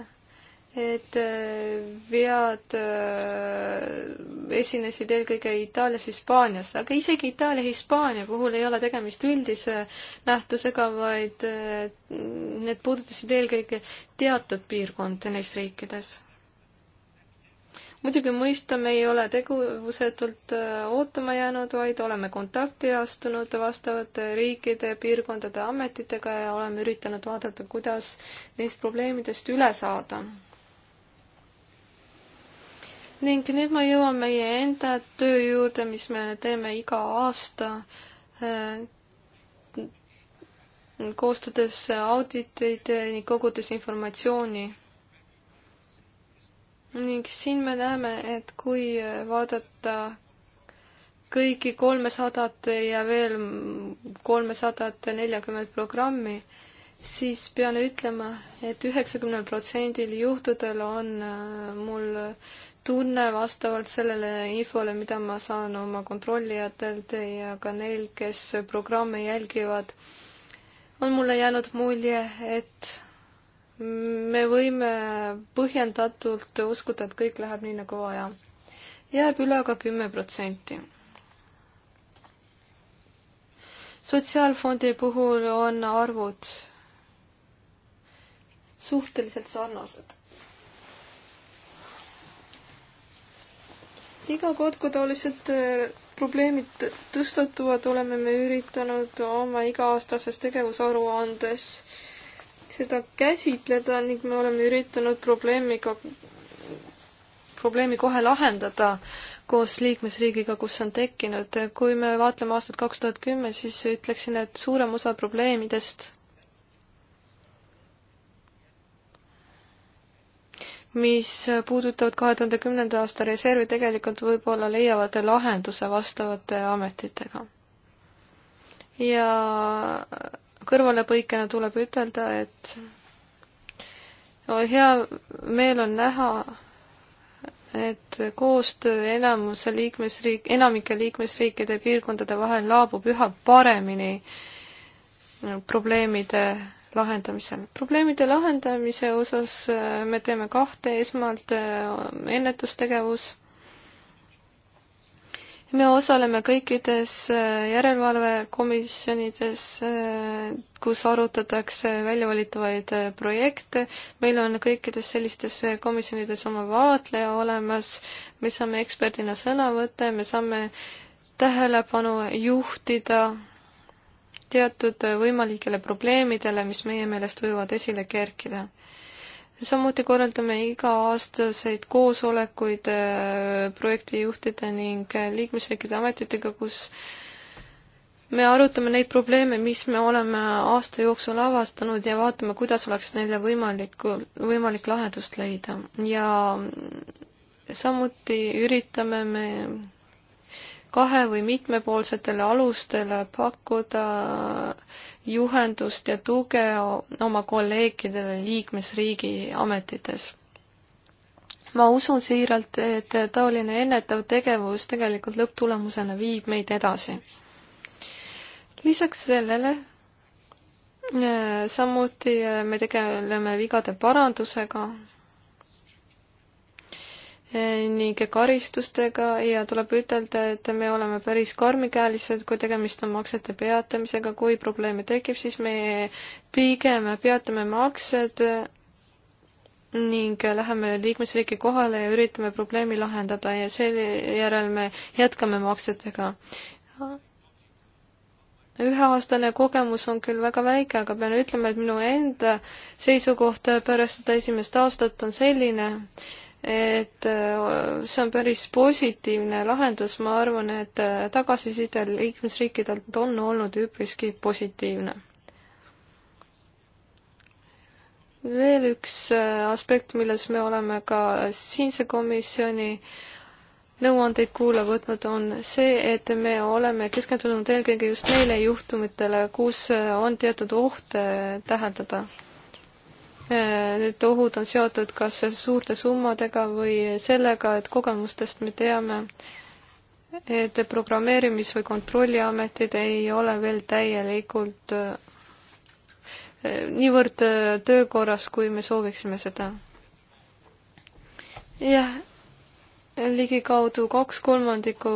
S2: et äh, vead äh, esinesid eelkõige Itaalias, Hispaanias, aga isegi Itaalia, Hispaania puhul ei ole tegemist üldise nähtusega, vaid äh, need puudutasid eelkõige teatud piirkonda neis riikides. muidugi mõistame, ei ole tegevusetult ootama jäänud, vaid oleme kontakti astunud vastavate riikide ja piirkondade ametitega ja oleme üritanud vaadata, kuidas neist probleemidest üle saada ning nüüd ma jõuan meie enda töö juurde, mis me teeme iga aasta äh, koostades auditeid ning kogudes informatsiooni. ning siin me näeme, et kui vaadata kõiki kolmesadat ja veel kolmesadat neljakümmet programmi, siis pean ütlema et, et üheksakümnel protsendil juhtudel on äh, mul tunne vastavalt sellele infole, mida ma saan oma kontrollijatelt ja ka neil, kes programme jälgivad, on mulle jäänud mulje, et me võime põhjendatult uskuda, et kõik läheb nii, nagu vaja. jääb üle aga kümme protsenti. sotsiaalfondi puhul on arvud suhteliselt sarnased iga kord, kui taolised äh, probleemid tõstatuvad, oleme me üritanud oma iga-aastases tegevusaruandes seda käsitleda ning me oleme üritanud probleemiga, probleemi kohe lahendada koos liikmesriigiga, kus on tekkinud. kui me vaatleme aastat kaks tuhat kümme, siis ütleksin, et suurem osa probleemidest mis puudutavad kahe tuhande kümnenda aasta reservi, tegelikult võib-olla leiavad lahenduse vastavate ametitega. ja kõrvalepõikena tuleb ütelda, et hea meel on näha, et koostöö enamuse liikmesriik, enamike liikmesriikide piirkondade vahel laabub üha paremini probleemide lahendamisel. probleemide lahendamise osas äh, me teeme kahte, esmalt äh, ennetustegevus, me osaleme kõikides äh, järelevalvekomisjonides, kus arutatakse väljavalitavaid projekte, meil on kõikides sellistes komisjonides oma vaatleja olemas, me saame eksperdina sõna võtta ja me saame tähelepanu juhtida teatud võimalikele probleemidele, mis meie meelest võivad esile kerkida samuti korraldame iga-aastaseid koosolekuid äh, projektijuhtide ning äh, liikmesriikide ametitega, kus me arutame neid probleeme, mis me oleme aasta jooksul avastanud ja vaatame, kuidas oleks neile võimalik, võimalik lahendust leida ja samuti üritame me kahe- või mitmepoolsetele alustele pakkuda juhendust ja tuge oma kolleegidele liikmesriigi ametites. ma usun siiralt, et taoline ennetav tegevus tegelikult lõpptulemusena viib meid edasi. lisaks sellele eh, samuti eh, me tegeleme vigade parandusega ning karistustega ja tuleb ütelda, et me oleme päris karmikäelised, kui tegemist on maksete peatamisega, kui probleeme tekib, siis me pigem peatame maksed ning läheme liikmesriiki kohale ja üritame probleemi lahendada ja seejärel me jätkame maksetega. üheaastane kogemus on küll väga väike, aga pean ütlema, et minu enda seisukoht pärast seda esimest aastat on selline, et äh, see on päris positiivne lahendus, ma arvan, et äh, tagasiside liikmesriikidelt on olnud üpriski positiivne. veel üks äh, aspekt, milles me oleme ka siinse komisjoni nõuandeid kuula võtnud, on see, et me oleme keskendunud eelkõige just neile juhtumitele, kus on teatud oht täheldada Äh, need ohud on seotud kas suurte summadega või sellega, et kogemustest me teame, et programmeerimis- või kontrolliametid ei ole veel täielikult äh, niivõrd äh, töökorras, kui me sooviksime seda. jah, ligikaudu kaks kolmandikku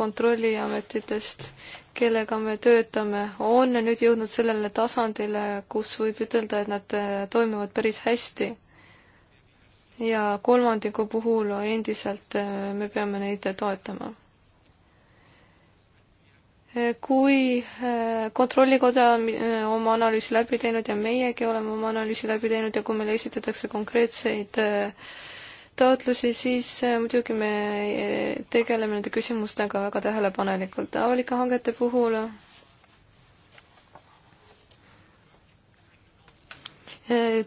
S2: kontrolliametitest kellega me töötame, on nüüd jõudnud sellele tasandile, kus võib ütelda, et nad äh, toimivad päris hästi. ja kolmandiku puhul endiselt äh, me peame neid toetama. Äh, kui Kontrollikoda on oma analüüsi läbi teinud ja meiegi oleme oma analüüsi läbi teinud ja kui meile esitatakse konkreetseid äh, taotlusi, siis äh, muidugi me äh, tegeleme nende küsimustega väga tähelepanelikult. avalike hangete puhul äh,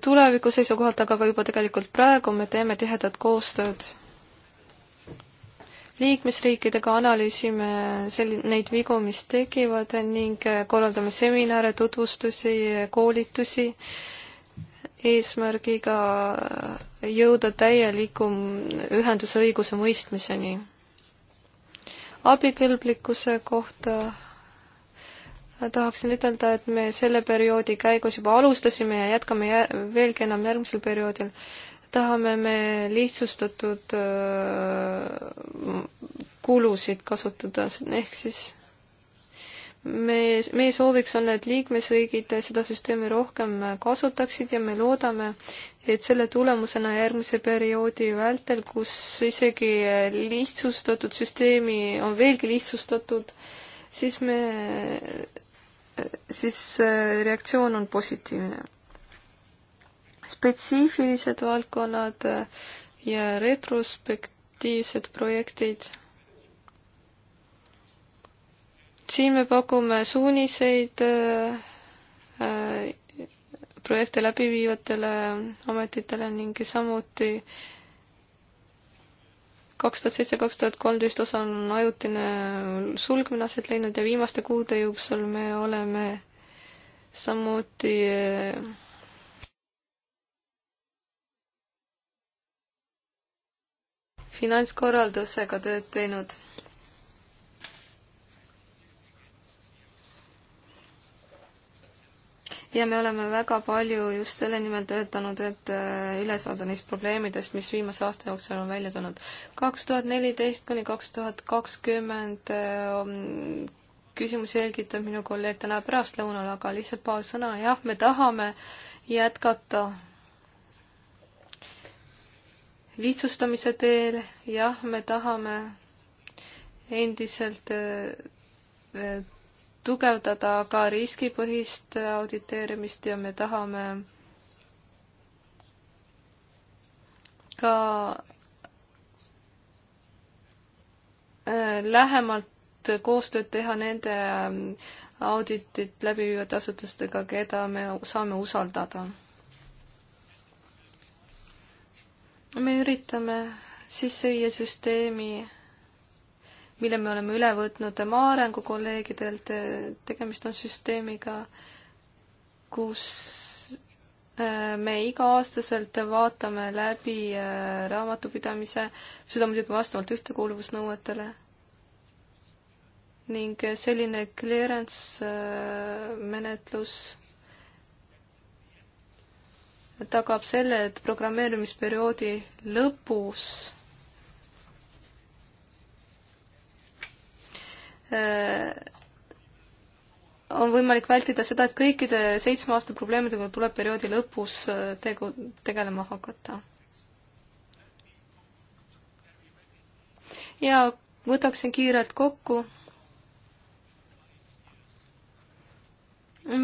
S2: tuleviku seisukohalt, aga ka juba tegelikult praegu me teeme tihedat koostööd liikmesriikidega, analüüsime sel-, neid vigu, mis tekivad ning korraldame seminare, tutvustusi, koolitusi äh, eesmärgiga jõuda täieliku ühendusõiguse mõistmiseni. abikõlblikkuse kohta tahaksin ütelda, et me selle perioodi käigus juba alustasime ja jätkame jä veelgi enam järgmisel perioodil. tahame me lihtsustatud äh, kulusid kasutada, ehk siis me, meie sooviks on, et liikmesriigid seda süsteemi rohkem kasutaksid ja me loodame, et selle tulemusena järgmise perioodi vältel, kus isegi lihtsustatud süsteemi on veelgi lihtsustatud, siis me, siis äh, reaktsioon on positiivne. spetsiifilised valdkonnad äh, ja retrospektiivsed projektid siin me pakume suuniseid äh, äh, projekte läbiviivatele ametitele ning samuti kaks tuhat seitse, kaks tuhat kolmteist osa on ajutine sulgemine aset leidnud ja viimaste kuude jooksul me oleme samuti äh, finantskorraldusega tööd teinud ja me oleme väga palju just selle nimel töötanud, et äh, üle saada neist probleemidest, mis viimase aasta jooksul on välja tulnud. kaks tuhat neliteist kuni kaks tuhat kakskümmend äh, mm, küsimusi selgitab minu kolleeg täna pärastlõunal, aga lihtsalt paar sõna, jah, me tahame jätkata lihtsustamise teel, jah, me tahame endiselt äh, tugevdada ka riskipõhist auditeerimist ja me tahame ka äh, lähemalt koostööd teha nende äh, auditit läbiviivate asutustega, keda me saame usaldada. me üritame sisse viia süsteemi mille me oleme üle võtnud maaarengu kolleegidelt, tegemist on süsteemiga, kus äh, me iga-aastaselt vaatame läbi äh, raamatupidamise, seda muidugi vastavalt ühtekuuluvusnõuetele. ning selline clearance äh, menetlus tagab selle, et programmeerimisperioodi lõpus Äh, on võimalik vältida seda, et kõikide seitsme aasta probleemidega tuleb perioodi lõpus äh, tegu, tegelema hakata. ja võtaksin kiirelt kokku.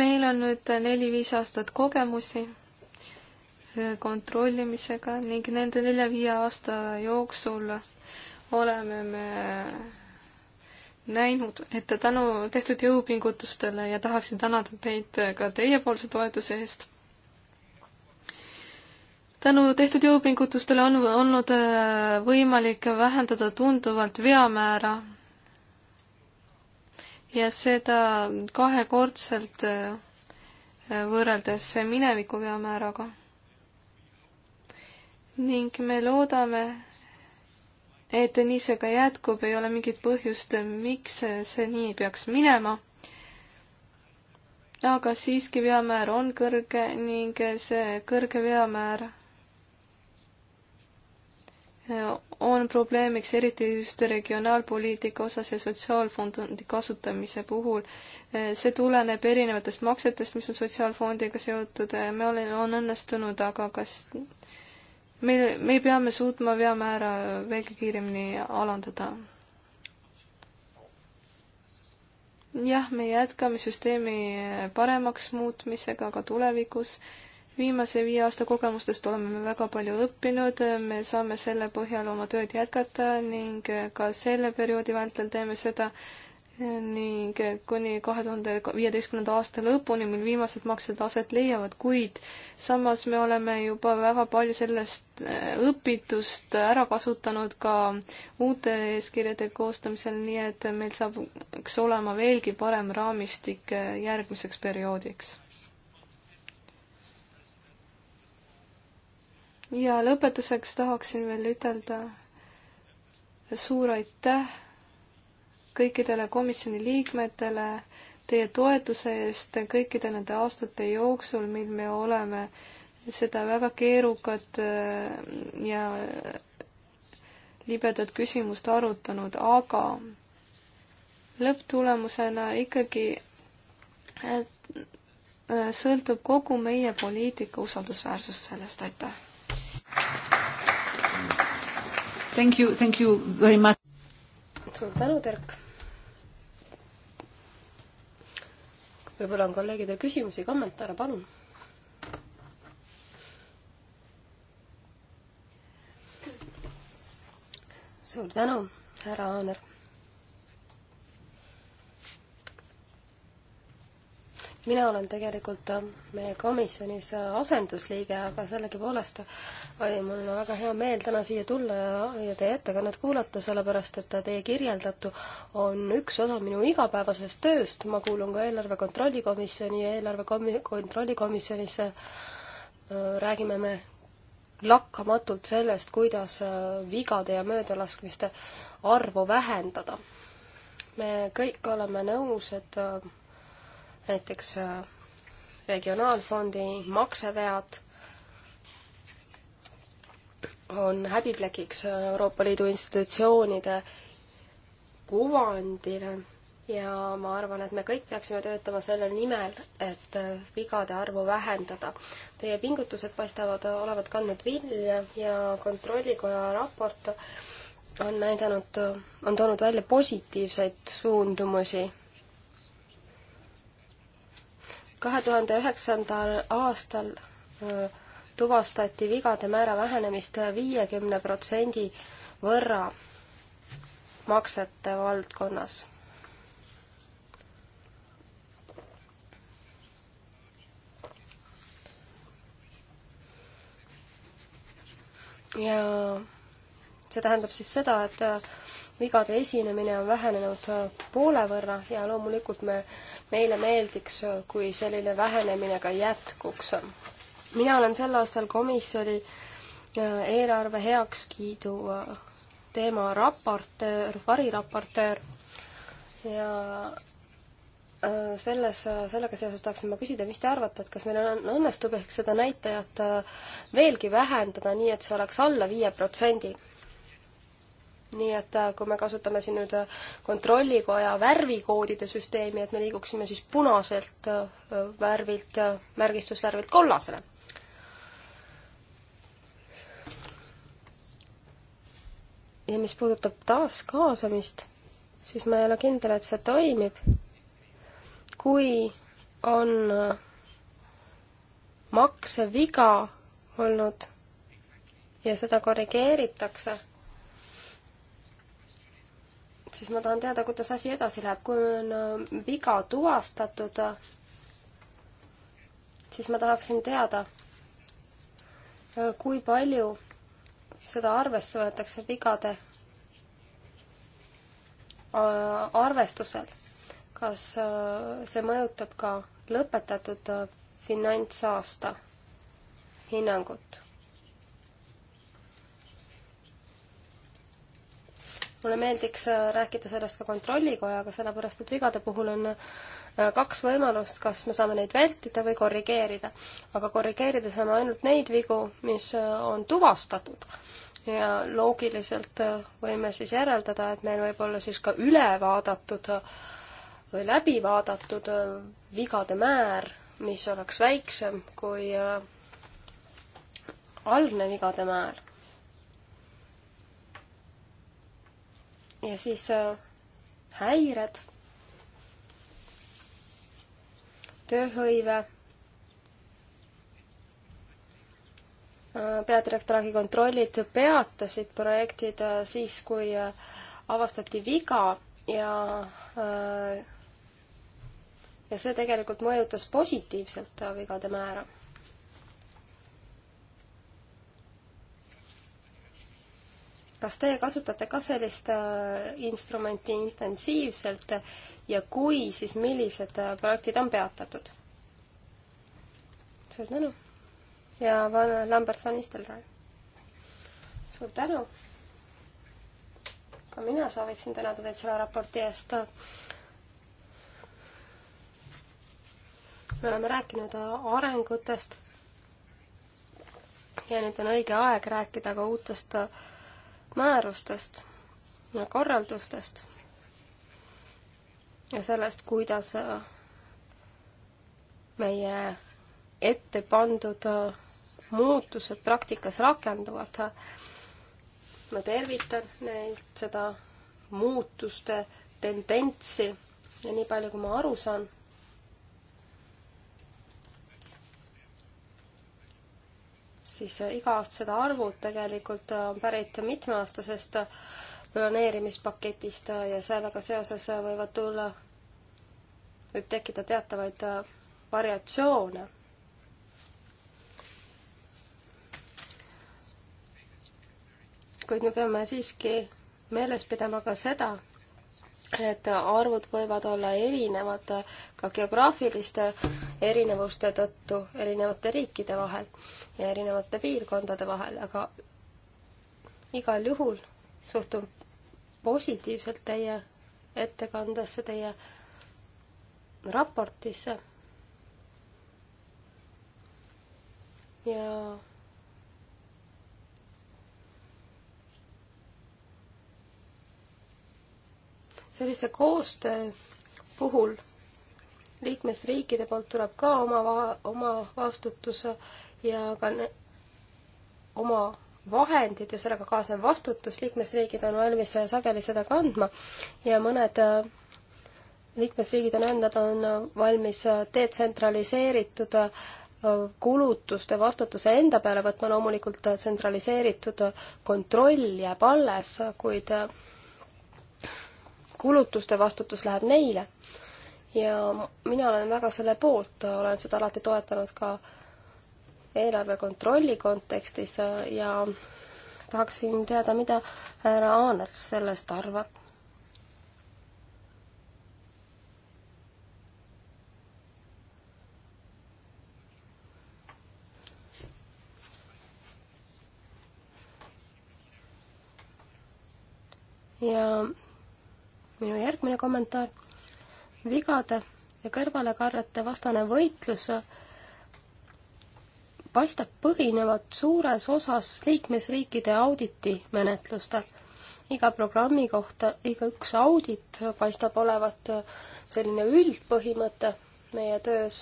S2: meil on nüüd neli-viis aastat kogemusi äh, kontrollimisega ning nende nelja-viie aasta jooksul oleme me näinud, et tänu tehtud jõupingutustele ja tahaksin tänada teid ka teiepoolse toetuse eest. tänu tehtud jõupingutustele on olnud äh, võimalik vähendada tunduvalt veamäära ja seda kahekordselt äh, võrreldes mineviku veamääraga. ning me loodame, et nii see ka jätkub, ei ole mingit põhjust, miks see nii peaks minema. aga siiski veamäär on kõrge ning see kõrge veamäär on probleemiks eriti just regionaalpoliitika osas ja sotsiaalfondi kasutamise puhul. see tuleneb erinevatest maksetest, mis on sotsiaalfondiga seotud, me oleme, on õnnestunud aga kas me, me peame suutma veamäära veelgi kiiremini alandada. jah, me jätkame süsteemi paremaks muutmisega ka tulevikus. viimase viie aasta kogemustest oleme me väga palju õppinud, me saame selle põhjal oma tööd jätkata ning ka selle perioodi vältel teeme seda äh, ning kuni kahe tuhande viieteistkümnenda aasta lõpuni, mil viimased maksed aset leiavad, kuid samas me oleme juba väga palju sellest äh, õpitust ära kasutanud ka uute eeskirjade koostamisel, nii et meil saaks olema veelgi parem raamistik äh, järgmiseks perioodiks. ja lõpetuseks tahaksin veel ütelda suur aitäh kõikidele komisjoni liikmetele teie toetuse eest kõikide nende aastate jooksul, mil me oleme seda väga keerukat äh, ja libedat küsimust arutanud, aga lõpptulemusena ikkagi äh, sõltub kogu meie poliitika usaldusväärsus sellest, aitäh.
S1: Thank you, thank you very much.
S2: suur tänu, Dirk.
S3: võib-olla on kolleegidel küsimusi, kommentaare, palun. suur tänu, härra Aaner mina olen tegelikult äh, meie komisjonis äh, asendusliige, aga sellegipoolest äh, oli mul väga hea meel täna siia tulla ja, ja teie ettekannet kuulata, sellepärast et teie kirjeldatu on üks osa minu igapäevasest tööst, ma kuulun ka eelarve kontrollikomisjoni ja eelarve komi-, kontrollikomisjonis räägime me lakkamatult sellest, kuidas vigade ja möödalaskmiste arvu vähendada. me kõik oleme nõus, et näiteks äh, regionaalfondi maksevead on häbiplekiks äh, Euroopa Liidu institutsioonide kuvandile ja ma arvan, et me kõik peaksime töötama selle nimel, et äh, vigade arvu vähendada. Teie pingutused paistavad olevat kandnud vilja ja Kontrollikoja raport on näidanud, on toonud välja positiivseid suundumusi kahe tuhande üheksandal aastal tuvastati vigade määra vähenemist viiekümne protsendi võrra maksete valdkonnas. ja see tähendab siis seda, et vigade esinemine on vähenenud äh, poole võrra ja loomulikult me, meile meeldiks, äh, kui selline vähenemine ka
S2: jätkuks.
S3: mina olen sel aastal komisjoni äh, eelarve heakskiidu teema raportöör, variraportöör ja selles, sellega seoses tahaksin ma küsida, mis te arvate, et kas meil on, õnnestub ehk seda näitajat veelgi vähendada, nii et see oleks alla viie protsendi? nii et äh, kui me kasutame siin nüüd äh, kontrollikoja värvikoodide süsteemi, et me liiguksime siis punaselt äh, värvilt, märgistusvärvilt kollasele. ja mis puudutab taaskaasamist, siis ma ei ole kindel, et see toimib. kui on makseviga olnud ja seda korrigeeritakse siis ma tahan teada, kuidas asi edasi läheb, kui on äh, viga tuvastatud, äh, siis ma tahaksin teada, äh, kui palju seda arvesse võetakse vigade arvestusel. kas see mõjutab ka lõpetatud finantsaasta hinnangut? mulle meeldiks äh, rääkida sellest ka Kontrollikojaga, sellepärast et vigade puhul on äh, kaks võimalust, kas me saame neid vältida või korrigeerida. aga korrigeerida saame ainult neid vigu, mis äh, on tuvastatud. ja loogiliselt võime siis järeldada, et meil võib olla siis ka üle vaadatud või läbi vaadatud vigade määr, mis oleks väiksem kui algne vigade määr ja siis äh, häired, tööhõive, äh, peadirektoraadi kontrollid peatasid projektid äh, siis, kui avastati viga ja ja see tegelikult mõjutas positiivselt vigade määra kas teie kasutate ka sellist äh, instrumenti intensiivselt ja kui, siis millised äh, projektid on peatatud? suur tänu ja van Lambert van Nistelrooy. suur tänu. ka mina sooviksin tänada teid selle raporti eest. me oleme rääkinud äh, arengutest ja nüüd on õige aeg rääkida ka uutest määrustest ja korraldustest ja sellest, kuidas äh, meie ette pandud äh, muutused praktikas rakenduvad. ma tervitan neilt seda muutuste tendentsi ja nii palju, kui ma aru saan siis äh, iga-aastased arvud tegelikult äh, on pärit mitmeaastasest äh, planeerimispaketist ja sellega seoses võivad tulla, võib tekkida teatavaid variatsioone. kuid me peame siiski meeles pidama ka seda, et arvud võivad olla erinevad ka geograafiliste erinevuste tõttu erinevate riikide vahel ja erinevate piirkondade vahel, aga igal juhul suhtun positiivselt teie ettekandesse, teie raportisse. ja sellise koostöö puhul liikmesriikide poolt tuleb ka oma va-, oma vastutus ja ka ne-, oma vahendid ja sellega kaasnev vastutus, liikmesriigid on valmis sageli seda kandma ja mõned äh, liikmesriigid on öelnud, nad on äh, valmis äh, detsentraliseeritud kulutuste vastutuse enda peale võtma, loomulikult tsentraliseeritud kontroll jääb alles, kuid kulutuste vastutus läheb neile. ja mina olen väga selle poolt, olen seda alati toetanud ka eelarve kontrolli kontekstis ja tahaksin teada, mida härra Aaner sellest arvab ja minu järgmine kommentaar. vigade ja kõrvalekarrete vastane võitlus paistab põhinevat suures osas liikmesriikide auditimenetlustel. iga programmi kohta igaüks audit paistab olevat selline üldpõhimõte meie töös.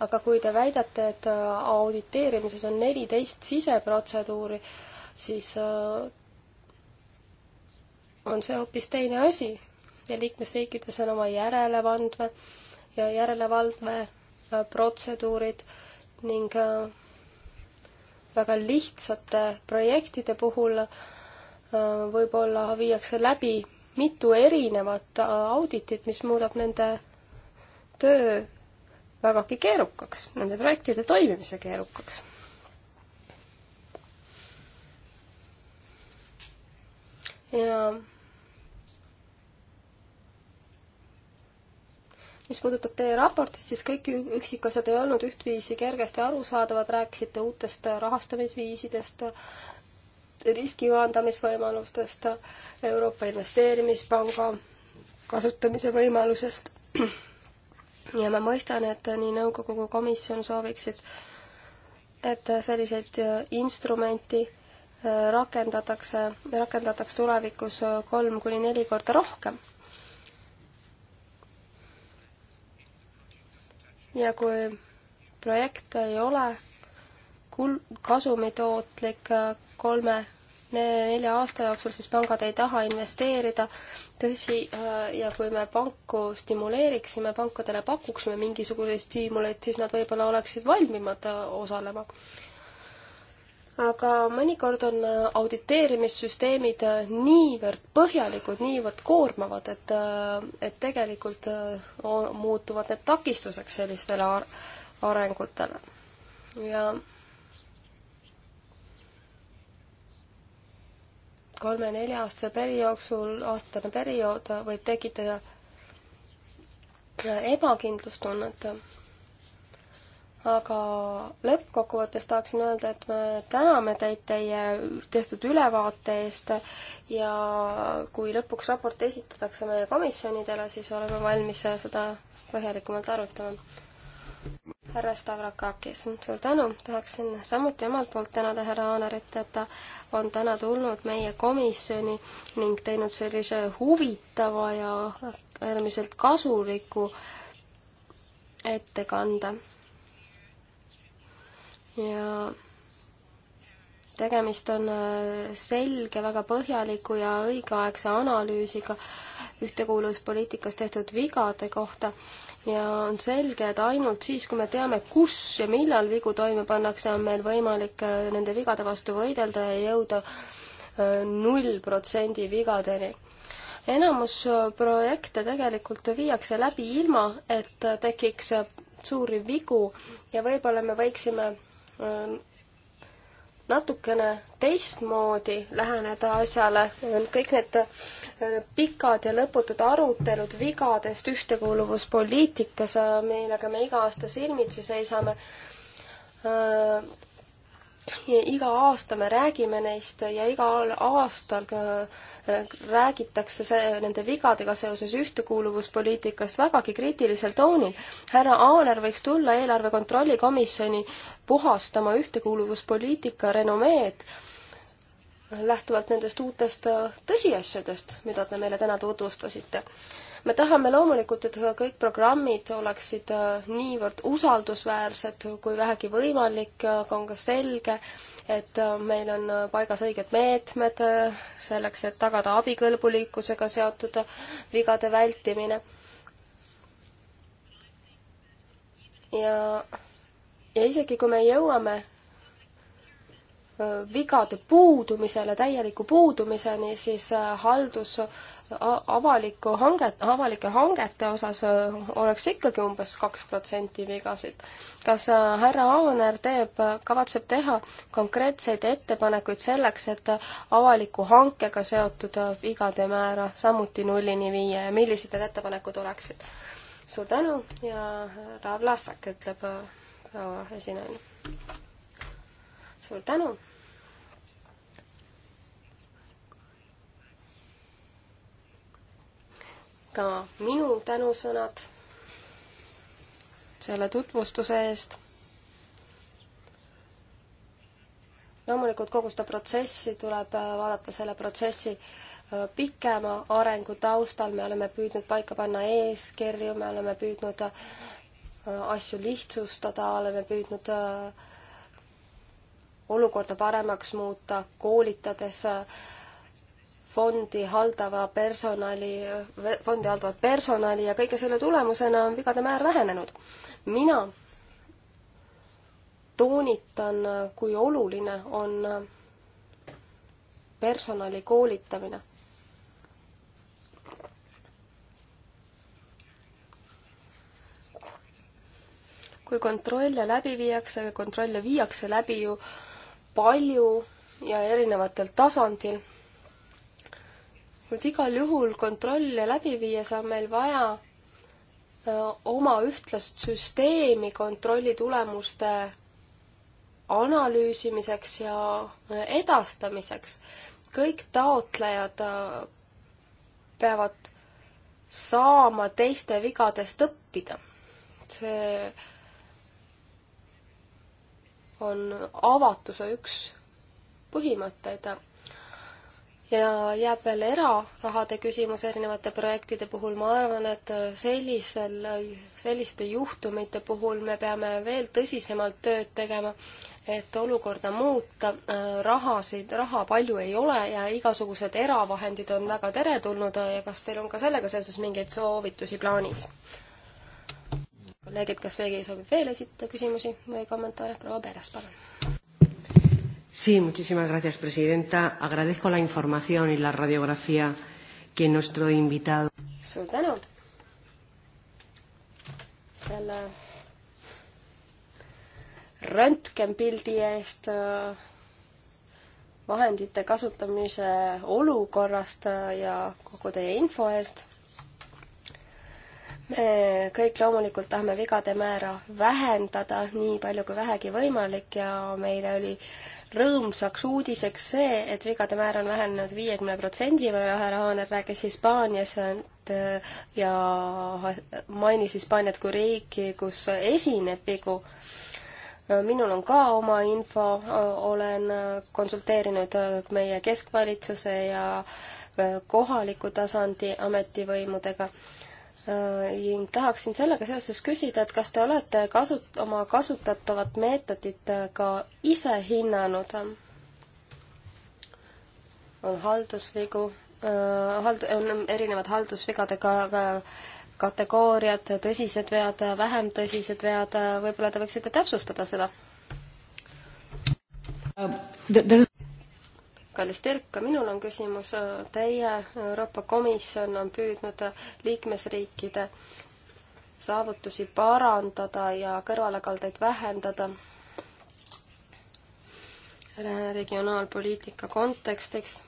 S3: aga kui te väidate, et auditeerimises on neliteist siseprotseduuri, siis äh, on see hoopis teine asi ja liikmesriikides on oma järelevandme ja järelevalve äh, protseduurid ning äh, väga lihtsate projektide puhul äh, võib-olla viiakse läbi mitu erinevat auditit, mis muudab nende töö vägagi keerukaks, nende projektide toimimise keerukaks. ja mis puudutab teie raportit, siis kõik üksikasjad ei olnud ühtviisi kergesti arusaadavad, rääkisite uutest rahastamisviisidest, riski maandamisvõimalustest, Euroopa Investeerimispanga kasutamise võimalusest. ja ma mõistan, et nii nõukogu kui komisjon sooviksid, et selliseid äh, instrumenti äh, rakendatakse, rakendataks tulevikus äh, kolm kuni neli korda rohkem ja kui projekt ei ole kul-, kasumitootlik kolme, nelja aasta jooksul, siis pangad ei taha investeerida. tõsi, ja kui me panku stimuleeriksime, pankadele pakuksime mingisuguseid stiimuleid, siis nad võib-olla oleksid valmimad osalema aga mõnikord on äh, auditeerimissüsteemid äh, niivõrd põhjalikud, niivõrd koormavad, et, äh, et tegelikult on, muutuvad need takistuseks sellistele arengutele. ja kolme-nelja-aastase peri jooksul, aastane periood võib tekitada ebakindlustunnet aga lõppkokkuvõttes tahaksin öelda, et me täname teid teie tehtud ülevaate eest ja kui lõpuks raport esitatakse meie komisjonidele, siis oleme valmis seda põhjalikumalt arutama. härra Stavrakakis, suur tänu, tahaksin samuti omalt poolt tänada härra Aanarit, et ta on täna tulnud meie komisjoni ning teinud sellise huvitava ja äärmiselt kasuliku ettekande ja tegemist on äh, selge, väga põhjaliku ja õigeaegse analüüsiga ühtekuuluvuspoliitikas tehtud vigade kohta ja on selge, et ainult siis, kui me teame, kus ja millal vigu toime pannakse, on meil võimalik äh, nende vigade vastu võidelda ja jõuda äh, null protsendi vigadeni. enamus projekte tegelikult viiakse läbi ilma, et tekiks suuri vigu ja võib-olla me võiksime natukene teistmoodi läheneda asjale, kõik need äh, pikad ja lõputud arutelud vigadest ühtekuuluvuspoliitikas, äh, millega me iga aasta silmitsi seisame. Äh, iga aasta me räägime neist ja igal aastal räägitakse see, nende vigadega seoses ühtekuuluvuspoliitikast vägagi kriitilisel toonil. härra Aaler võiks tulla eelarve kontrolli komisjoni puhastama ühtekuuluvuspoliitika renomeed lähtuvalt nendest uutest äh, tõsiasjadest, mida te meile täna tutvustasite. me tahame loomulikult, et kõik programmid oleksid äh, niivõrd usaldusväärsed kui vähegi võimalik, äh, aga on ka selge, et meil on paigas õiged meetmed selleks, et tagada abikõlbulikkusega seotud vigade vältimine. ja ja isegi kui me jõuame äh, vigade puudumisele, täieliku puudumiseni, siis äh, haldus äh, avaliku hanget, avalike hangete osas oleks ikkagi umbes kaks protsenti vigasid. kas härra Aaner teeb, kavatseb teha konkreetseid ettepanekuid selleks, et avaliku hankega seotud vigade määra samuti nullini viia ja millised need ettepanekud oleksid? suur tänu ja härra Vlasak ütleb proua esinaine. suur tänu. ka minu tänusõnad selle tutvustuse eest loomulikult kogu seda protsessi tuleb äh, vaadata selle protsessi äh, pikema arengu taustal, me oleme püüdnud paika panna eeskirju, me oleme püüdnud äh, Äh, asju lihtsustada, oleme püüdnud äh, olukorda paremaks muuta, koolitades äh, fondi haldava personali, fondi haldavat personali ja kõige selle tulemusena on vigade määr vähenenud. mina toonitan, kui oluline on personali koolitamine kui kontrolle läbi viiakse, kontrolle viiakse läbi ju palju ja erinevatel tasandil, kuid igal juhul kontrolle läbi viies on meil vaja äh, oma ühtlast süsteemi kontrolli tulemuste analüüsimiseks ja äh, edastamiseks. kõik taotlejad äh, peavad saama teiste vigadest õppida. see on avatuse üks põhimõtteid. ja jääb veel erarahade küsimus erinevate projektide puhul, ma arvan, et sellisel, selliste juhtumite puhul me peame veel tõsisemalt tööd tegema, et olukorda muuta, rahasid, raha palju ei ole ja igasugused eravahendid on väga teretulnud ja kas teil on ka sellega seoses mingeid soovitusi plaanis? kolleegid, kas keegi soovib veel esitada küsimusi või kommentaare? proua Peres, palun. Sí, muchísimas gracias, presidenta. Agradezco la información y la radiografía que nuestro invitado. Suur tänu selle röntgenpildi eest vahendite kasutamise olukorrast ja kogu teie info eest me kõik loomulikult tahame vigade määra vähendada nii palju kui vähegi võimalik ja meile oli rõõmsaks uudiseks see, et vigade määr on vähenenud viiekümne protsendi võrra, härra Haaner rääkis Hispaanias ja mainis Hispaaniat kui riiki, kus esineb vigu. minul on ka oma info, olen konsulteerinud meie keskvalitsuse ja kohaliku tasandi ametivõimudega tahaksin sellega seoses küsida, et kas te olete kasut-, oma kasutatavat meetodit äh, ka ise hinnanud? on haldusvigu, äh, hald-, on erinevad haldusvigadega ka kategooriad, tõsised vead, vähem tõsised vead, äh, võib-olla te võiksite täpsustada seda? Uh, kallis Terk, ka minul on küsimus. Teie Euroopa Komisjon on püüdnud liikmesriikide saavutusi parandada ja kõrvalekaldeid vähendada regionaalpoliitika kontekstiks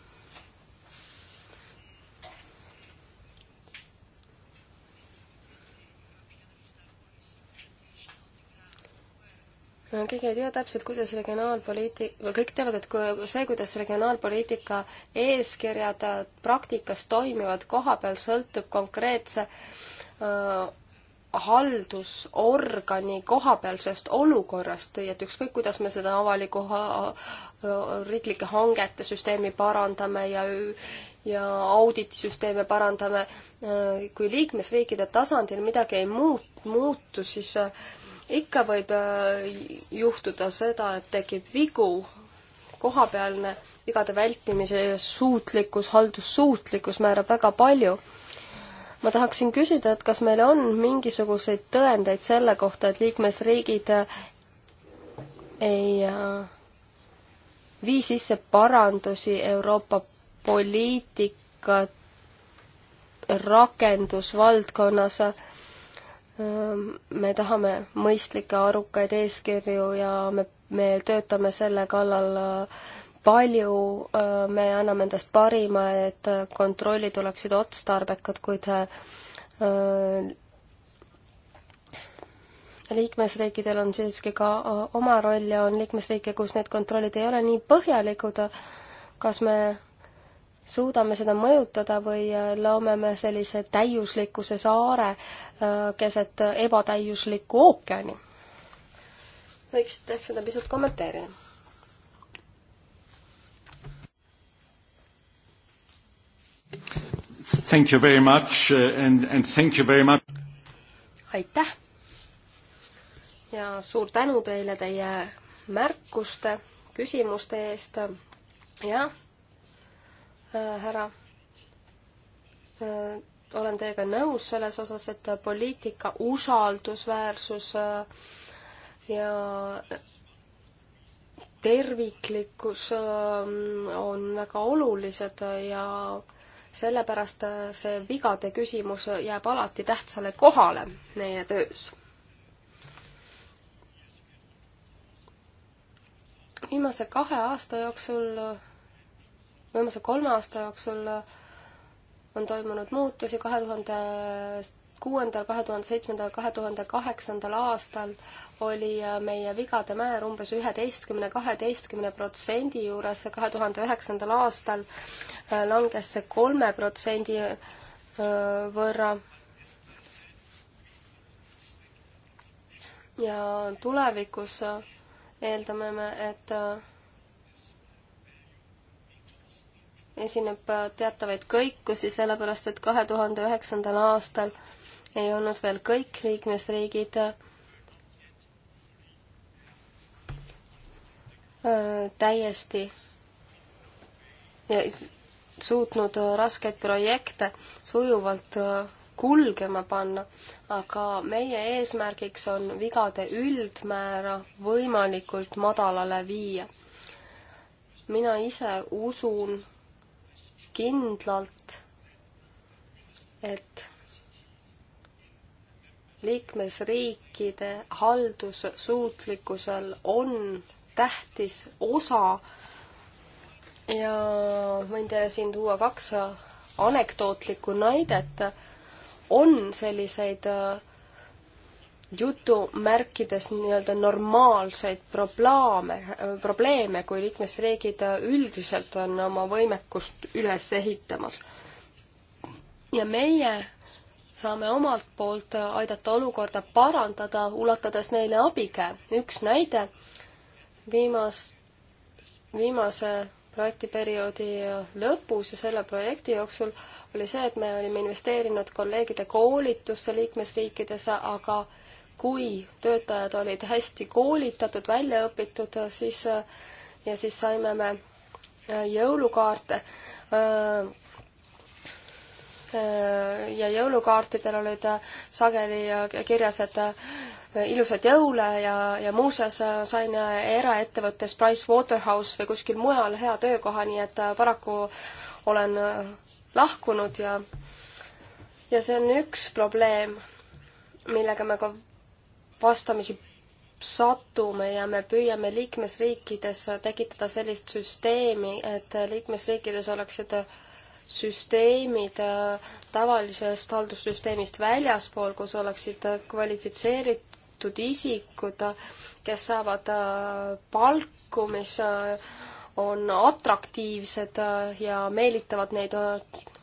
S3: keegi ei tea täpselt, kuidas regionaalpoliitik-, kõik teavad, et kui see, kuidas regionaalpoliitika eeskirjad praktikas toimivad koha peal, sõltub konkreetse öö, äh, haldusorgani kohapealsest olukorrast, et ükskõik, kuidas me seda avaliku ha-, äh, riiklike hangete süsteemi parandame ja ja auditisüsteeme parandame, äh, kui liikmesriikide tasandil midagi ei muut-, muutu, siis ikka võib äh, juhtuda seda, et tekib vigu, kohapealne vigade vältimise suutlikkus, haldussuutlikkus määrab väga palju. ma tahaksin küsida, et kas meil on mingisuguseid tõendeid selle kohta, et liikmesriigid äh, ei äh, vii sisse parandusi Euroopa poliitikat rakendusvaldkonnas me tahame mõistlikke arukaid eeskirju ja me, me töötame selle kallal äh, palju, me anname endast parima, et äh, kontrollid oleksid otstarbekad, kuid äh, liikmesriikidel on siiski ka oma roll ja on liikmesriike, kus need kontrollid ei ole nii põhjalikud. kas me suudame seda mõjutada või äh, loome me sellise täiuslikkuse saare äh, keset ebatäiuslikku ookeani? võiksite ehk seda pisut kommenteerida?
S1: Thank you very much uh, and, and thank you very much.
S3: aitäh ja suur tänu teile teie märkuste, küsimuste eest. jah Äh, härra. Äh, olen teiega nõus selles osas, et poliitika usaldusväärsus äh, ja terviklikkus on väga olulised ja sellepärast see vigade küsimus jääb alati tähtsale kohale meie töös. viimase kahe aasta jooksul viimase kolme aasta jooksul on toimunud muutusi kahe tuhande kuuendal, kahe tuhande seitsmendal, kahe tuhande kaheksandal aastal oli meie vigade määr umbes üheteistkümne, kaheteistkümne protsendi juures, kahe tuhande üheksandal aastal langes see kolme protsendi võrra. ja tulevikus eeldame me, et esineb teatavaid kõikusi, sellepärast et kahe tuhande üheksandal aastal ei olnud veel kõik liikmesriigid äh, täiesti äh, suutnud raskeid projekte sujuvalt äh, kulgema panna, aga meie eesmärgiks on vigade üldmäära võimalikult madalale viia. mina ise usun kindlalt, et liikmesriikide haldussuutlikkusel on tähtis osa ja võin teile siin tuua kaks anekdootlikku näidet, on selliseid äh, jutumärkides nii-öelda normaalseid probleeme, probleeme, kui liikmesriigid üldiselt on oma võimekust üles ehitamas. ja meie saame omalt poolt aidata olukorda parandada, ulatades neile abikäe. üks näide viimas, viimase projektiperioodi lõpus ja selle projekti jooksul oli see, et me olime investeerinud kolleegide koolitusse liikmesriikides, aga kui töötajad olid hästi koolitatud, välja õpitud, siis ja siis saime me äh, jõulukaarte. Äh, äh, ja jõulukaartidel olid sageli kirjas, et ilusad jõule ja, ja muuseas sain eraettevõttes Price Waterhouse või kuskil mujal hea töökoha, nii et paraku olen lahkunud ja, ja see on üks probleem, millega me ka vastamisi satume ja me püüame liikmesriikides tekitada sellist süsteemi, et liikmesriikides oleksid süsteemid tavalisest haldussüsteemist väljaspool, kus oleksid kvalifitseeritud isikud, kes saavad palku, mis on atraktiivsed ja meelitavad neid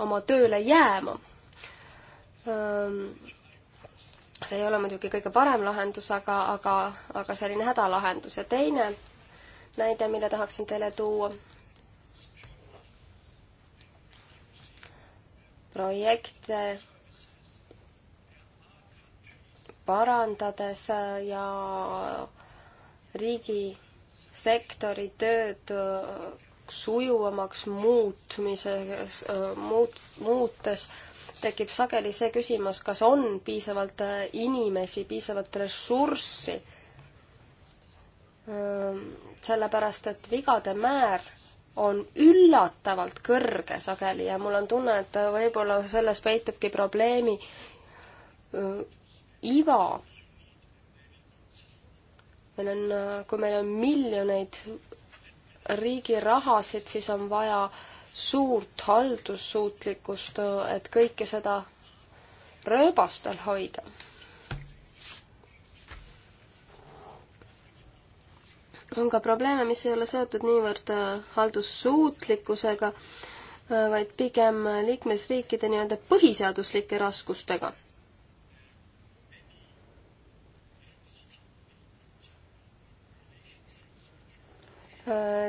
S3: oma tööle jääma see ei ole muidugi kõige parem lahendus, aga, aga, aga selline hädalahendus ja teine näide, mille tahaksin teile tuua. projekte parandades ja riigisektori tööd sujuvamaks muutmises, muut-, muutes tekib sageli see küsimus, kas on piisavalt äh, inimesi, piisavalt ressurssi, sellepärast et vigade määr on üllatavalt kõrge sageli ja mul on tunne, et äh, võib-olla selles peitubki probleemi iva. meil on, äh, kui meil on miljoneid riigi rahasid, siis on vaja äh, suurt haldussuutlikkust, et kõike seda rööbastel hoida. on ka probleeme, mis ei ole seotud niivõrd äh, haldussuutlikkusega, äh, vaid pigem äh, liikmesriikide nii-öelda põhiseaduslike raskustega.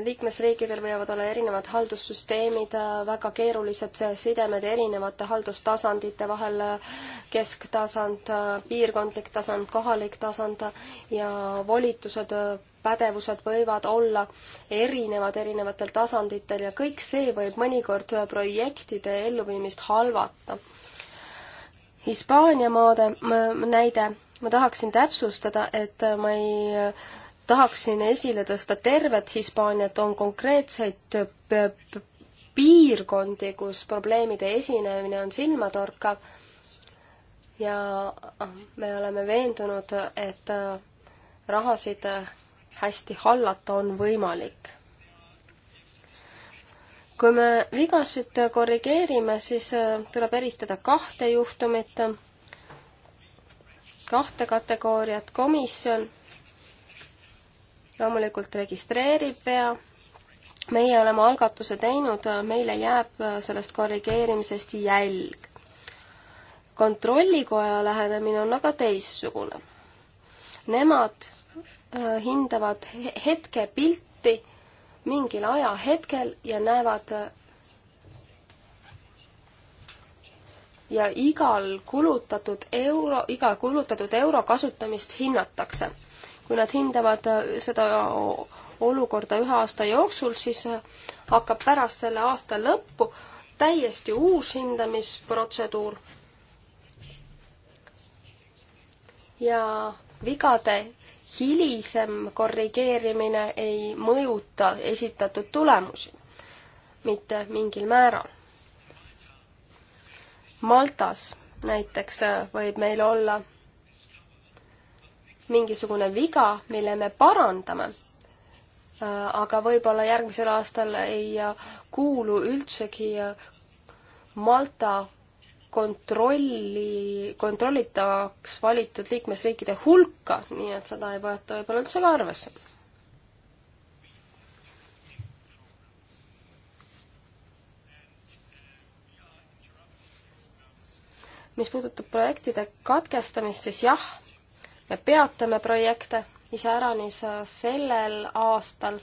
S3: liikmesriikidel võivad olla erinevad haldussüsteemid, väga keerulised sidemed erinevate haldustasandite vahel, kesktasand, piirkondlik tasand, kohalik tasand ja volitused, pädevused võivad olla erinevad erinevatel tasanditel ja kõik see võib mõnikord projektide elluviimist halvata. Hispaania maade näide, ma tahaksin täpsustada, et ma ei tahaksin esile tõsta tervet Hispaaniat, on konkreetseid piirkondi, kus probleemide esinemine on silmatorkav ja ah, me oleme veendunud, et ah, rahasid ah, hästi hallata on võimalik kui me vigasid korrigeerime, siis tuleb eristada kahte juhtumit, kahte kategooriat. komisjon loomulikult registreerib vea, meie oleme algatuse teinud, meile jääb sellest korrigeerimisest jälg. kontrollikoja lähenemine on aga teistsugune. Nemad äh, hindavad hetkepilti mingil ajahetkel ja näevad äh, ja igal kulutatud euro, iga kulutatud euro kasutamist hinnatakse kui nad hindavad äh, seda olukorda ühe aasta jooksul, siis äh, hakkab pärast selle aasta lõppu täiesti uus hindamisprotseduur. ja vigade hilisem korrigeerimine ei mõjuta esitatud tulemusi mitte mingil määral. Maltas näiteks äh, võib meil olla mingisugune viga, mille me parandame, äh, aga võib-olla järgmisel aastal ei äh, kuulu üldsegi äh, Malta kontrolli, kontrollitavaks valitud liikmesriikide hulka, nii et seda ei võeta võib-olla üldse ka arvesse. mis puudutab projektide katkestamist, siis jah me peatame projekte iseäranis sellel aastal,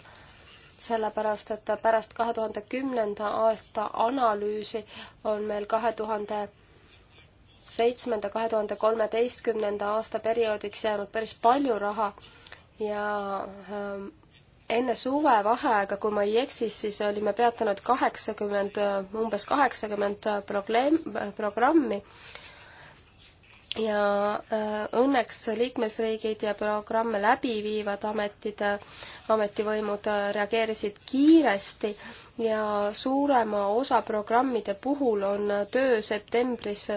S3: sellepärast et pärast kahe tuhande kümnenda aasta analüüsi on meil kahe tuhande seitsmenda, kahe tuhande kolmeteistkümnenda aasta perioodiks jäänud päris palju raha ja ähm, enne suvevaheaega, kui ma ei eksi, siis olime peatanud kaheksakümmend, umbes kaheksakümmend probleem, programmi ja äh, õnneks liikmesriigid ja programme läbi viivad ametid, äh, ametivõimud äh, reageerisid kiiresti ja suurema osa programmide puhul on töö septembris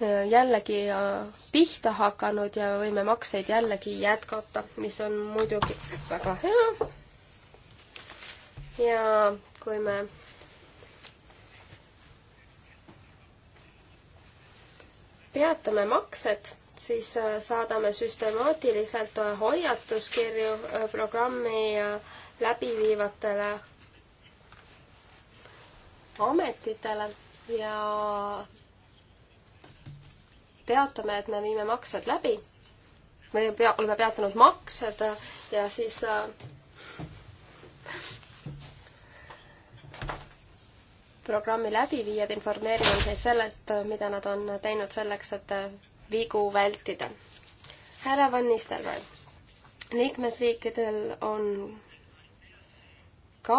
S3: jällegi pihta hakanud ja võime makseid jällegi jätkata, mis on muidugi väga hea. ja kui me peatame maksed, siis äh, saadame süstemaatiliselt äh, hoiatuskirju äh, programmi läbiviivatele ametitele ja teatame, et me viime maksed läbi. me pea, oleme peatanud maksed ja siis programmi läbiviijad informeerivad neid sellest, mida nad on teinud selleks, et vigu vältida. härra Van Nistelrooy, liikmesriikidel on ka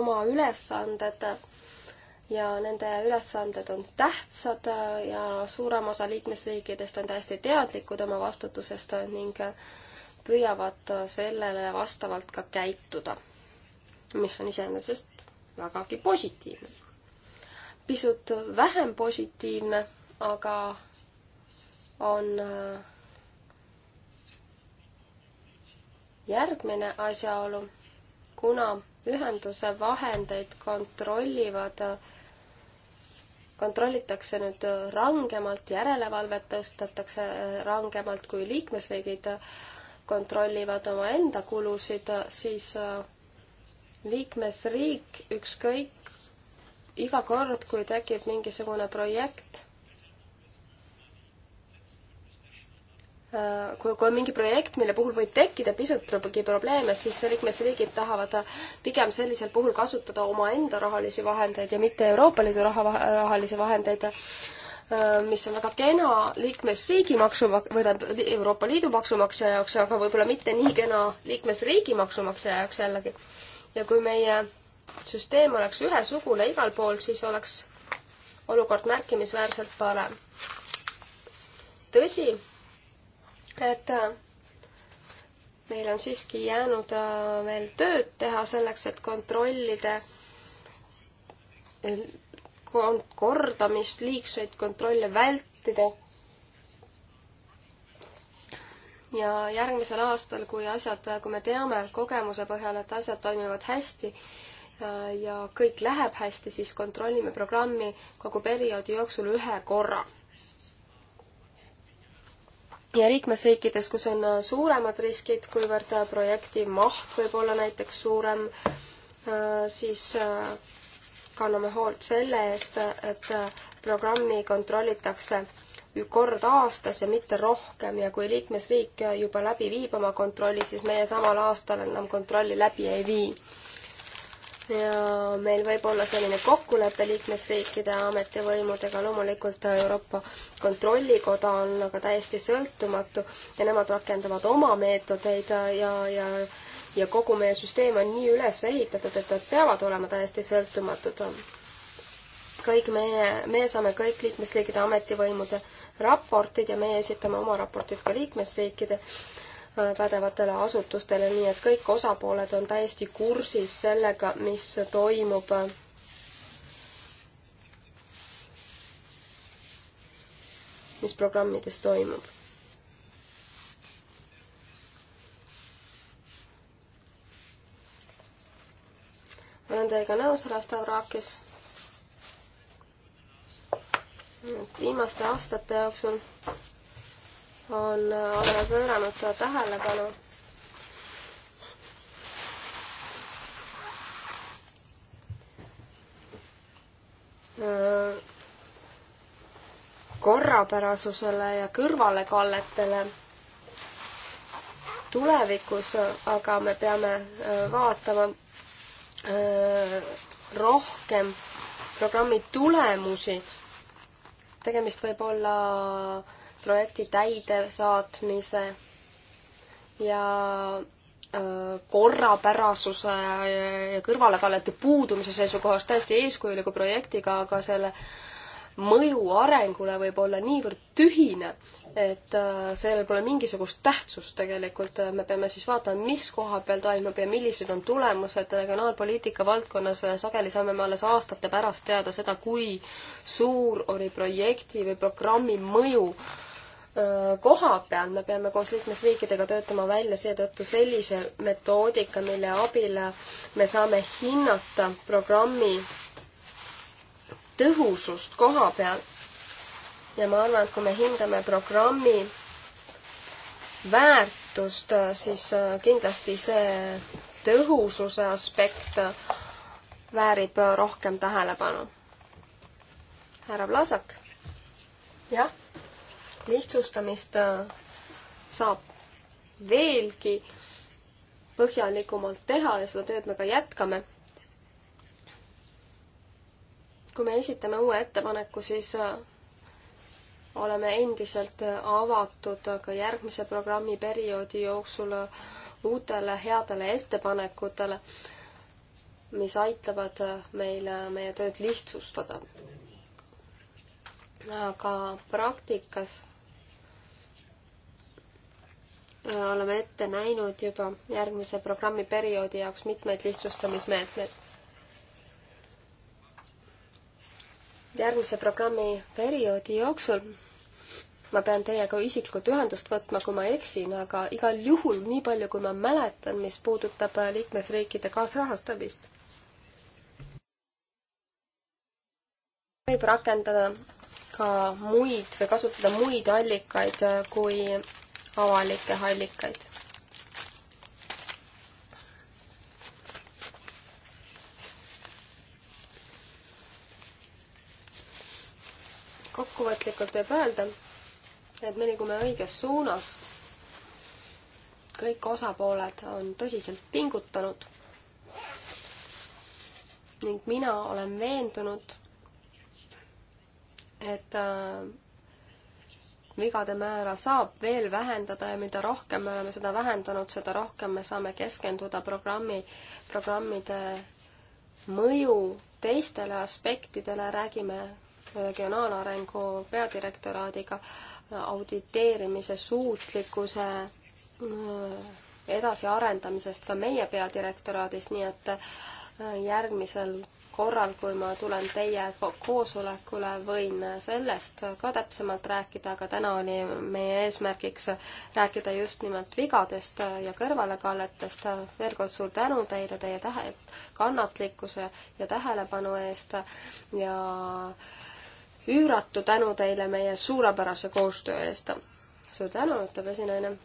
S3: oma ülesanded ja nende ülesanded on tähtsad ja suurem osa liikmesriikidest on täiesti teadlikud oma vastutusest ning püüavad sellele vastavalt ka käituda, mis on iseenesest vägagi positiivne pisut vähem positiivne, aga on äh, järgmine asjaolu, kuna ühenduse vahendeid kontrollivad, kontrollitakse nüüd rangemalt, järelevalvet tõstetakse rangemalt, kui liikmesriigid kontrollivad omaenda kulusid, siis äh, liikmesriik, ükskõik iga kord, kui tekib mingisugune projekt, kui, kui on mingi projekt, mille puhul võib tekkida pisutki probleeme, siis liikmesriigid tahavad pigem sellisel puhul kasutada omaenda rahalisi vahendeid ja mitte Euroopa Liidu raha, rahalisi vahendeid, mis on väga kena liikmesriigi maksu, või tähendab, Euroopa Liidu maksumaksja jaoks, aga võib-olla mitte nii kena liikmesriigi maksumaksja jaoks jällegi. ja kui meie süsteem oleks ühesugune igal pool, siis oleks olukord märkimisväärselt parem. tõsi, et äh, meil on siiski jäänud äh, veel tööd teha selleks, et kontrollida äh, kordamist, liigseid kontrolle vältida. ja järgmisel aastal, kui asjad, kui me teame kogemuse põhjal, et asjad toimivad hästi, Äh, ja kõik läheb hästi, siis kontrollime programmi kogu perioodi jooksul ühe korra. ja liikmesriikides, kus on äh, suuremad riskid, kuivõrd äh, projekti maht võib olla näiteks suurem, siis kanname hoolt selle eest, et programmi kontrollitakse kord aastas ja mitte rohkem ja kui liikmesriik juba läbi viib oma kontrolli, siis meie samal aastal enam kontrolli läbi ei vii ja meil võib olla selline kokkulepe liikmesriikide ametivõimudega, loomulikult Euroopa Kontrollikoda on aga täiesti sõltumatu ja nemad rakendavad oma meetodeid ja, ja ja kogu meie süsteem on nii üles ehitatud, et nad peavad olema täiesti sõltumatud. kõik meie, meie saame kõik liikmesriikide ametivõimude raportid ja meie esitame oma raportid ka liikmesriikide pädevatele asutustele, nii et kõik osapooled on täiesti kursis sellega, mis toimub. mis programmides toimub olen teiega nõus, härra Stavrakis. viimaste aastate jooksul on, äh, oleme pööranud tähelepanu äh, korrapärasusele ja kõrvalekalletele tulevikus, aga me peame äh, vaatama rohkem programmi tulemusi. tegemist võib olla projekti täidesaatmise ja korrapärasuse ja kõrvalekallete puudumise seisukohast täiesti eeskujuliku projektiga, aga selle mõju arengule võib olla niivõrd tühine, et sellel pole mingisugust tähtsust tegelikult. me peame siis vaatama, mis koha peal toimub ja millised on tulemused regionaalpoliitika valdkonnas. sageli saame me alles aastate pärast teada seda, kui suur oli projekti või programmi mõju äh, koha peal, me peame koos liikmesriikidega töötama välja seetõttu sellise metoodika, mille abil me saame hinnata programmi tõhusust koha peal. ja ma arvan, et kui me hindame programmi väärtust, siis kindlasti see tõhususe aspekt väärib rohkem tähelepanu. härra Vlasak? jah lihtsustamist äh, saab veelgi põhjalikumalt teha ja seda tööd me ka jätkame. kui me esitame uue ettepaneku, siis äh, oleme endiselt äh, avatud ka järgmise programmiperioodi jooksul uutele headele ettepanekutele, mis aitavad meil meie tööd lihtsustada. aga praktikas Äh, oleme ette näinud juba järgmise programmiperioodi jaoks mitmeid lihtsustamismeetmeid. järgmise programmiperioodi jooksul ma pean teiega isiklikult ühendust võtma, kui ma eksin, aga igal juhul, nii palju kui ma mäletan, mis puudutab äh, liikmesriikide kaasrahastamist, võib rakendada ka muid või kasutada muid allikaid äh, kui avalikke allikaid. kokkuvõtlikult võib öelda, et me liigume õiges suunas. kõik osapooled on tõsiselt pingutanud ning mina olen veendunud, et äh, vigade määra saab veel vähendada ja mida rohkem me oleme seda vähendanud, seda rohkem me saame keskenduda programmi, programmide mõju teistele aspektidele, räägime regionaalarengu peadirektoraadiga auditeerimise suutlikkuse äh, edasiarendamisest ka meie peadirektoraadis, nii et äh, järgmisel korral, kui ma tulen teie koosolekule, võin sellest ka täpsemalt rääkida, aga täna oli meie eesmärgiks rääkida just nimelt vigadest ja kõrvalekalletest. veel kord suur tänu teile teie tähe, kannatlikkuse ja tähelepanu eest ja üüratu tänu teile meie suurepärase koostöö eest. suur tänu, ütleb esinaine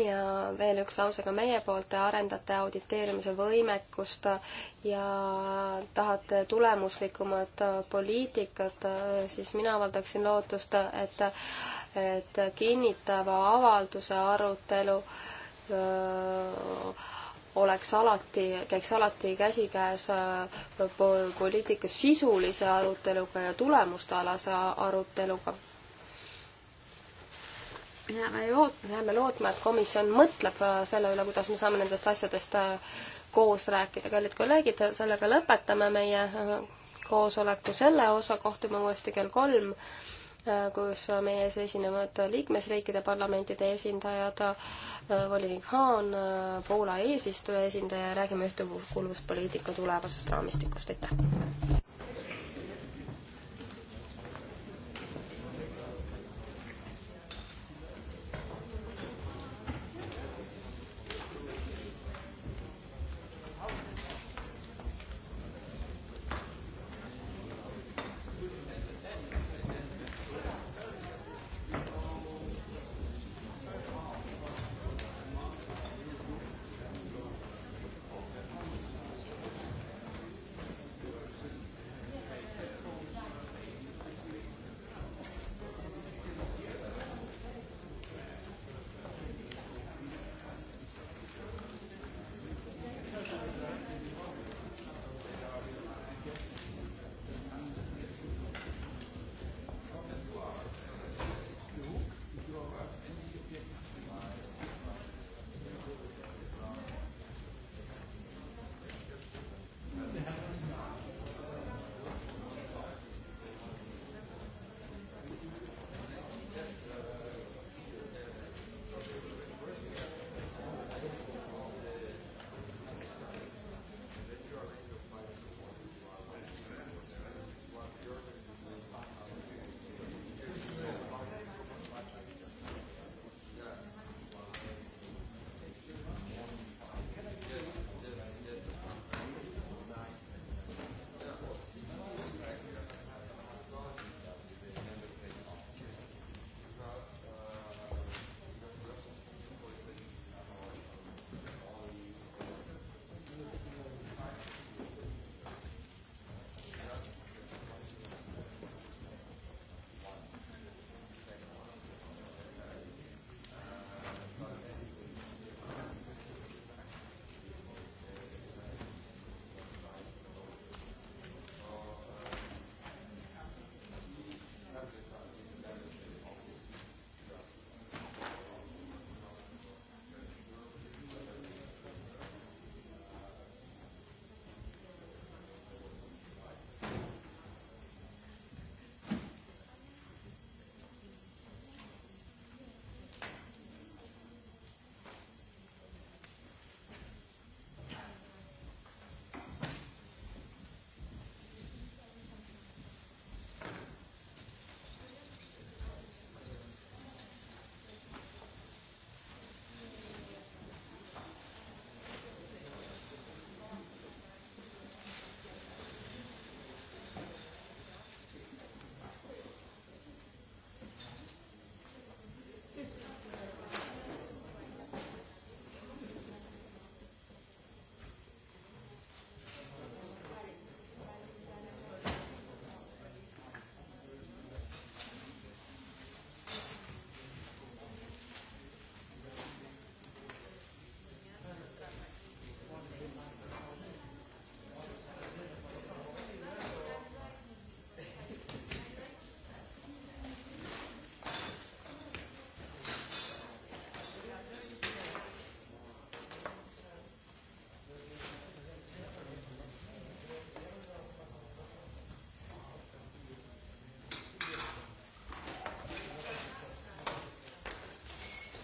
S3: ja veel üks lause ka meie poolt, te arendate auditeerimise võimekust ja tahate tulemuslikumat poliitikat, siis mina avaldaksin lootust, et, et kinnitava avalduse arutelu öö, äh, oleks alati, käiks alati käsikäes äh, poliitika sisulise aruteluga ja tulemustealase aruteluga jääme ju ootma, jääme lootma, et komisjon mõtleb äh, selle üle, kuidas me saame nendest asjadest äh, koos rääkida. kallid kolleegid, sellega lõpetame meie äh, koosoleku selle osa, kohtume uuesti kell kolm, kus meie ees esinevad liikmesriikide parlamentide esindajad, volinik Haan, Poola eesistuja esindaja ja räägime ühtekuuluvuspoliitika tulevasest raamistikust,
S2: aitäh!